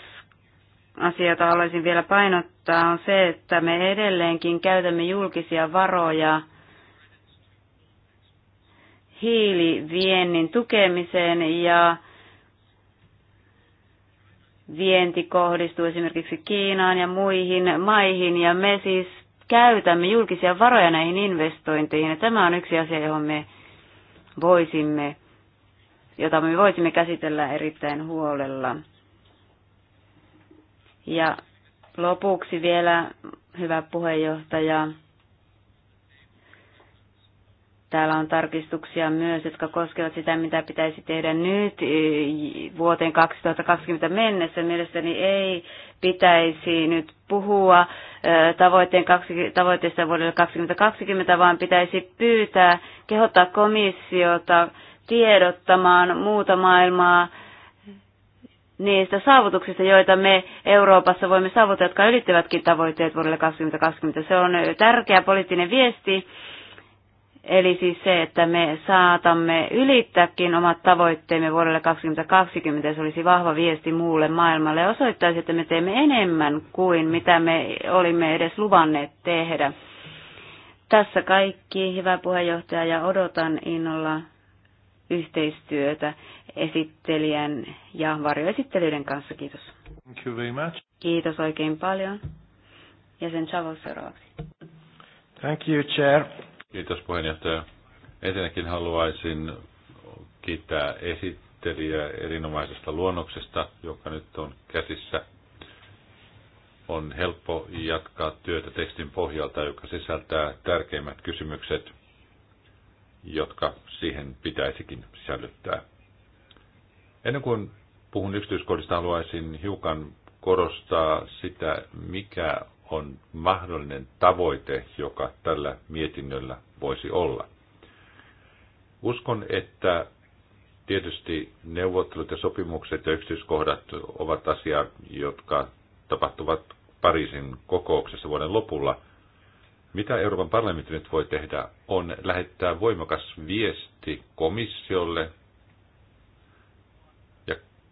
asia, jota haluaisin vielä painottaa, on se, että me edelleenkin käytämme julkisia varoja hiiliviennin tukemiseen ja vienti kohdistuu esimerkiksi Kiinaan ja muihin maihin ja me siis käytämme julkisia varoja näihin investointeihin ja tämä on yksi asia, johon me voisimme, jota me voisimme käsitellä erittäin huolella. Ja lopuksi vielä, hyvä puheenjohtaja, täällä on tarkistuksia myös, jotka koskevat sitä, mitä pitäisi tehdä nyt vuoteen 2020 mennessä. Mielestäni ei pitäisi nyt puhua tavoitteen, tavoitteesta vuodelle 2020, vaan pitäisi pyytää, kehottaa komissiota tiedottamaan muuta maailmaa niistä saavutuksista, joita me Euroopassa voimme saavuttaa, jotka ylittävätkin tavoitteet vuodelle 2020. Se on tärkeä poliittinen viesti, eli siis se, että me saatamme ylittääkin omat tavoitteemme vuodelle 2020. Se olisi vahva viesti muulle maailmalle ja osoittaisi, että me teemme enemmän kuin mitä me olimme edes luvanneet tehdä. Tässä kaikki, hyvä puheenjohtaja, ja odotan innolla yhteistyötä esittelijän ja varjoesittelyiden kanssa. Kiitos. Thank you very much. Kiitos oikein paljon. Ja sen Chavos seuraavaksi. Thank you, Chair. Kiitos puheenjohtaja. Ensinnäkin haluaisin kiittää esittelijää erinomaisesta luonnoksesta, joka nyt on käsissä. On helppo jatkaa työtä tekstin pohjalta, joka sisältää tärkeimmät kysymykset, jotka siihen pitäisikin sisällyttää. Ennen kuin puhun yksityiskohdista, haluaisin hiukan korostaa sitä, mikä on mahdollinen tavoite, joka tällä mietinnöllä voisi olla. Uskon, että tietysti neuvottelut ja sopimukset ja yksityiskohdat ovat asia, jotka tapahtuvat Pariisin kokouksessa vuoden lopulla. Mitä Euroopan parlamentti nyt voi tehdä, on lähettää voimakas viesti komissiolle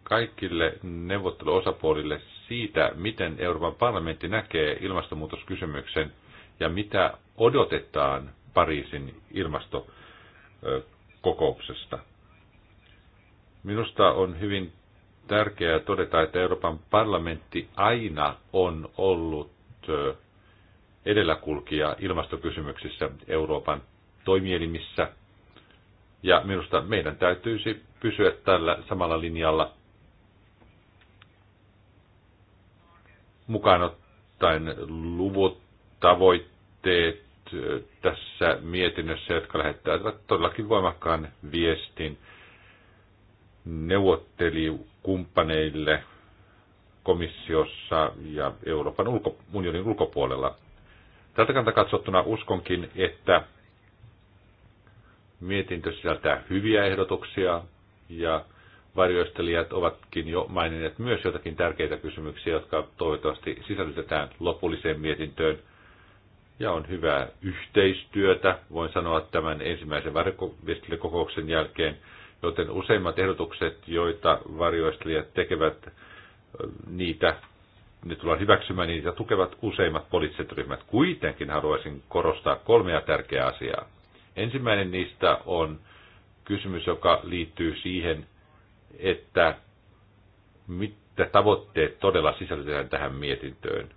kaikille neuvotteluosapuolille siitä, miten Euroopan parlamentti näkee ilmastonmuutoskysymyksen ja mitä odotetaan Pariisin ilmastokokouksesta. Minusta on hyvin tärkeää todeta, että Euroopan parlamentti aina on ollut edelläkulkija ilmastokysymyksissä Euroopan toimielimissä. Ja minusta meidän täytyisi pysyä tällä samalla linjalla mukaan ottaen luvut, tavoitteet tässä mietinnössä, jotka lähettävät todellakin voimakkaan viestin neuvottelijakumppaneille komissiossa ja Euroopan ulko, unionin ulkopuolella. Tältä kanta katsottuna uskonkin, että mietintö sisältää hyviä ehdotuksia ja varjoistelijat ovatkin jo maininneet myös jotakin tärkeitä kysymyksiä, jotka toivottavasti sisällytetään lopulliseen mietintöön. Ja on hyvää yhteistyötä, voin sanoa tämän ensimmäisen varjoistelijakokouksen jälkeen, joten useimmat ehdotukset, joita varjoistelijat tekevät, niitä ne tullaan hyväksymään, niitä tukevat useimmat poliittiset ryhmät. Kuitenkin haluaisin korostaa kolmea tärkeää asiaa. Ensimmäinen niistä on kysymys, joka liittyy siihen, että mitä tavoitteet todella sisällytetään tähän mietintöön.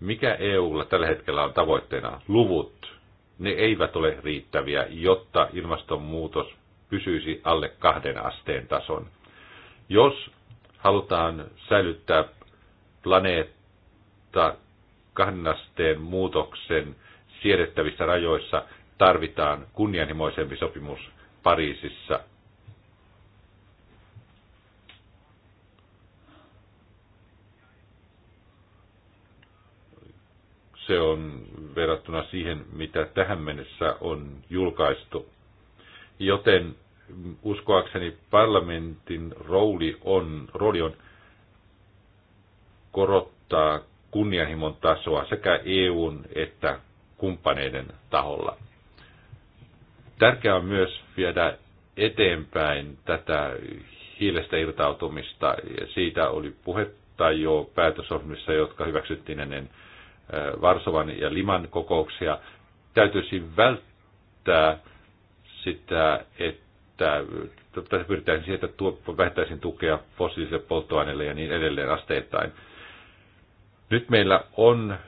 Mikä EUlla tällä hetkellä on tavoitteena? Luvut, ne eivät ole riittäviä, jotta ilmastonmuutos pysyisi alle kahden asteen tason. Jos halutaan säilyttää planeetta kahden asteen muutoksen siedettävissä rajoissa, tarvitaan kunnianhimoisempi sopimus Pariisissa. Se on verrattuna siihen, mitä tähän mennessä on julkaistu. Joten uskoakseni parlamentin rooli on, rooli on korottaa kunnianhimon tasoa sekä EUn että kumppaneiden taholla. Tärkeää on myös viedä eteenpäin tätä hiilestä irtautumista. Siitä oli puhetta jo päätösohjelmissa, jotka hyväksyttiin ennen Varsovan ja Liman kokouksia. Täytyisi välttää sitä, että tässä pyritään siihen, että tuo, vähentäisiin tukea fossiilisille polttoaineille ja niin edelleen asteittain. Nyt meillä on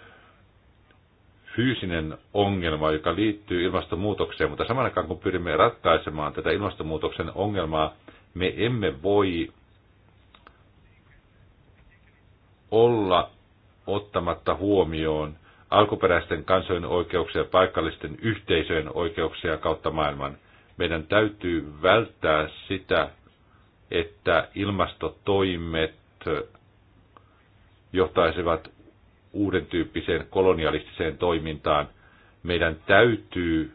fyysinen ongelma, joka liittyy ilmastonmuutokseen, mutta samaan aikaan kun pyrimme ratkaisemaan tätä ilmastonmuutoksen ongelmaa, me emme voi olla ottamatta huomioon alkuperäisten kansojen oikeuksia ja paikallisten yhteisöjen oikeuksia kautta maailman. Meidän täytyy välttää sitä, että ilmastotoimet johtaisivat uuden tyyppiseen kolonialistiseen toimintaan. Meidän täytyy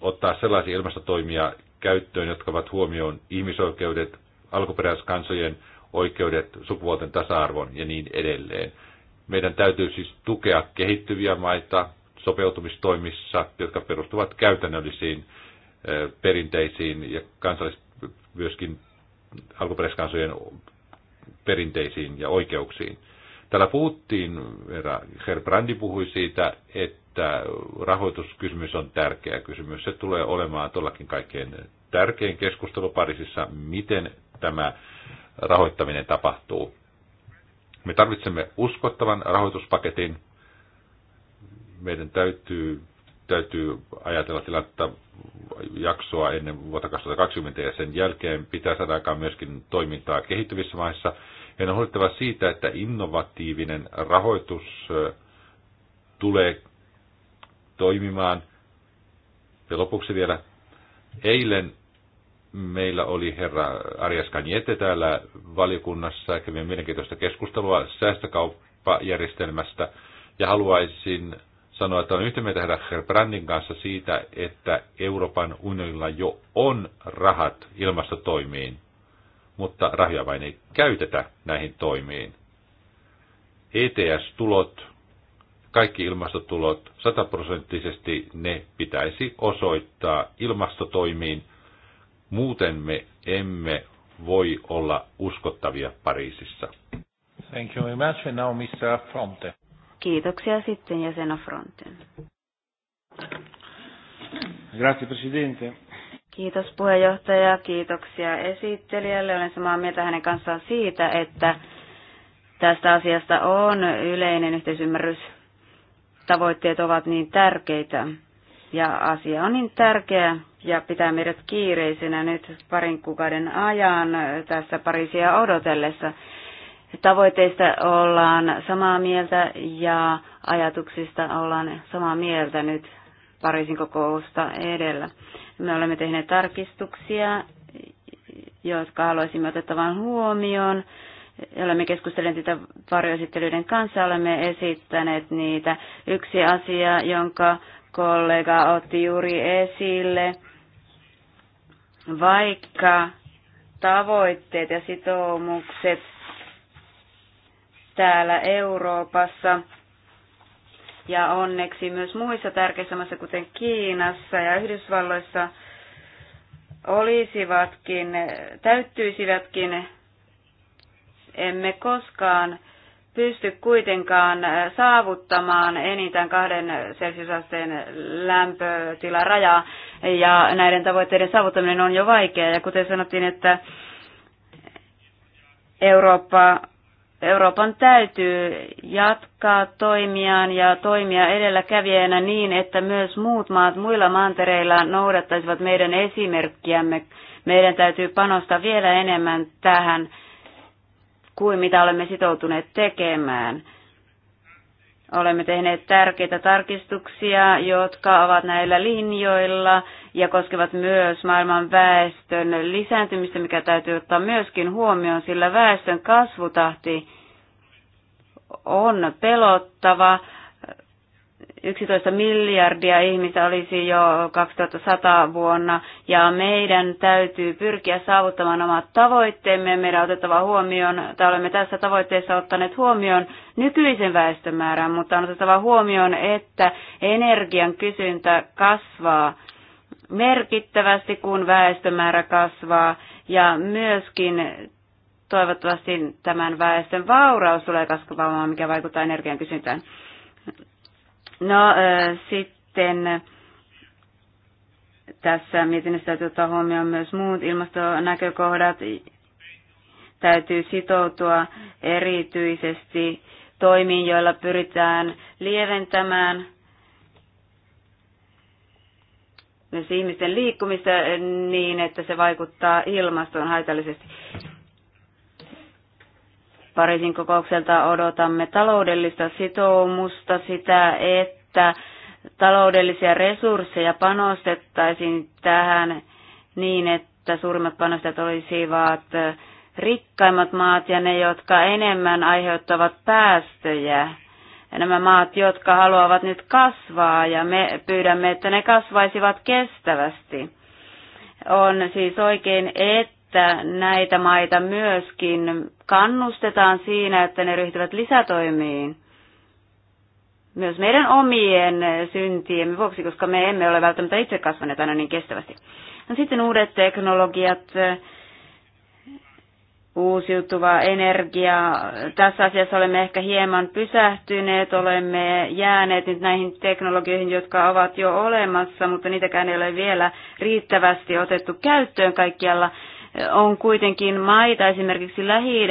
ottaa sellaisia ilmastotoimia käyttöön, jotka ovat huomioon ihmisoikeudet, alkuperäiskansojen oikeudet, sukupuolten tasa-arvon ja niin edelleen. Meidän täytyy siis tukea kehittyviä maita sopeutumistoimissa, jotka perustuvat käytännöllisiin perinteisiin ja kansallis, myöskin alkuperäiskansojen perinteisiin ja oikeuksiin. Täällä puhuttiin, Herr Brandi puhui siitä, että rahoituskysymys on tärkeä kysymys. Se tulee olemaan tuollakin kaikkein tärkein keskustelu Pariisissa, miten tämä rahoittaminen tapahtuu. Me tarvitsemme uskottavan rahoituspaketin. Meidän täytyy, täytyy ajatella tilannetta jaksoa ennen vuotta 2020 ja sen jälkeen pitää saada aikaan myöskin toimintaa kehittyvissä maissa – ja on huolehtava siitä, että innovatiivinen rahoitus tulee toimimaan. Ja lopuksi vielä eilen meillä oli herra Arias Kanjete täällä valiokunnassa. kävi mielenkiintoista keskustelua säästökauppajärjestelmästä. Ja haluaisin sanoa, että on yhtä mieltä herra Brandin kanssa siitä, että Euroopan unionilla jo on rahat ilmastotoimiin mutta rahoja vain ei käytetä näihin toimiin. ETS-tulot, kaikki ilmastotulot, sataprosenttisesti ne pitäisi osoittaa ilmastotoimiin. Muuten me emme voi olla uskottavia Pariisissa. Thank you very much. And now Mr. Fronte. Kiitoksia sitten jäsenä Fronten. Grazie Presidente. Kiitos puheenjohtaja, kiitoksia esittelijälle. Olen samaa mieltä hänen kanssaan siitä, että tästä asiasta on yleinen yhteisymmärrys. Tavoitteet ovat niin tärkeitä ja asia on niin tärkeä ja pitää meidät kiireisenä nyt parin kuukauden ajan tässä Pariisia odotellessa. Tavoitteista ollaan samaa mieltä ja ajatuksista ollaan samaa mieltä nyt Pariisin kokousta edellä. Me olemme tehneet tarkistuksia, jotka haluaisimme otettavan huomioon. Olemme keskustelleet niitä varjoesittelyiden kanssa, olemme esittäneet niitä. Yksi asia, jonka kollega otti juuri esille, vaikka tavoitteet ja sitoumukset täällä Euroopassa – ja onneksi myös muissa tärkeissä maissa, kuten Kiinassa ja Yhdysvalloissa, olisivatkin, täyttyisivätkin, emme koskaan pysty kuitenkaan saavuttamaan enintään kahden celsiusasteen lämpötilarajaa, ja näiden tavoitteiden saavuttaminen on jo vaikeaa, ja kuten sanottiin, että Eurooppa Euroopan täytyy jatkaa toimiaan ja toimia edelläkävijänä niin, että myös muut maat muilla mantereilla noudattaisivat meidän esimerkkiämme. Meidän täytyy panostaa vielä enemmän tähän kuin mitä olemme sitoutuneet tekemään. Olemme tehneet tärkeitä tarkistuksia, jotka ovat näillä linjoilla ja koskevat myös maailman väestön lisääntymistä, mikä täytyy ottaa myöskin huomioon, sillä väestön kasvutahti on pelottava. 11 miljardia ihmistä olisi jo 2100 vuonna ja meidän täytyy pyrkiä saavuttamaan omat tavoitteemme. Meidän on otettava huomioon, tai olemme tässä tavoitteessa ottaneet huomioon nykyisen väestömäärän, mutta on otettava huomioon, että energian kysyntä kasvaa merkittävästi, kun väestömäärä kasvaa ja myöskin toivottavasti tämän väestön vauraus tulee kasvamaan, mikä vaikuttaa energian kysyntään. No äh, sitten tässä mietinnössä täytyy ottaa huomioon myös muut ilmastonäkökohdat. Täytyy sitoutua erityisesti toimiin, joilla pyritään lieventämään myös ihmisten liikkumista eh, niin, että se vaikuttaa ilmastoon haitallisesti. Pariisin kokoukselta odotamme taloudellista sitoumusta sitä, että taloudellisia resursseja panostettaisiin tähän niin, että suurimmat panostajat olisivat eh, rikkaimmat maat ja ne, jotka enemmän aiheuttavat päästöjä nämä maat, jotka haluavat nyt kasvaa ja me pyydämme, että ne kasvaisivat kestävästi. On siis oikein, että näitä maita myöskin kannustetaan siinä, että ne ryhtyvät lisätoimiin myös meidän omien syntiemme vuoksi, koska me emme ole välttämättä itse kasvaneet aina niin kestävästi. No sitten uudet teknologiat, uusiutuvaa energiaa. Tässä asiassa olemme ehkä hieman pysähtyneet, olemme jääneet nyt näihin teknologioihin, jotka ovat jo olemassa, mutta niitäkään ei ole vielä riittävästi otettu käyttöön kaikkialla. On kuitenkin maita esimerkiksi lähi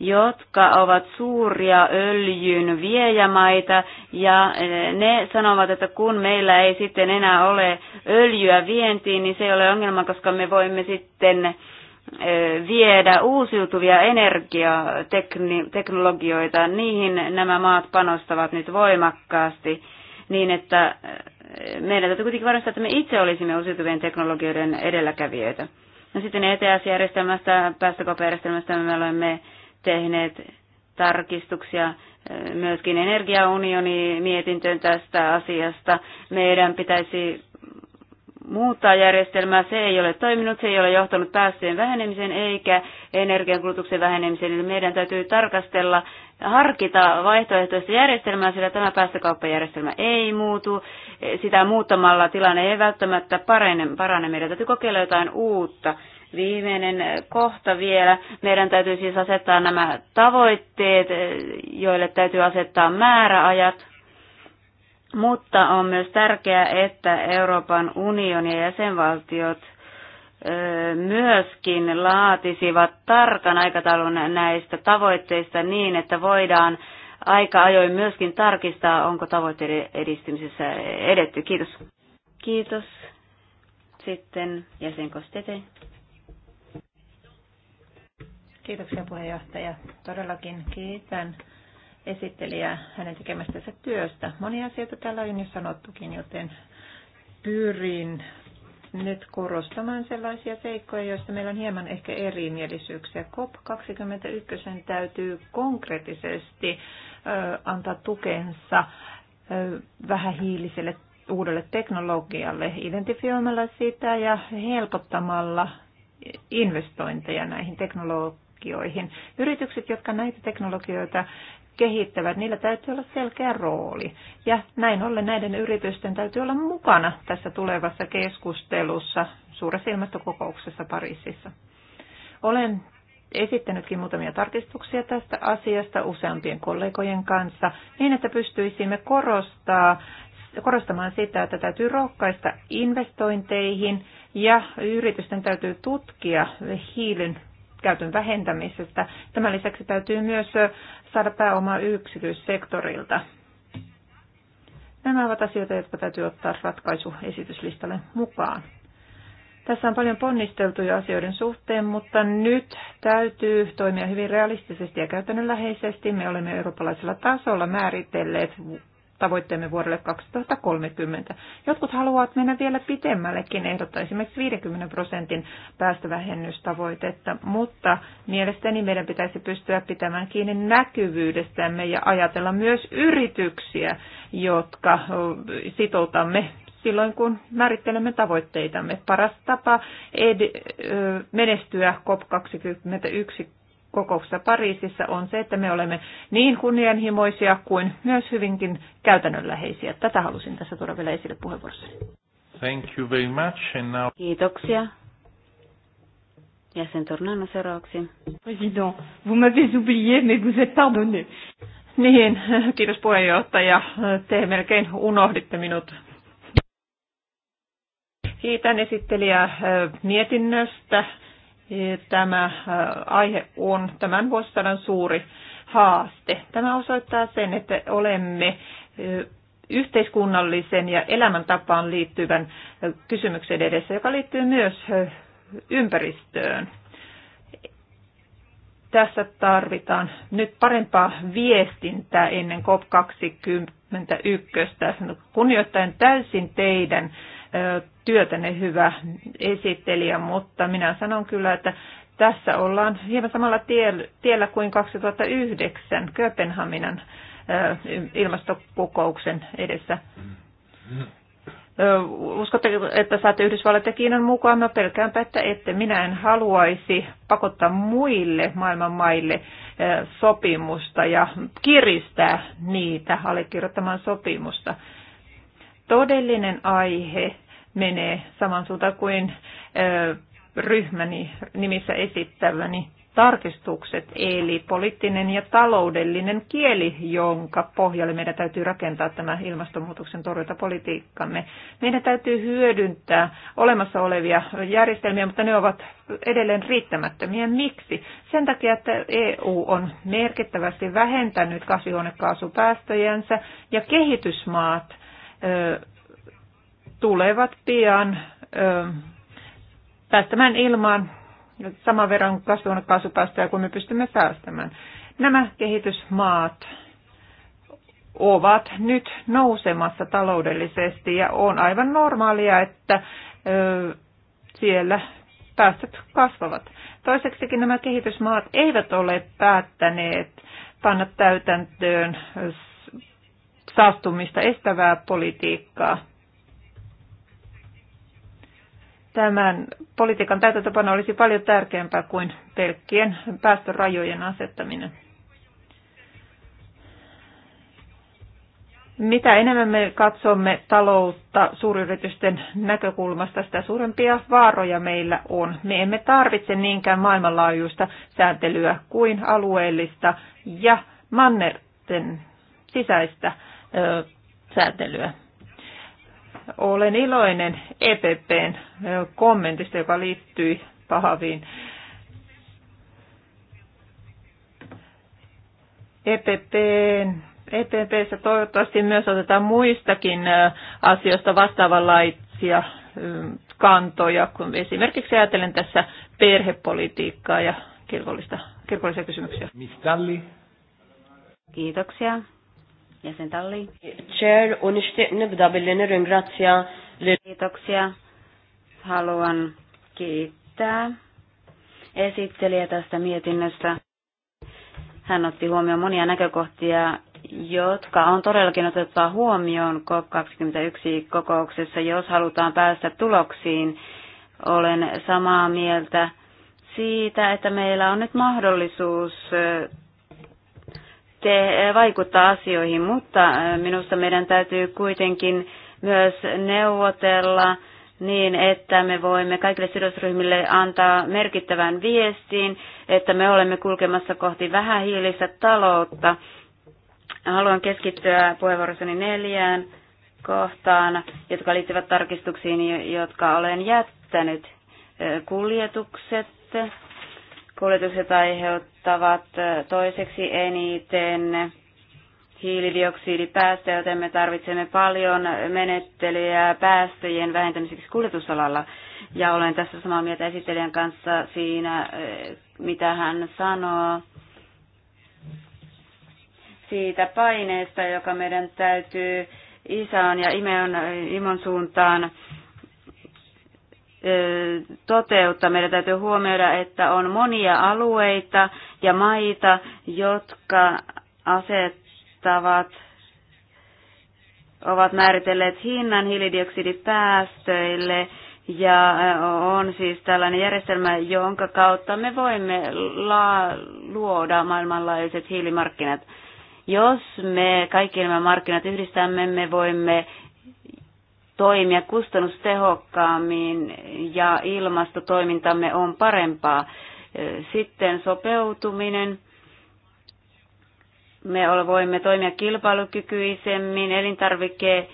jotka ovat suuria öljyn viejämaita, ja ne sanovat, että kun meillä ei sitten enää ole öljyä vientiin, niin se ei ole ongelma, koska me voimme sitten viedä uusiutuvia energiateknologioita. Niihin nämä maat panostavat nyt voimakkaasti niin, että meidän täytyy kuitenkin varmistaa, että me itse olisimme uusiutuvien teknologioiden edelläkävijöitä. No sitten ETS-järjestelmästä, päästökauppajärjestelmästä me olemme tehneet tarkistuksia myöskin energiaunioni mietintöön tästä asiasta. Meidän pitäisi muuttaa järjestelmää. Se ei ole toiminut, se ei ole johtanut päästöjen vähenemiseen eikä energiankulutuksen vähenemiseen. Eli meidän täytyy tarkastella, harkita vaihtoehtoista järjestelmää, sillä tämä päästökauppajärjestelmä ei muutu. Sitä muuttamalla tilanne ei välttämättä parane. Meidän täytyy kokeilla jotain uutta. Viimeinen kohta vielä. Meidän täytyy siis asettaa nämä tavoitteet, joille täytyy asettaa määräajat mutta on myös tärkeää, että Euroopan unioni ja jäsenvaltiot myöskin laatisivat tarkan aikataulun näistä tavoitteista niin, että voidaan aika ajoin myöskin tarkistaa, onko tavoitteiden edistymisessä edetty. Kiitos. Kiitos. Sitten jäsenkostete. Kiitoksia puheenjohtaja. Todellakin kiitän esittelijä hänen tekemästänsä työstä. Monia asioita täällä on jo sanottukin, joten pyrin nyt korostamaan sellaisia seikkoja, joista meillä on hieman ehkä erimielisyyksiä. COP21 täytyy konkreettisesti antaa tukensa vähähiiliselle uudelle teknologialle identifioimalla sitä ja helpottamalla investointeja näihin teknologioihin. Yritykset, jotka näitä teknologioita kehittävät, niillä täytyy olla selkeä rooli. Ja näin ollen näiden yritysten täytyy olla mukana tässä tulevassa keskustelussa suuressa ilmastokokouksessa Pariisissa. Olen esittänytkin muutamia tarkistuksia tästä asiasta useampien kollegojen kanssa, niin että pystyisimme korostaa, korostamaan sitä, että täytyy rohkaista investointeihin ja yritysten täytyy tutkia hiilen käytön vähentämisestä. Tämän lisäksi täytyy myös saada pääomaa yksityissektorilta. Nämä ovat asioita, jotka täytyy ottaa ratkaisuesityslistalle mukaan. Tässä on paljon ponnisteltu jo asioiden suhteen, mutta nyt täytyy toimia hyvin realistisesti ja käytännönläheisesti. Me olemme eurooppalaisella tasolla määritelleet tavoitteemme vuodelle 2030. Jotkut haluavat mennä vielä pitemmällekin, ehdottaa esimerkiksi 50 prosentin päästövähennystavoitetta, mutta mielestäni meidän pitäisi pystyä pitämään kiinni näkyvyydestämme ja ajatella myös yrityksiä, jotka sitoutamme silloin, kun määrittelemme tavoitteitamme. Paras tapa ed- menestyä COP21 kokouksessa Pariisissa on se, että me olemme niin kunnianhimoisia kuin myös hyvinkin käytännönläheisiä. Tätä halusin tässä tuoda vielä esille puheenvuorossa. Thank you very much. And now... Kiitoksia. sen tornana seuraavaksi. President, vous m'avez oublié, mais vous êtes pardonné. Niin, kiitos puheenjohtaja. Te melkein unohditte minut. Kiitän esittelijä äh, mietinnöstä. Tämä äh, aihe on tämän vuosisadan suuri haaste. Tämä osoittaa sen, että olemme yhteiskunnallisen ja elämäntapaan liittyvän kysymyksen edessä, joka liittyy myös ympäristöön. Tässä tarvitaan nyt parempaa viestintää ennen COP21, kunnioittaen täysin teidän työtäne hyvä esittelijä, mutta minä sanon kyllä, että tässä ollaan hieman samalla tiellä kuin 2009 Kööpenhaminan ilmastokokouksen edessä. Uskotte, että saatte Yhdysvallat ja Kiinan mukaan? Mä no, pelkäänpä, että ette. Minä en haluaisi pakottaa muille maailman maille sopimusta ja kiristää niitä allekirjoittamaan sopimusta. Todellinen aihe menee saman suuntaan kuin ryhmäni nimissä esittäväni tarkistukset, eli poliittinen ja taloudellinen kieli, jonka pohjalle meidän täytyy rakentaa tämä ilmastonmuutoksen torjuntapolitiikkamme. Meidän täytyy hyödyntää olemassa olevia järjestelmiä, mutta ne ovat edelleen riittämättömiä. Miksi? Sen takia, että EU on merkittävästi vähentänyt kasvihuonekaasupäästöjensä ja kehitysmaat tulevat pian ö, päästämään ilmaan saman verran kasvihuonekaasupäästöjä kuin me pystymme päästämään. Nämä kehitysmaat ovat nyt nousemassa taloudellisesti ja on aivan normaalia, että ö, siellä päästöt kasvavat. Toiseksikin nämä kehitysmaat eivät ole päättäneet panna täytäntöön saastumista estävää politiikkaa tämän politiikan täytäntöpano olisi paljon tärkeämpää kuin pelkkien päästörajojen asettaminen. Mitä enemmän me katsomme taloutta suuryritysten näkökulmasta, sitä suurempia vaaroja meillä on. Me emme tarvitse niinkään maailmanlaajuista sääntelyä kuin alueellista ja mannerten sisäistä ö, sääntelyä olen iloinen EPPn kommentista, joka liittyy pahaviin. EPPn EPPssä toivottavasti myös otetaan muistakin asioista vastaavanlaisia kantoja, kun esimerkiksi ajatellen tässä perhepolitiikkaa ja kirkollista, kirkollisia kysymyksiä. Kiitoksia jäsen Talli. Chair, un nibda billi nirringrazzja Kiitoksia. Haluan kiittää esittelijä tästä mietinnöstä. Hän otti huomioon monia näkökohtia, jotka on todellakin otettava huomioon COP21 kokouksessa, jos halutaan päästä tuloksiin. Olen samaa mieltä siitä, että meillä on nyt mahdollisuus te eh, vaikuttaa asioihin, mutta eh, minusta meidän täytyy kuitenkin myös neuvotella niin, että me voimme kaikille sidosryhmille antaa merkittävän viestin, että me olemme kulkemassa kohti vähähiilistä taloutta. Haluan keskittyä puheenvuorossani neljään kohtaan, jotka liittyvät tarkistuksiin, jotka olen jättänyt. Eh, kuljetukset, Kuljetukset aiheuttavat toiseksi eniten hiilidioksidipäästöjä, joten me tarvitsemme paljon menettelyjä päästöjen vähentämiseksi kuljetusalalla. Ja olen tässä samaa mieltä esittelijän kanssa siinä, mitä hän sanoo siitä paineesta, joka meidän täytyy isän ja imon suuntaan toteuttaa. Meidän täytyy huomioida, että on monia alueita ja maita, jotka asettavat ovat määritelleet hinnan hiilidioksidipäästöille ja on siis tällainen järjestelmä, jonka kautta me voimme luoda maailmanlaajuiset hiilimarkkinat. Jos me kaikki nämä markkinat yhdistämme, me voimme toimia kustannustehokkaammin ja ilmastotoimintamme on parempaa. Sitten sopeutuminen. Me voimme toimia kilpailukykyisemmin elintarvike-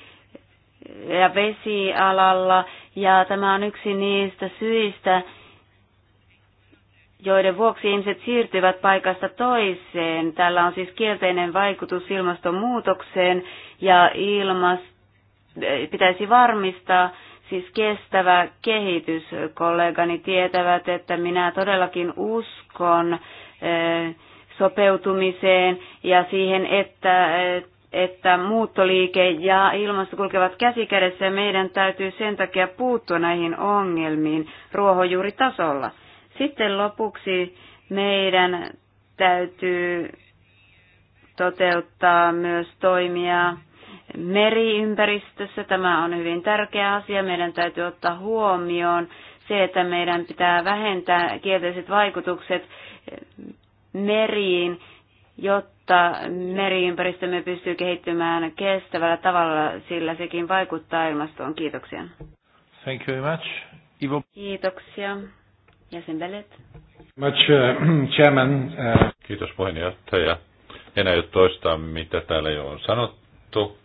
ja vesialalla ja tämä on yksi niistä syistä, joiden vuoksi ihmiset siirtyvät paikasta toiseen. Tällä on siis kielteinen vaikutus ilmastonmuutokseen ja ilmas, pitäisi varmistaa siis kestävä kehitys. Kollegani tietävät, että minä todellakin uskon eh, sopeutumiseen ja siihen, että eh, että muuttoliike ja ilmasto kulkevat käsikädessä ja meidän täytyy sen takia puuttua näihin ongelmiin ruohonjuuritasolla. Sitten lopuksi meidän täytyy toteuttaa myös toimia meriympäristössä. Tämä on hyvin tärkeä asia. Meidän täytyy ottaa huomioon se, että meidän pitää vähentää kielteiset vaikutukset meriin, jotta meriympäristömme pystyy kehittymään kestävällä tavalla, sillä sekin vaikuttaa ilmastoon. Kiitoksia. Thank you very much. Ivo. Kiitoksia. Jäsenbelet. Much, uh, chairman, uh... Kiitos puheenjohtaja. En aio toistaa, mitä täällä jo on sanottu.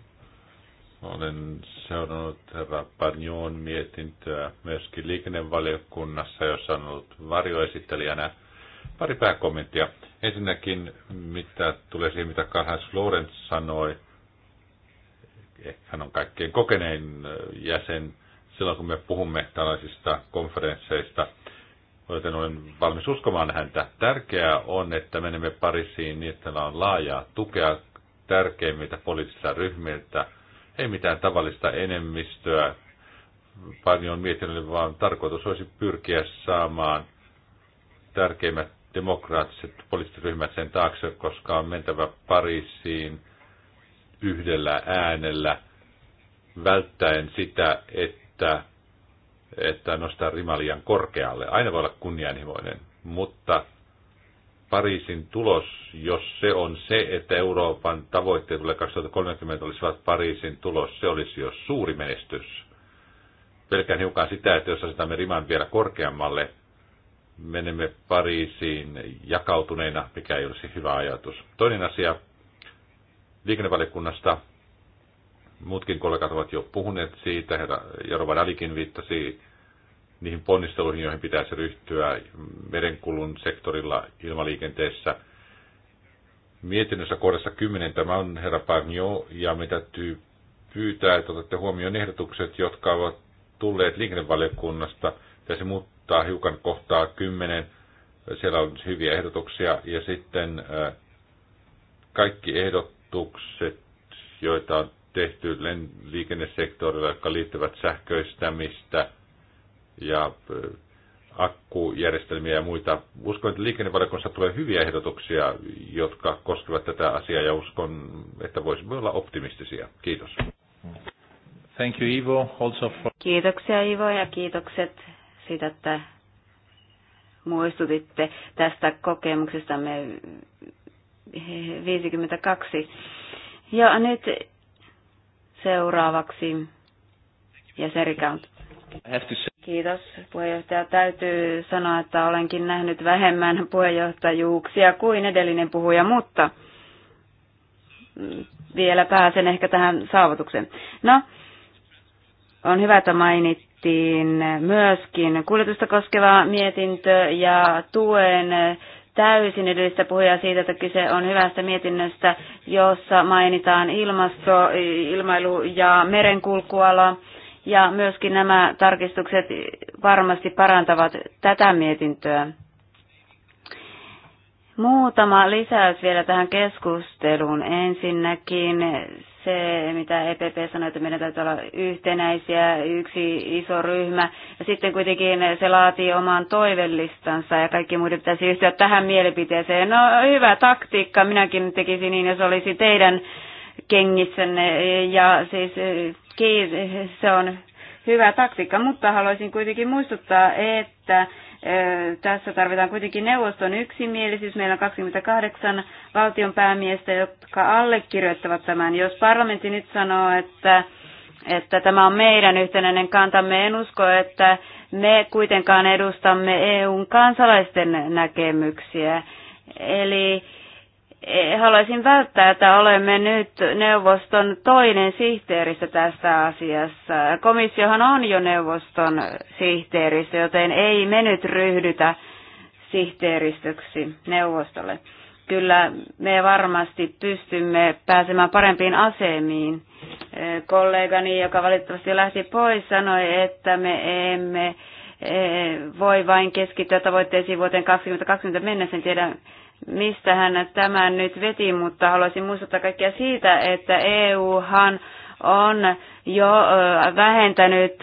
Olen seurannut herra Parnjoon mietintöä myöskin liikennevaliokunnassa, jossa on ollut varjoesittelijänä pari pääkommenttia. Ensinnäkin, mitä tulee siihen, mitä Karhans Florence sanoi, eh, hän on kaikkein kokenein eh, jäsen silloin, kun me puhumme tällaisista konferensseista, joten olen valmis uskomaan häntä. Tärkeää on, että menemme Pariisiin niin, että on laajaa tukea tärkeimmiltä poliittisilta ryhmiltä – ei mitään tavallista enemmistöä paljon mietinnölle, vaan tarkoitus olisi pyrkiä saamaan tärkeimmät demokraattiset poliittiset ryhmät sen taakse, koska on mentävä Pariisiin yhdellä äänellä välttäen sitä, että, että nostaa rimalian korkealle. Aina voi olla kunnianhimoinen, mutta Pariisin tulos, jos se on se, että Euroopan tavoitteet tulee 2030 olisivat Pariisin tulos, se olisi jo suuri menestys. Pelkään hiukan sitä, että jos asetamme riman vielä korkeammalle, menemme Pariisiin jakautuneina, mikä ei olisi hyvä ajatus. Toinen asia liikennevalikunnasta, Muutkin kollegat ovat jo puhuneet siitä, ja Rovan Alikin viittasi niihin ponnisteluihin, joihin pitäisi ryhtyä merenkulun sektorilla ilmaliikenteessä. Mietinnössä kohdassa 10 tämä on herra Parnio, ja me täytyy pyytää, että otatte huomioon ehdotukset, jotka ovat tulleet liikennevaliokunnasta. Pitäisi muuttaa hiukan kohtaa 10. Siellä on hyviä ehdotuksia. Ja sitten äh, kaikki ehdotukset, joita on tehty liikennesektorilla, jotka liittyvät sähköistämistä – ja akkujärjestelmiä ja muita. Uskon, että liikennevaliokunnassa tulee hyviä ehdotuksia, jotka koskevat tätä asiaa ja uskon, että voisimme olla optimistisia. Kiitos. Thank you, Ivo, also for... Kiitoksia Ivo ja kiitokset siitä, että muistutitte tästä kokemuksestamme 52. Ja nyt seuraavaksi ja se Kiitos puheenjohtaja. Täytyy sanoa, että olenkin nähnyt vähemmän puheenjohtajuuksia kuin edellinen puhuja, mutta vielä pääsen ehkä tähän saavutukseen. No, on hyvä, että mainittiin myöskin kuljetusta koskeva mietintö ja tuen täysin edellistä puhujaa siitä, että kyse on hyvästä mietinnöstä, jossa mainitaan ilmasto, ilmailu ja merenkulkuala ja myöskin nämä tarkistukset varmasti parantavat tätä mietintöä. Muutama lisäys vielä tähän keskusteluun. Ensinnäkin se, mitä EPP sanoi, että meidän täytyy olla yhtenäisiä, yksi iso ryhmä. Ja sitten kuitenkin se laatii oman toivellistansa ja kaikki muiden pitäisi yhtyä tähän mielipiteeseen. No hyvä taktiikka, minäkin tekisin niin, jos olisi teidän kengissänne ja siis eh, se on hyvä taktiikka, mutta haluaisin kuitenkin muistuttaa, että eh, tässä tarvitaan kuitenkin neuvoston yksimielisyys. Meillä on 28 valtion päämiestä, jotka allekirjoittavat tämän. Jos parlamentti nyt sanoo, että, että tämä on meidän yhtenäinen kantamme, en usko, että me kuitenkaan edustamme EUn kansalaisten näkemyksiä. Eli Eh, haluaisin välttää, että olemme nyt neuvoston toinen sihteeristä tässä asiassa. Komissiohan on jo neuvoston sihteeristä, joten ei me nyt ryhdytä sihteeristöksi neuvostolle. Kyllä me varmasti pystymme pääsemään parempiin asemiin. Eh, kollegani, joka valitettavasti lähti pois, sanoi, että me emme eh, voi vain keskittyä tavoitteisiin vuoteen 2020 mennessä. En tiedä, mistä hän tämän nyt veti, mutta haluaisin muistuttaa kaikkia siitä, että EUhan on jo vähentänyt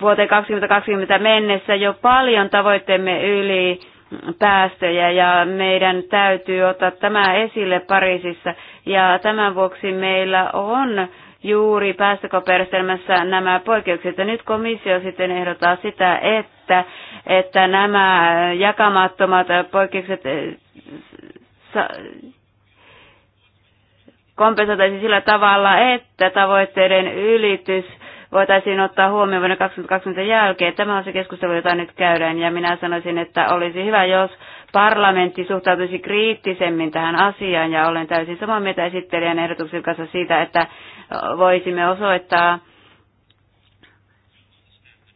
vuoteen 2020 mennessä jo paljon tavoitteemme yli päästöjä ja meidän täytyy ottaa tämä esille Pariisissa ja tämän vuoksi meillä on juuri päästökauppajärjestelmässä nämä poikkeukset. Ja nyt komissio sitten ehdottaa sitä, että, että nämä jakamattomat poikkeukset eh, kompensoitaisiin sillä tavalla, että tavoitteiden ylitys voitaisiin ottaa huomioon vuonna 2020 jälkeen. Tämä on se keskustelu, jota nyt käydään, ja minä sanoisin, että olisi hyvä, jos parlamentti suhtautuisi kriittisemmin tähän asiaan, ja olen täysin samaa mieltä esittelijän ehdotuksen kanssa siitä, että voisimme osoittaa,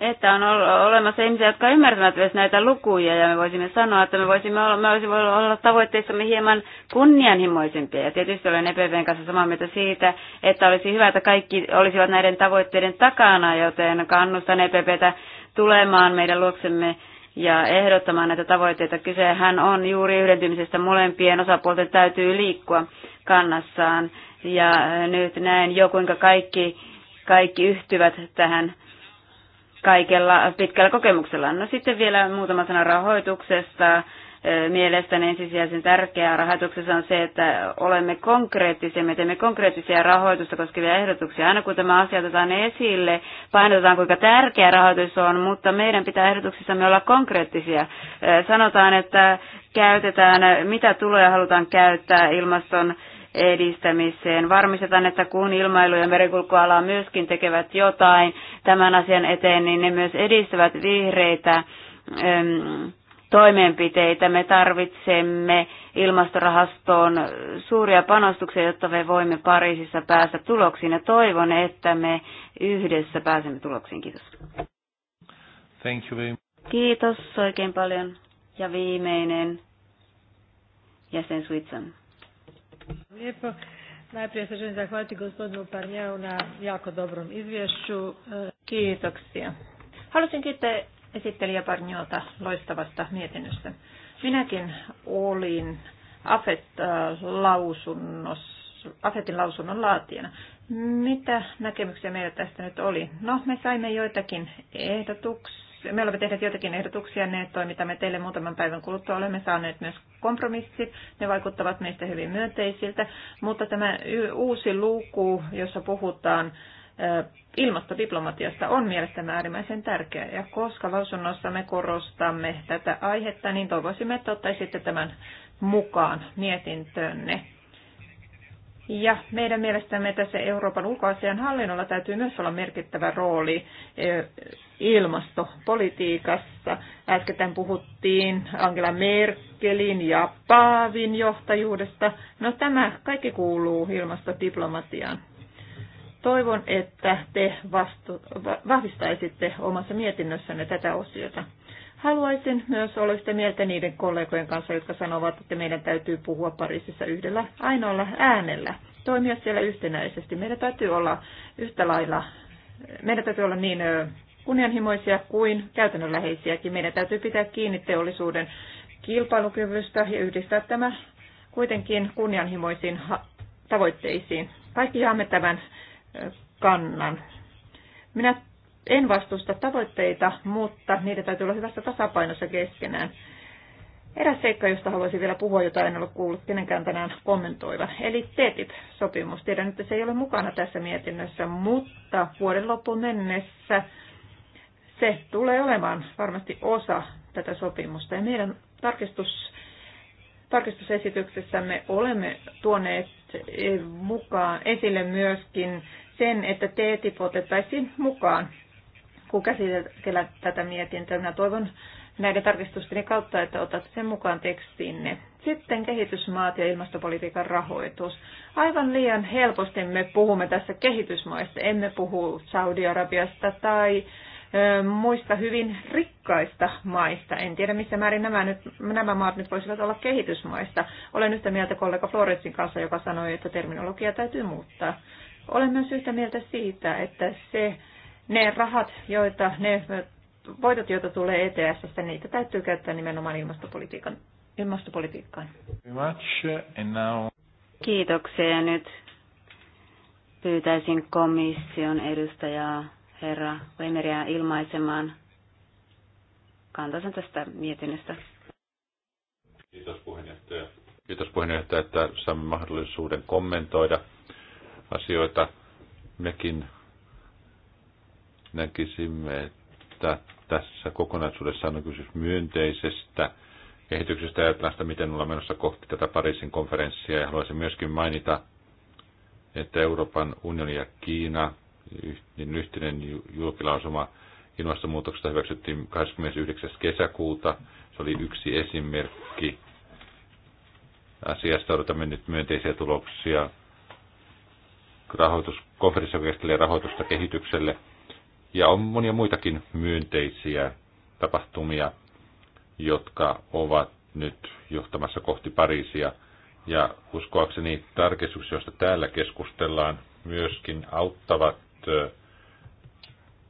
että on olemassa ihmisiä, jotka ymmärtävät myös näitä lukuja ja me voisimme sanoa, että me voisimme olla, me voisimme olla tavoitteissamme hieman kunnianhimoisempia. Ja tietysti olen EPVn kanssa samaa mieltä siitä, että olisi hyvä, että kaikki olisivat näiden tavoitteiden takana, joten kannustan EPVtä tulemaan meidän luoksemme ja ehdottamaan näitä tavoitteita. Kysehän on juuri yhdentymisestä molempien osapuolten täytyy liikkua kannassaan. Ja äh, nyt näen jo, kuinka kaikki, kaikki yhtyvät tähän kaikella pitkällä kokemuksella. No sitten vielä muutama sana rahoituksesta. Äh, mielestäni ensisijaisen tärkeää rahoituksessa on se, että olemme konkreettisia, me teemme konkreettisia rahoitusta koskevia ehdotuksia. Aina kun tämä asia otetaan esille, painotetaan kuinka tärkeä rahoitus on, mutta meidän pitää ehdotuksissamme olla konkreettisia. Äh, sanotaan, että käytetään, mitä tuloja halutaan käyttää ilmaston edistämiseen. Varmistetaan, että kun ilmailu- ja merikulkuala myöskin tekevät jotain tämän asian eteen, niin ne myös edistävät vihreitä äm, toimenpiteitä. Me tarvitsemme ilmastorahastoon suuria panostuksia, jotta me voimme Pariisissa päästä tuloksiin. Ja toivon, että me yhdessä pääsemme tuloksiin. Kiitos. Thank you very much. Kiitos oikein paljon. Ja viimeinen jäsen Switsen. Lijepo. Najprije se želim zahvaliti gospodinu Parnjeu na jako dobrom izvješću. Kiitoksia. Haluaisin kiittää esittelijä Parnjota loistavasta mietinnöstä. Minäkin olin Afetin lausunnon laatijana. Mitä näkemyksiä meillä tästä nyt oli? No, me saimme joitakin ehdotuksia me olemme tehneet joitakin ehdotuksia, ne me teille muutaman päivän kuluttua. Olemme saaneet myös kompromissit, ne vaikuttavat meistä hyvin myönteisiltä, mutta tämä uusi luku, jossa puhutaan ilmastodiplomatiasta on mielestäni äärimmäisen tärkeä. Ja koska lausunnossa me korostamme tätä aihetta, niin toivoisimme, että ottaisitte tämän mukaan mietintöönne. Ja meidän mielestämme tässä Euroopan ulkoasian hallinnolla täytyy myös olla merkittävä rooli ilmastopolitiikassa. Äsken puhuttiin Angela Merkelin ja Paavin johtajuudesta. No tämä kaikki kuuluu ilmastodiplomatiaan. Toivon, että te vastu, vahvistaisitte omassa mietinnössänne tätä osiota. Haluaisin myös olla sitä mieltä niiden kollegojen kanssa, jotka sanovat, että meidän täytyy puhua Pariisissa yhdellä ainoalla äänellä, toimia siellä yhtenäisesti. Meidän täytyy olla yhtä lailla, meidän täytyy olla niin kunnianhimoisia kuin käytännönläheisiäkin. Meidän täytyy pitää kiinni teollisuuden kilpailukyvystä ja yhdistää tämä kuitenkin kunnianhimoisiin tavoitteisiin. Kaikki jaamme tämän kannan. Minä en vastusta tavoitteita, mutta niitä täytyy olla hyvässä tasapainossa keskenään. Eräs seikka, josta haluaisin vielä puhua, jota en ole kuullut kenenkään tänään kommentoivan, eli TTIP-sopimus. E Tiedän, että se ei ole mukana tässä mietinnössä, mutta vuoden loppuun mennessä se tulee olemaan varmasti osa tätä sopimusta. Ja meidän tarkistus, tarkistusesityksessämme olemme tuoneet mukaan esille myöskin sen, että TTIP otettaisiin mukaan, kun käsitellään tätä mietintöä. Minä toivon näiden tarkistusten kautta, että otat sen mukaan tekstiinne. Sitten kehitysmaat ja ilmastopolitiikan rahoitus. Aivan liian helposti me puhumme tässä kehitysmaista. Emme puhu Saudi-Arabiasta tai muista hyvin rikkaista maista. En tiedä, missä määrin nämä, nyt, nämä maat nyt voisivat olla kehitysmaista. Olen yhtä mieltä kollega Florensin kanssa, joka sanoi, että terminologia täytyy muuttaa. Olen myös yhtä mieltä siitä, että se, ne rahat, joita ne voitot, joita tulee ETS, niitä täytyy käyttää nimenomaan ilmastopolitiikan, ilmastopolitiikkaan. Kiitoksia. Nyt pyytäisin komission edustajaa herra Wemeriä ilmaisemaan kantansa tästä mietinnöstä. Kiitos puheenjohtaja. Kiitos puheenjohtaja, että saamme mahdollisuuden kommentoida asioita. Mekin näkisimme, että tässä kokonaisuudessa on kysymys myönteisestä kehityksestä ja tästä, miten ollaan menossa kohti tätä Pariisin konferenssia. Ja haluaisin myöskin mainita, että Euroopan unioni ja Kiina niin yhteinen julkilausuma ilmastonmuutoksesta hyväksyttiin 29. kesäkuuta. Se oli yksi esimerkki. Asiasta odotamme nyt myönteisiä tuloksia Rahoitus, konferenssi käsittelee rahoitusta kehitykselle. Ja on monia muitakin myönteisiä tapahtumia, jotka ovat nyt johtamassa kohti Pariisia. Ja uskoakseni tarkistukset, joista täällä keskustellaan, myöskin auttavat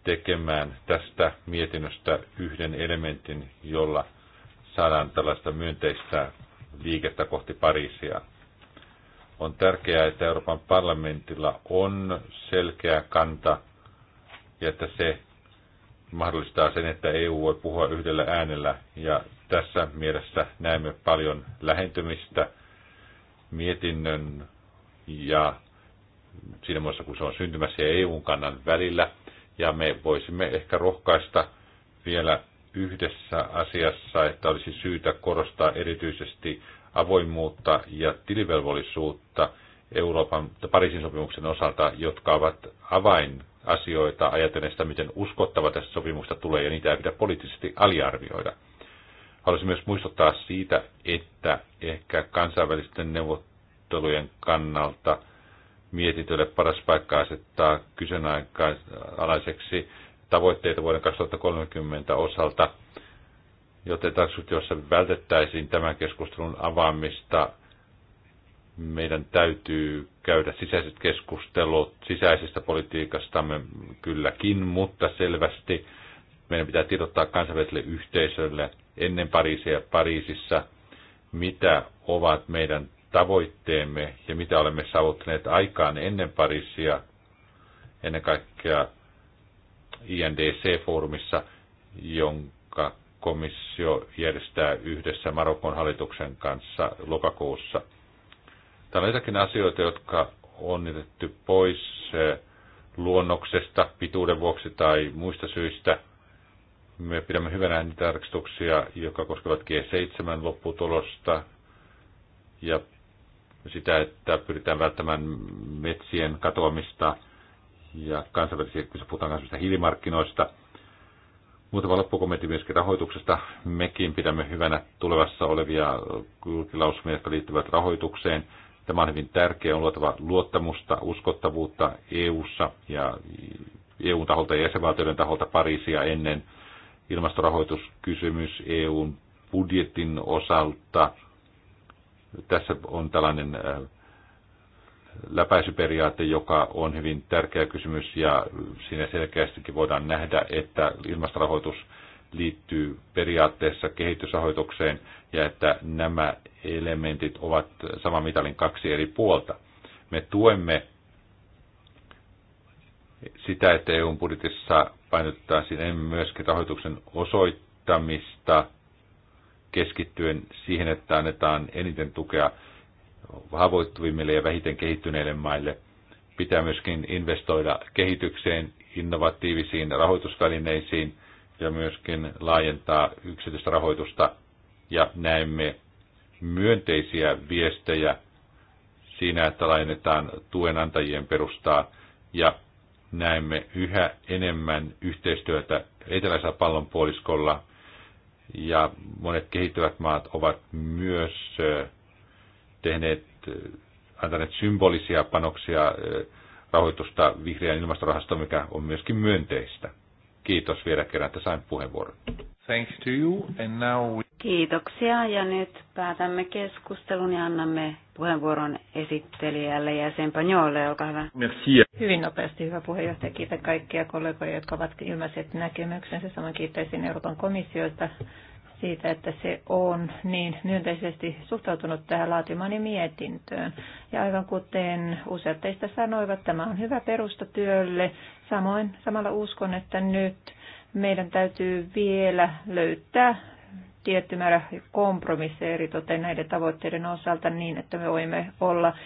tekemään tästä mietinnöstä yhden elementin, jolla saadaan tällaista myönteistä liikettä kohti Pariisia. On tärkeää, että Euroopan parlamentilla on selkeä kanta ja että se mahdollistaa sen, että EU voi puhua yhdellä äänellä. Ja tässä mielessä näemme paljon lähentymistä mietinnön ja siinä muodossa, kun se on syntymässä EUn kannan välillä. Ja me voisimme ehkä rohkaista vielä yhdessä asiassa, että olisi syytä korostaa erityisesti avoimuutta ja tilivelvollisuutta Euroopan Pariisin sopimuksen osalta, jotka ovat avainasioita ajatellen sitä, miten uskottava tästä sopimuksesta tulee, ja niitä ei pidä poliittisesti aliarvioida. Haluaisin myös muistuttaa siitä, että ehkä kansainvälisten neuvottelujen kannalta – mietintölle paras paikka asettaa kyseenalaiseksi tavoitteita vuoden 2030 osalta, joten jossa vältettäisiin tämän keskustelun avaamista. Meidän täytyy käydä sisäiset keskustelut sisäisestä politiikastamme kylläkin, mutta selvästi meidän pitää tiedottaa kansainväliselle yhteisölle ennen Pariisia ja Pariisissa, mitä ovat meidän tavoitteemme ja mitä olemme saavuttaneet aikaan ennen Pariisia, ennen kaikkea INDC-foorumissa, jonka komissio järjestää yhdessä Marokon hallituksen kanssa lokakuussa. Täällä on jotakin asioita, jotka on jätetty pois eh, luonnoksesta pituuden vuoksi tai muista syistä. Me pidämme hyvänä niitä tarkistuksia, jotka koskevat G7-lopputulosta ja sitä, että pyritään välttämään metsien katoamista ja kansainvälisiä, kun puhutaan kansainvälisistä hiilimarkkinoista. Muutama loppukommentti myöskin rahoituksesta. Mekin pidämme hyvänä tulevassa olevia julkilausumia, jotka liittyvät rahoitukseen. Tämä on hyvin tärkeä, on luotava luottamusta, uskottavuutta EU-ssa ja EUn taholta ja jäsenvaltioiden taholta Pariisia ennen ilmastorahoituskysymys EUn budjetin osalta – tässä on tällainen äh, läpäisyperiaate, joka on hyvin tärkeä kysymys ja siinä selkeästikin voidaan nähdä, että ilmastorahoitus liittyy periaatteessa kehitysrahoitukseen ja että nämä elementit ovat saman mitalin kaksi eri puolta. Me tuemme sitä, että eu budjetissa painotetaan enemmän myöskin rahoituksen osoittamista – keskittyen siihen, että annetaan eniten tukea haavoittuvimmille ja vähiten kehittyneille maille. Pitää myöskin investoida kehitykseen, innovatiivisiin rahoitusvälineisiin ja myöskin laajentaa yksityistä rahoitusta. Ja näemme myönteisiä viestejä siinä, että laajennetaan tuenantajien perustaa ja näemme yhä enemmän yhteistyötä eteläisellä pallonpuoliskolla ja monet kehittyvät maat ovat myös tehneet, antaneet symbolisia panoksia rahoitusta vihreän ilmastorahastoon, mikä on myöskin myönteistä. Kiitos vielä kerran, että sain puheenvuoron. Thanks to you, and now we... Kiitoksia ja nyt päätämme keskustelun ja annamme puheenvuoron esittelijälle ja sen panjolle, olkaa hyvä. Merci. Hyvin nopeasti, hyvä puheenjohtaja. Kiitän kaikkia kollegoja, jotka ovat ilmaiset näkemyksensä. Samoin kiittäisin Euroopan komissiosta siitä, että se on niin myönteisesti suhtautunut tähän laatimani mietintöön. Ja aivan kuten useat teistä sanoivat, tämä on hyvä perusta työlle. Samoin samalla uskon, että nyt meidän täytyy vielä löytää tietty määrä kompromisseja eritoten näiden tavoitteiden osalta niin, että me voimme olla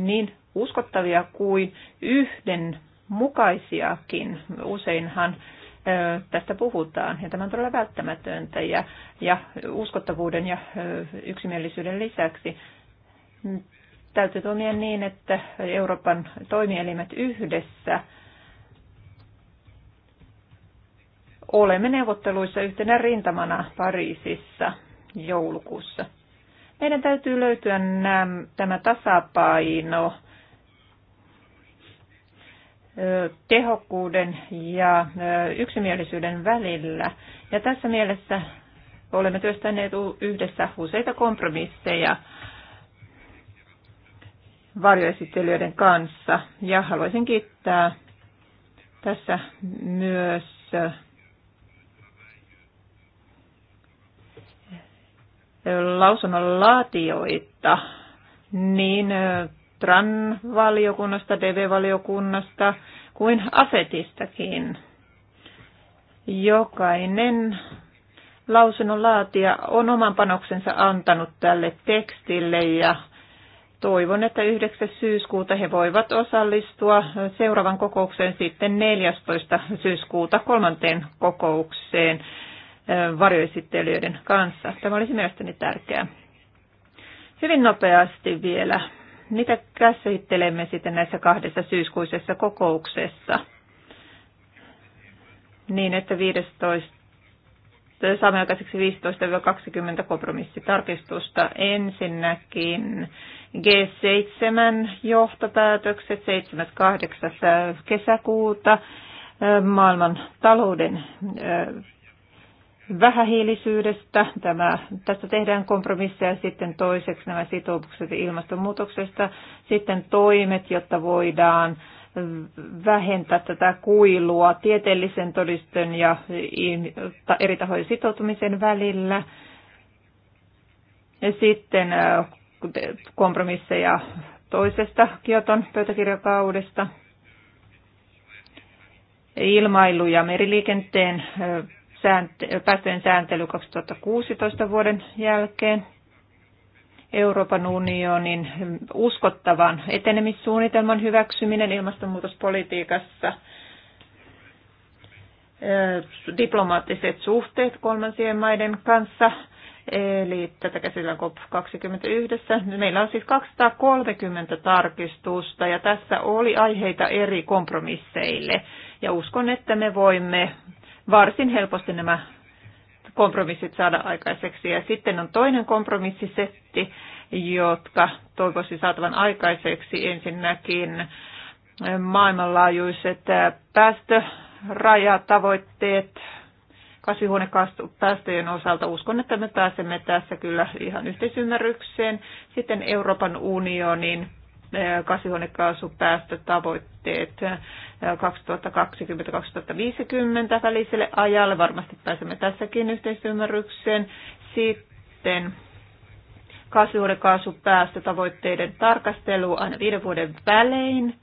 niin uskottavia kuin yhdenmukaisiakin. Useinhan tästä puhutaan. Ja tämä on todella välttämätöntä ja, ja uskottavuuden ja yksimielisyyden lisäksi täytyy toimia niin, että Euroopan toimielimet yhdessä olemme neuvotteluissa yhtenä rintamana Pariisissa joulukuussa. Meidän täytyy löytyä nämä, tämä tasapaino tehokkuuden ja yksimielisyyden välillä. Ja tässä mielessä olemme työstäneet yhdessä useita kompromisseja varjoesittelijöiden kanssa. Ja haluaisin kiittää tässä myös lausunnon laatioita niin TRAN-valiokunnasta, DV-valiokunnasta kuin AFETistakin. Jokainen lausunnon laatija on oman panoksensa antanut tälle tekstille ja toivon, että 9. syyskuuta he voivat osallistua seuraavan kokoukseen sitten 14. syyskuuta kolmanteen kokoukseen varjoesittelijöiden kanssa. Tämä olisi mielestäni tärkeää. Hyvin nopeasti vielä mitä käsittelemme sitten näissä kahdessa syyskuisessa kokouksessa? Niin, että 15, saamme aikaiseksi 15-20 kompromissitarkistusta. Ensinnäkin G7 johtopäätökset 7.8. kesäkuuta maailman talouden vähähiilisyydestä. Tämä, tässä tehdään kompromisseja sitten toiseksi nämä sitoumukset ilmastonmuutoksesta, sitten toimet, jotta voidaan vähentää tätä kuilua tieteellisen todistön ja eri tahojen sitoutumisen välillä. Ja sitten kompromisseja toisesta Kioton pöytäkirjakaudesta. Ilmailu- ja meriliikenteen päästöjen sääntely 2016 vuoden jälkeen. Euroopan unionin uskottavan etenemissuunnitelman hyväksyminen ilmastonmuutospolitiikassa, diplomaattiset suhteet kolmansien maiden kanssa, eli tätä käsitellään COP21. Meillä on siis 230 tarkistusta ja tässä oli aiheita eri kompromisseille ja uskon, että me voimme varsin helposti nämä kompromissit saada aikaiseksi. Ja sitten on toinen kompromissisetti, jotka toivoisin saatavan aikaiseksi ensinnäkin maailmanlaajuiset päästörajatavoitteet kasvihuonekaasupäästöjen osalta. Uskon, että me pääsemme tässä kyllä ihan yhteisymmärrykseen. Sitten Euroopan unionin kasvihuonekaasupäästötavoitteet 2020-2050 väliselle ajalle. Varmasti pääsemme tässäkin yhteisymmärrykseen. Sitten kasvihuonekaasupäästötavoitteiden tarkastelu aina viiden vuoden välein,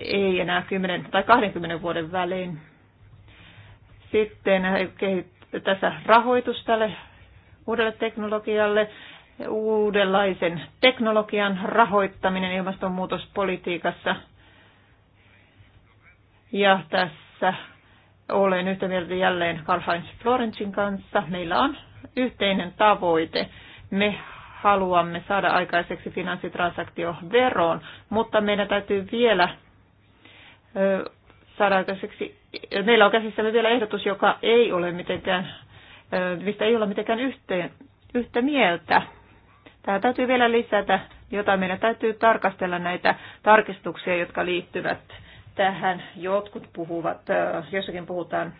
ei enää 10 tai 20 vuoden välein. Sitten tässä rahoitus tälle uudelle teknologialle, uudenlaisen teknologian rahoittaminen ilmastonmuutospolitiikassa. Ja tässä olen yhtä mieltä jälleen Karl-Heinz Florencin kanssa. Meillä on yhteinen tavoite. Me haluamme saada aikaiseksi finanssitransaktioveroon, mutta meidän täytyy vielä saada aikaiseksi, meillä on käsissämme vielä ehdotus, joka ei ole mitenkään, mistä ei ole mitenkään yhteen, yhtä mieltä. Tähän täytyy vielä lisätä jotain. Meidän täytyy tarkastella näitä tarkistuksia, jotka liittyvät tähän. Jotkut puhuvat, jossakin puhutaan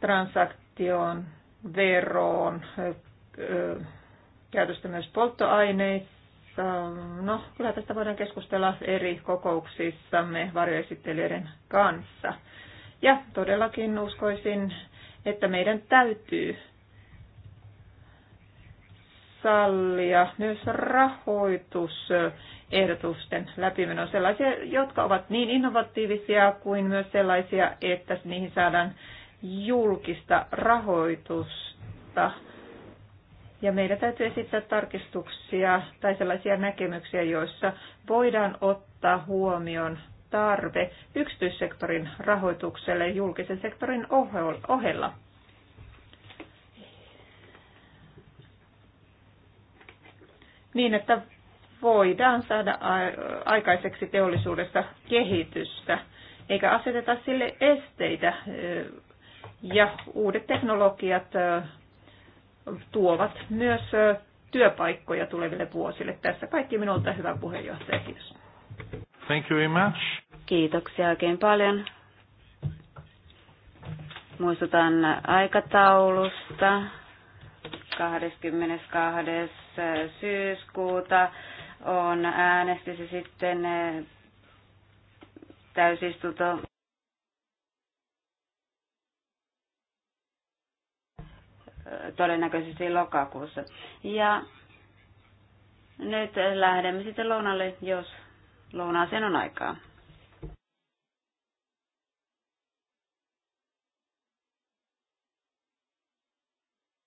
transaktioon, veroon, käytöstä myös polttoaineissa. No, kyllä tästä voidaan keskustella eri kokouksissamme varjoesittelijöiden kanssa. Ja todellakin uskoisin, että meidän täytyy sallia myös rahoitusehdotusten läpimenon sellaisia, jotka ovat niin innovatiivisia kuin myös sellaisia, että niihin saadaan julkista rahoitusta. Ja meidän täytyy esittää tarkistuksia tai sellaisia näkemyksiä, joissa voidaan ottaa huomioon tarve yksityissektorin rahoitukselle julkisen sektorin ohella. niin, että voidaan saada aikaiseksi teollisuudessa kehitystä, eikä aseteta sille esteitä. Ja uudet teknologiat tuovat myös työpaikkoja tuleville vuosille. Tässä kaikki minulta. Hyvä puheenjohtaja. Kiitos. Thank you very much. Kiitoksia oikein paljon. Muistutan aikataulusta. 22. syyskuuta on äänestys ja sitten eh, täysistunto todennäköisesti lokakuussa. Ja nyt lähdemme sitten lounalle, jos lounaaseen on aikaa.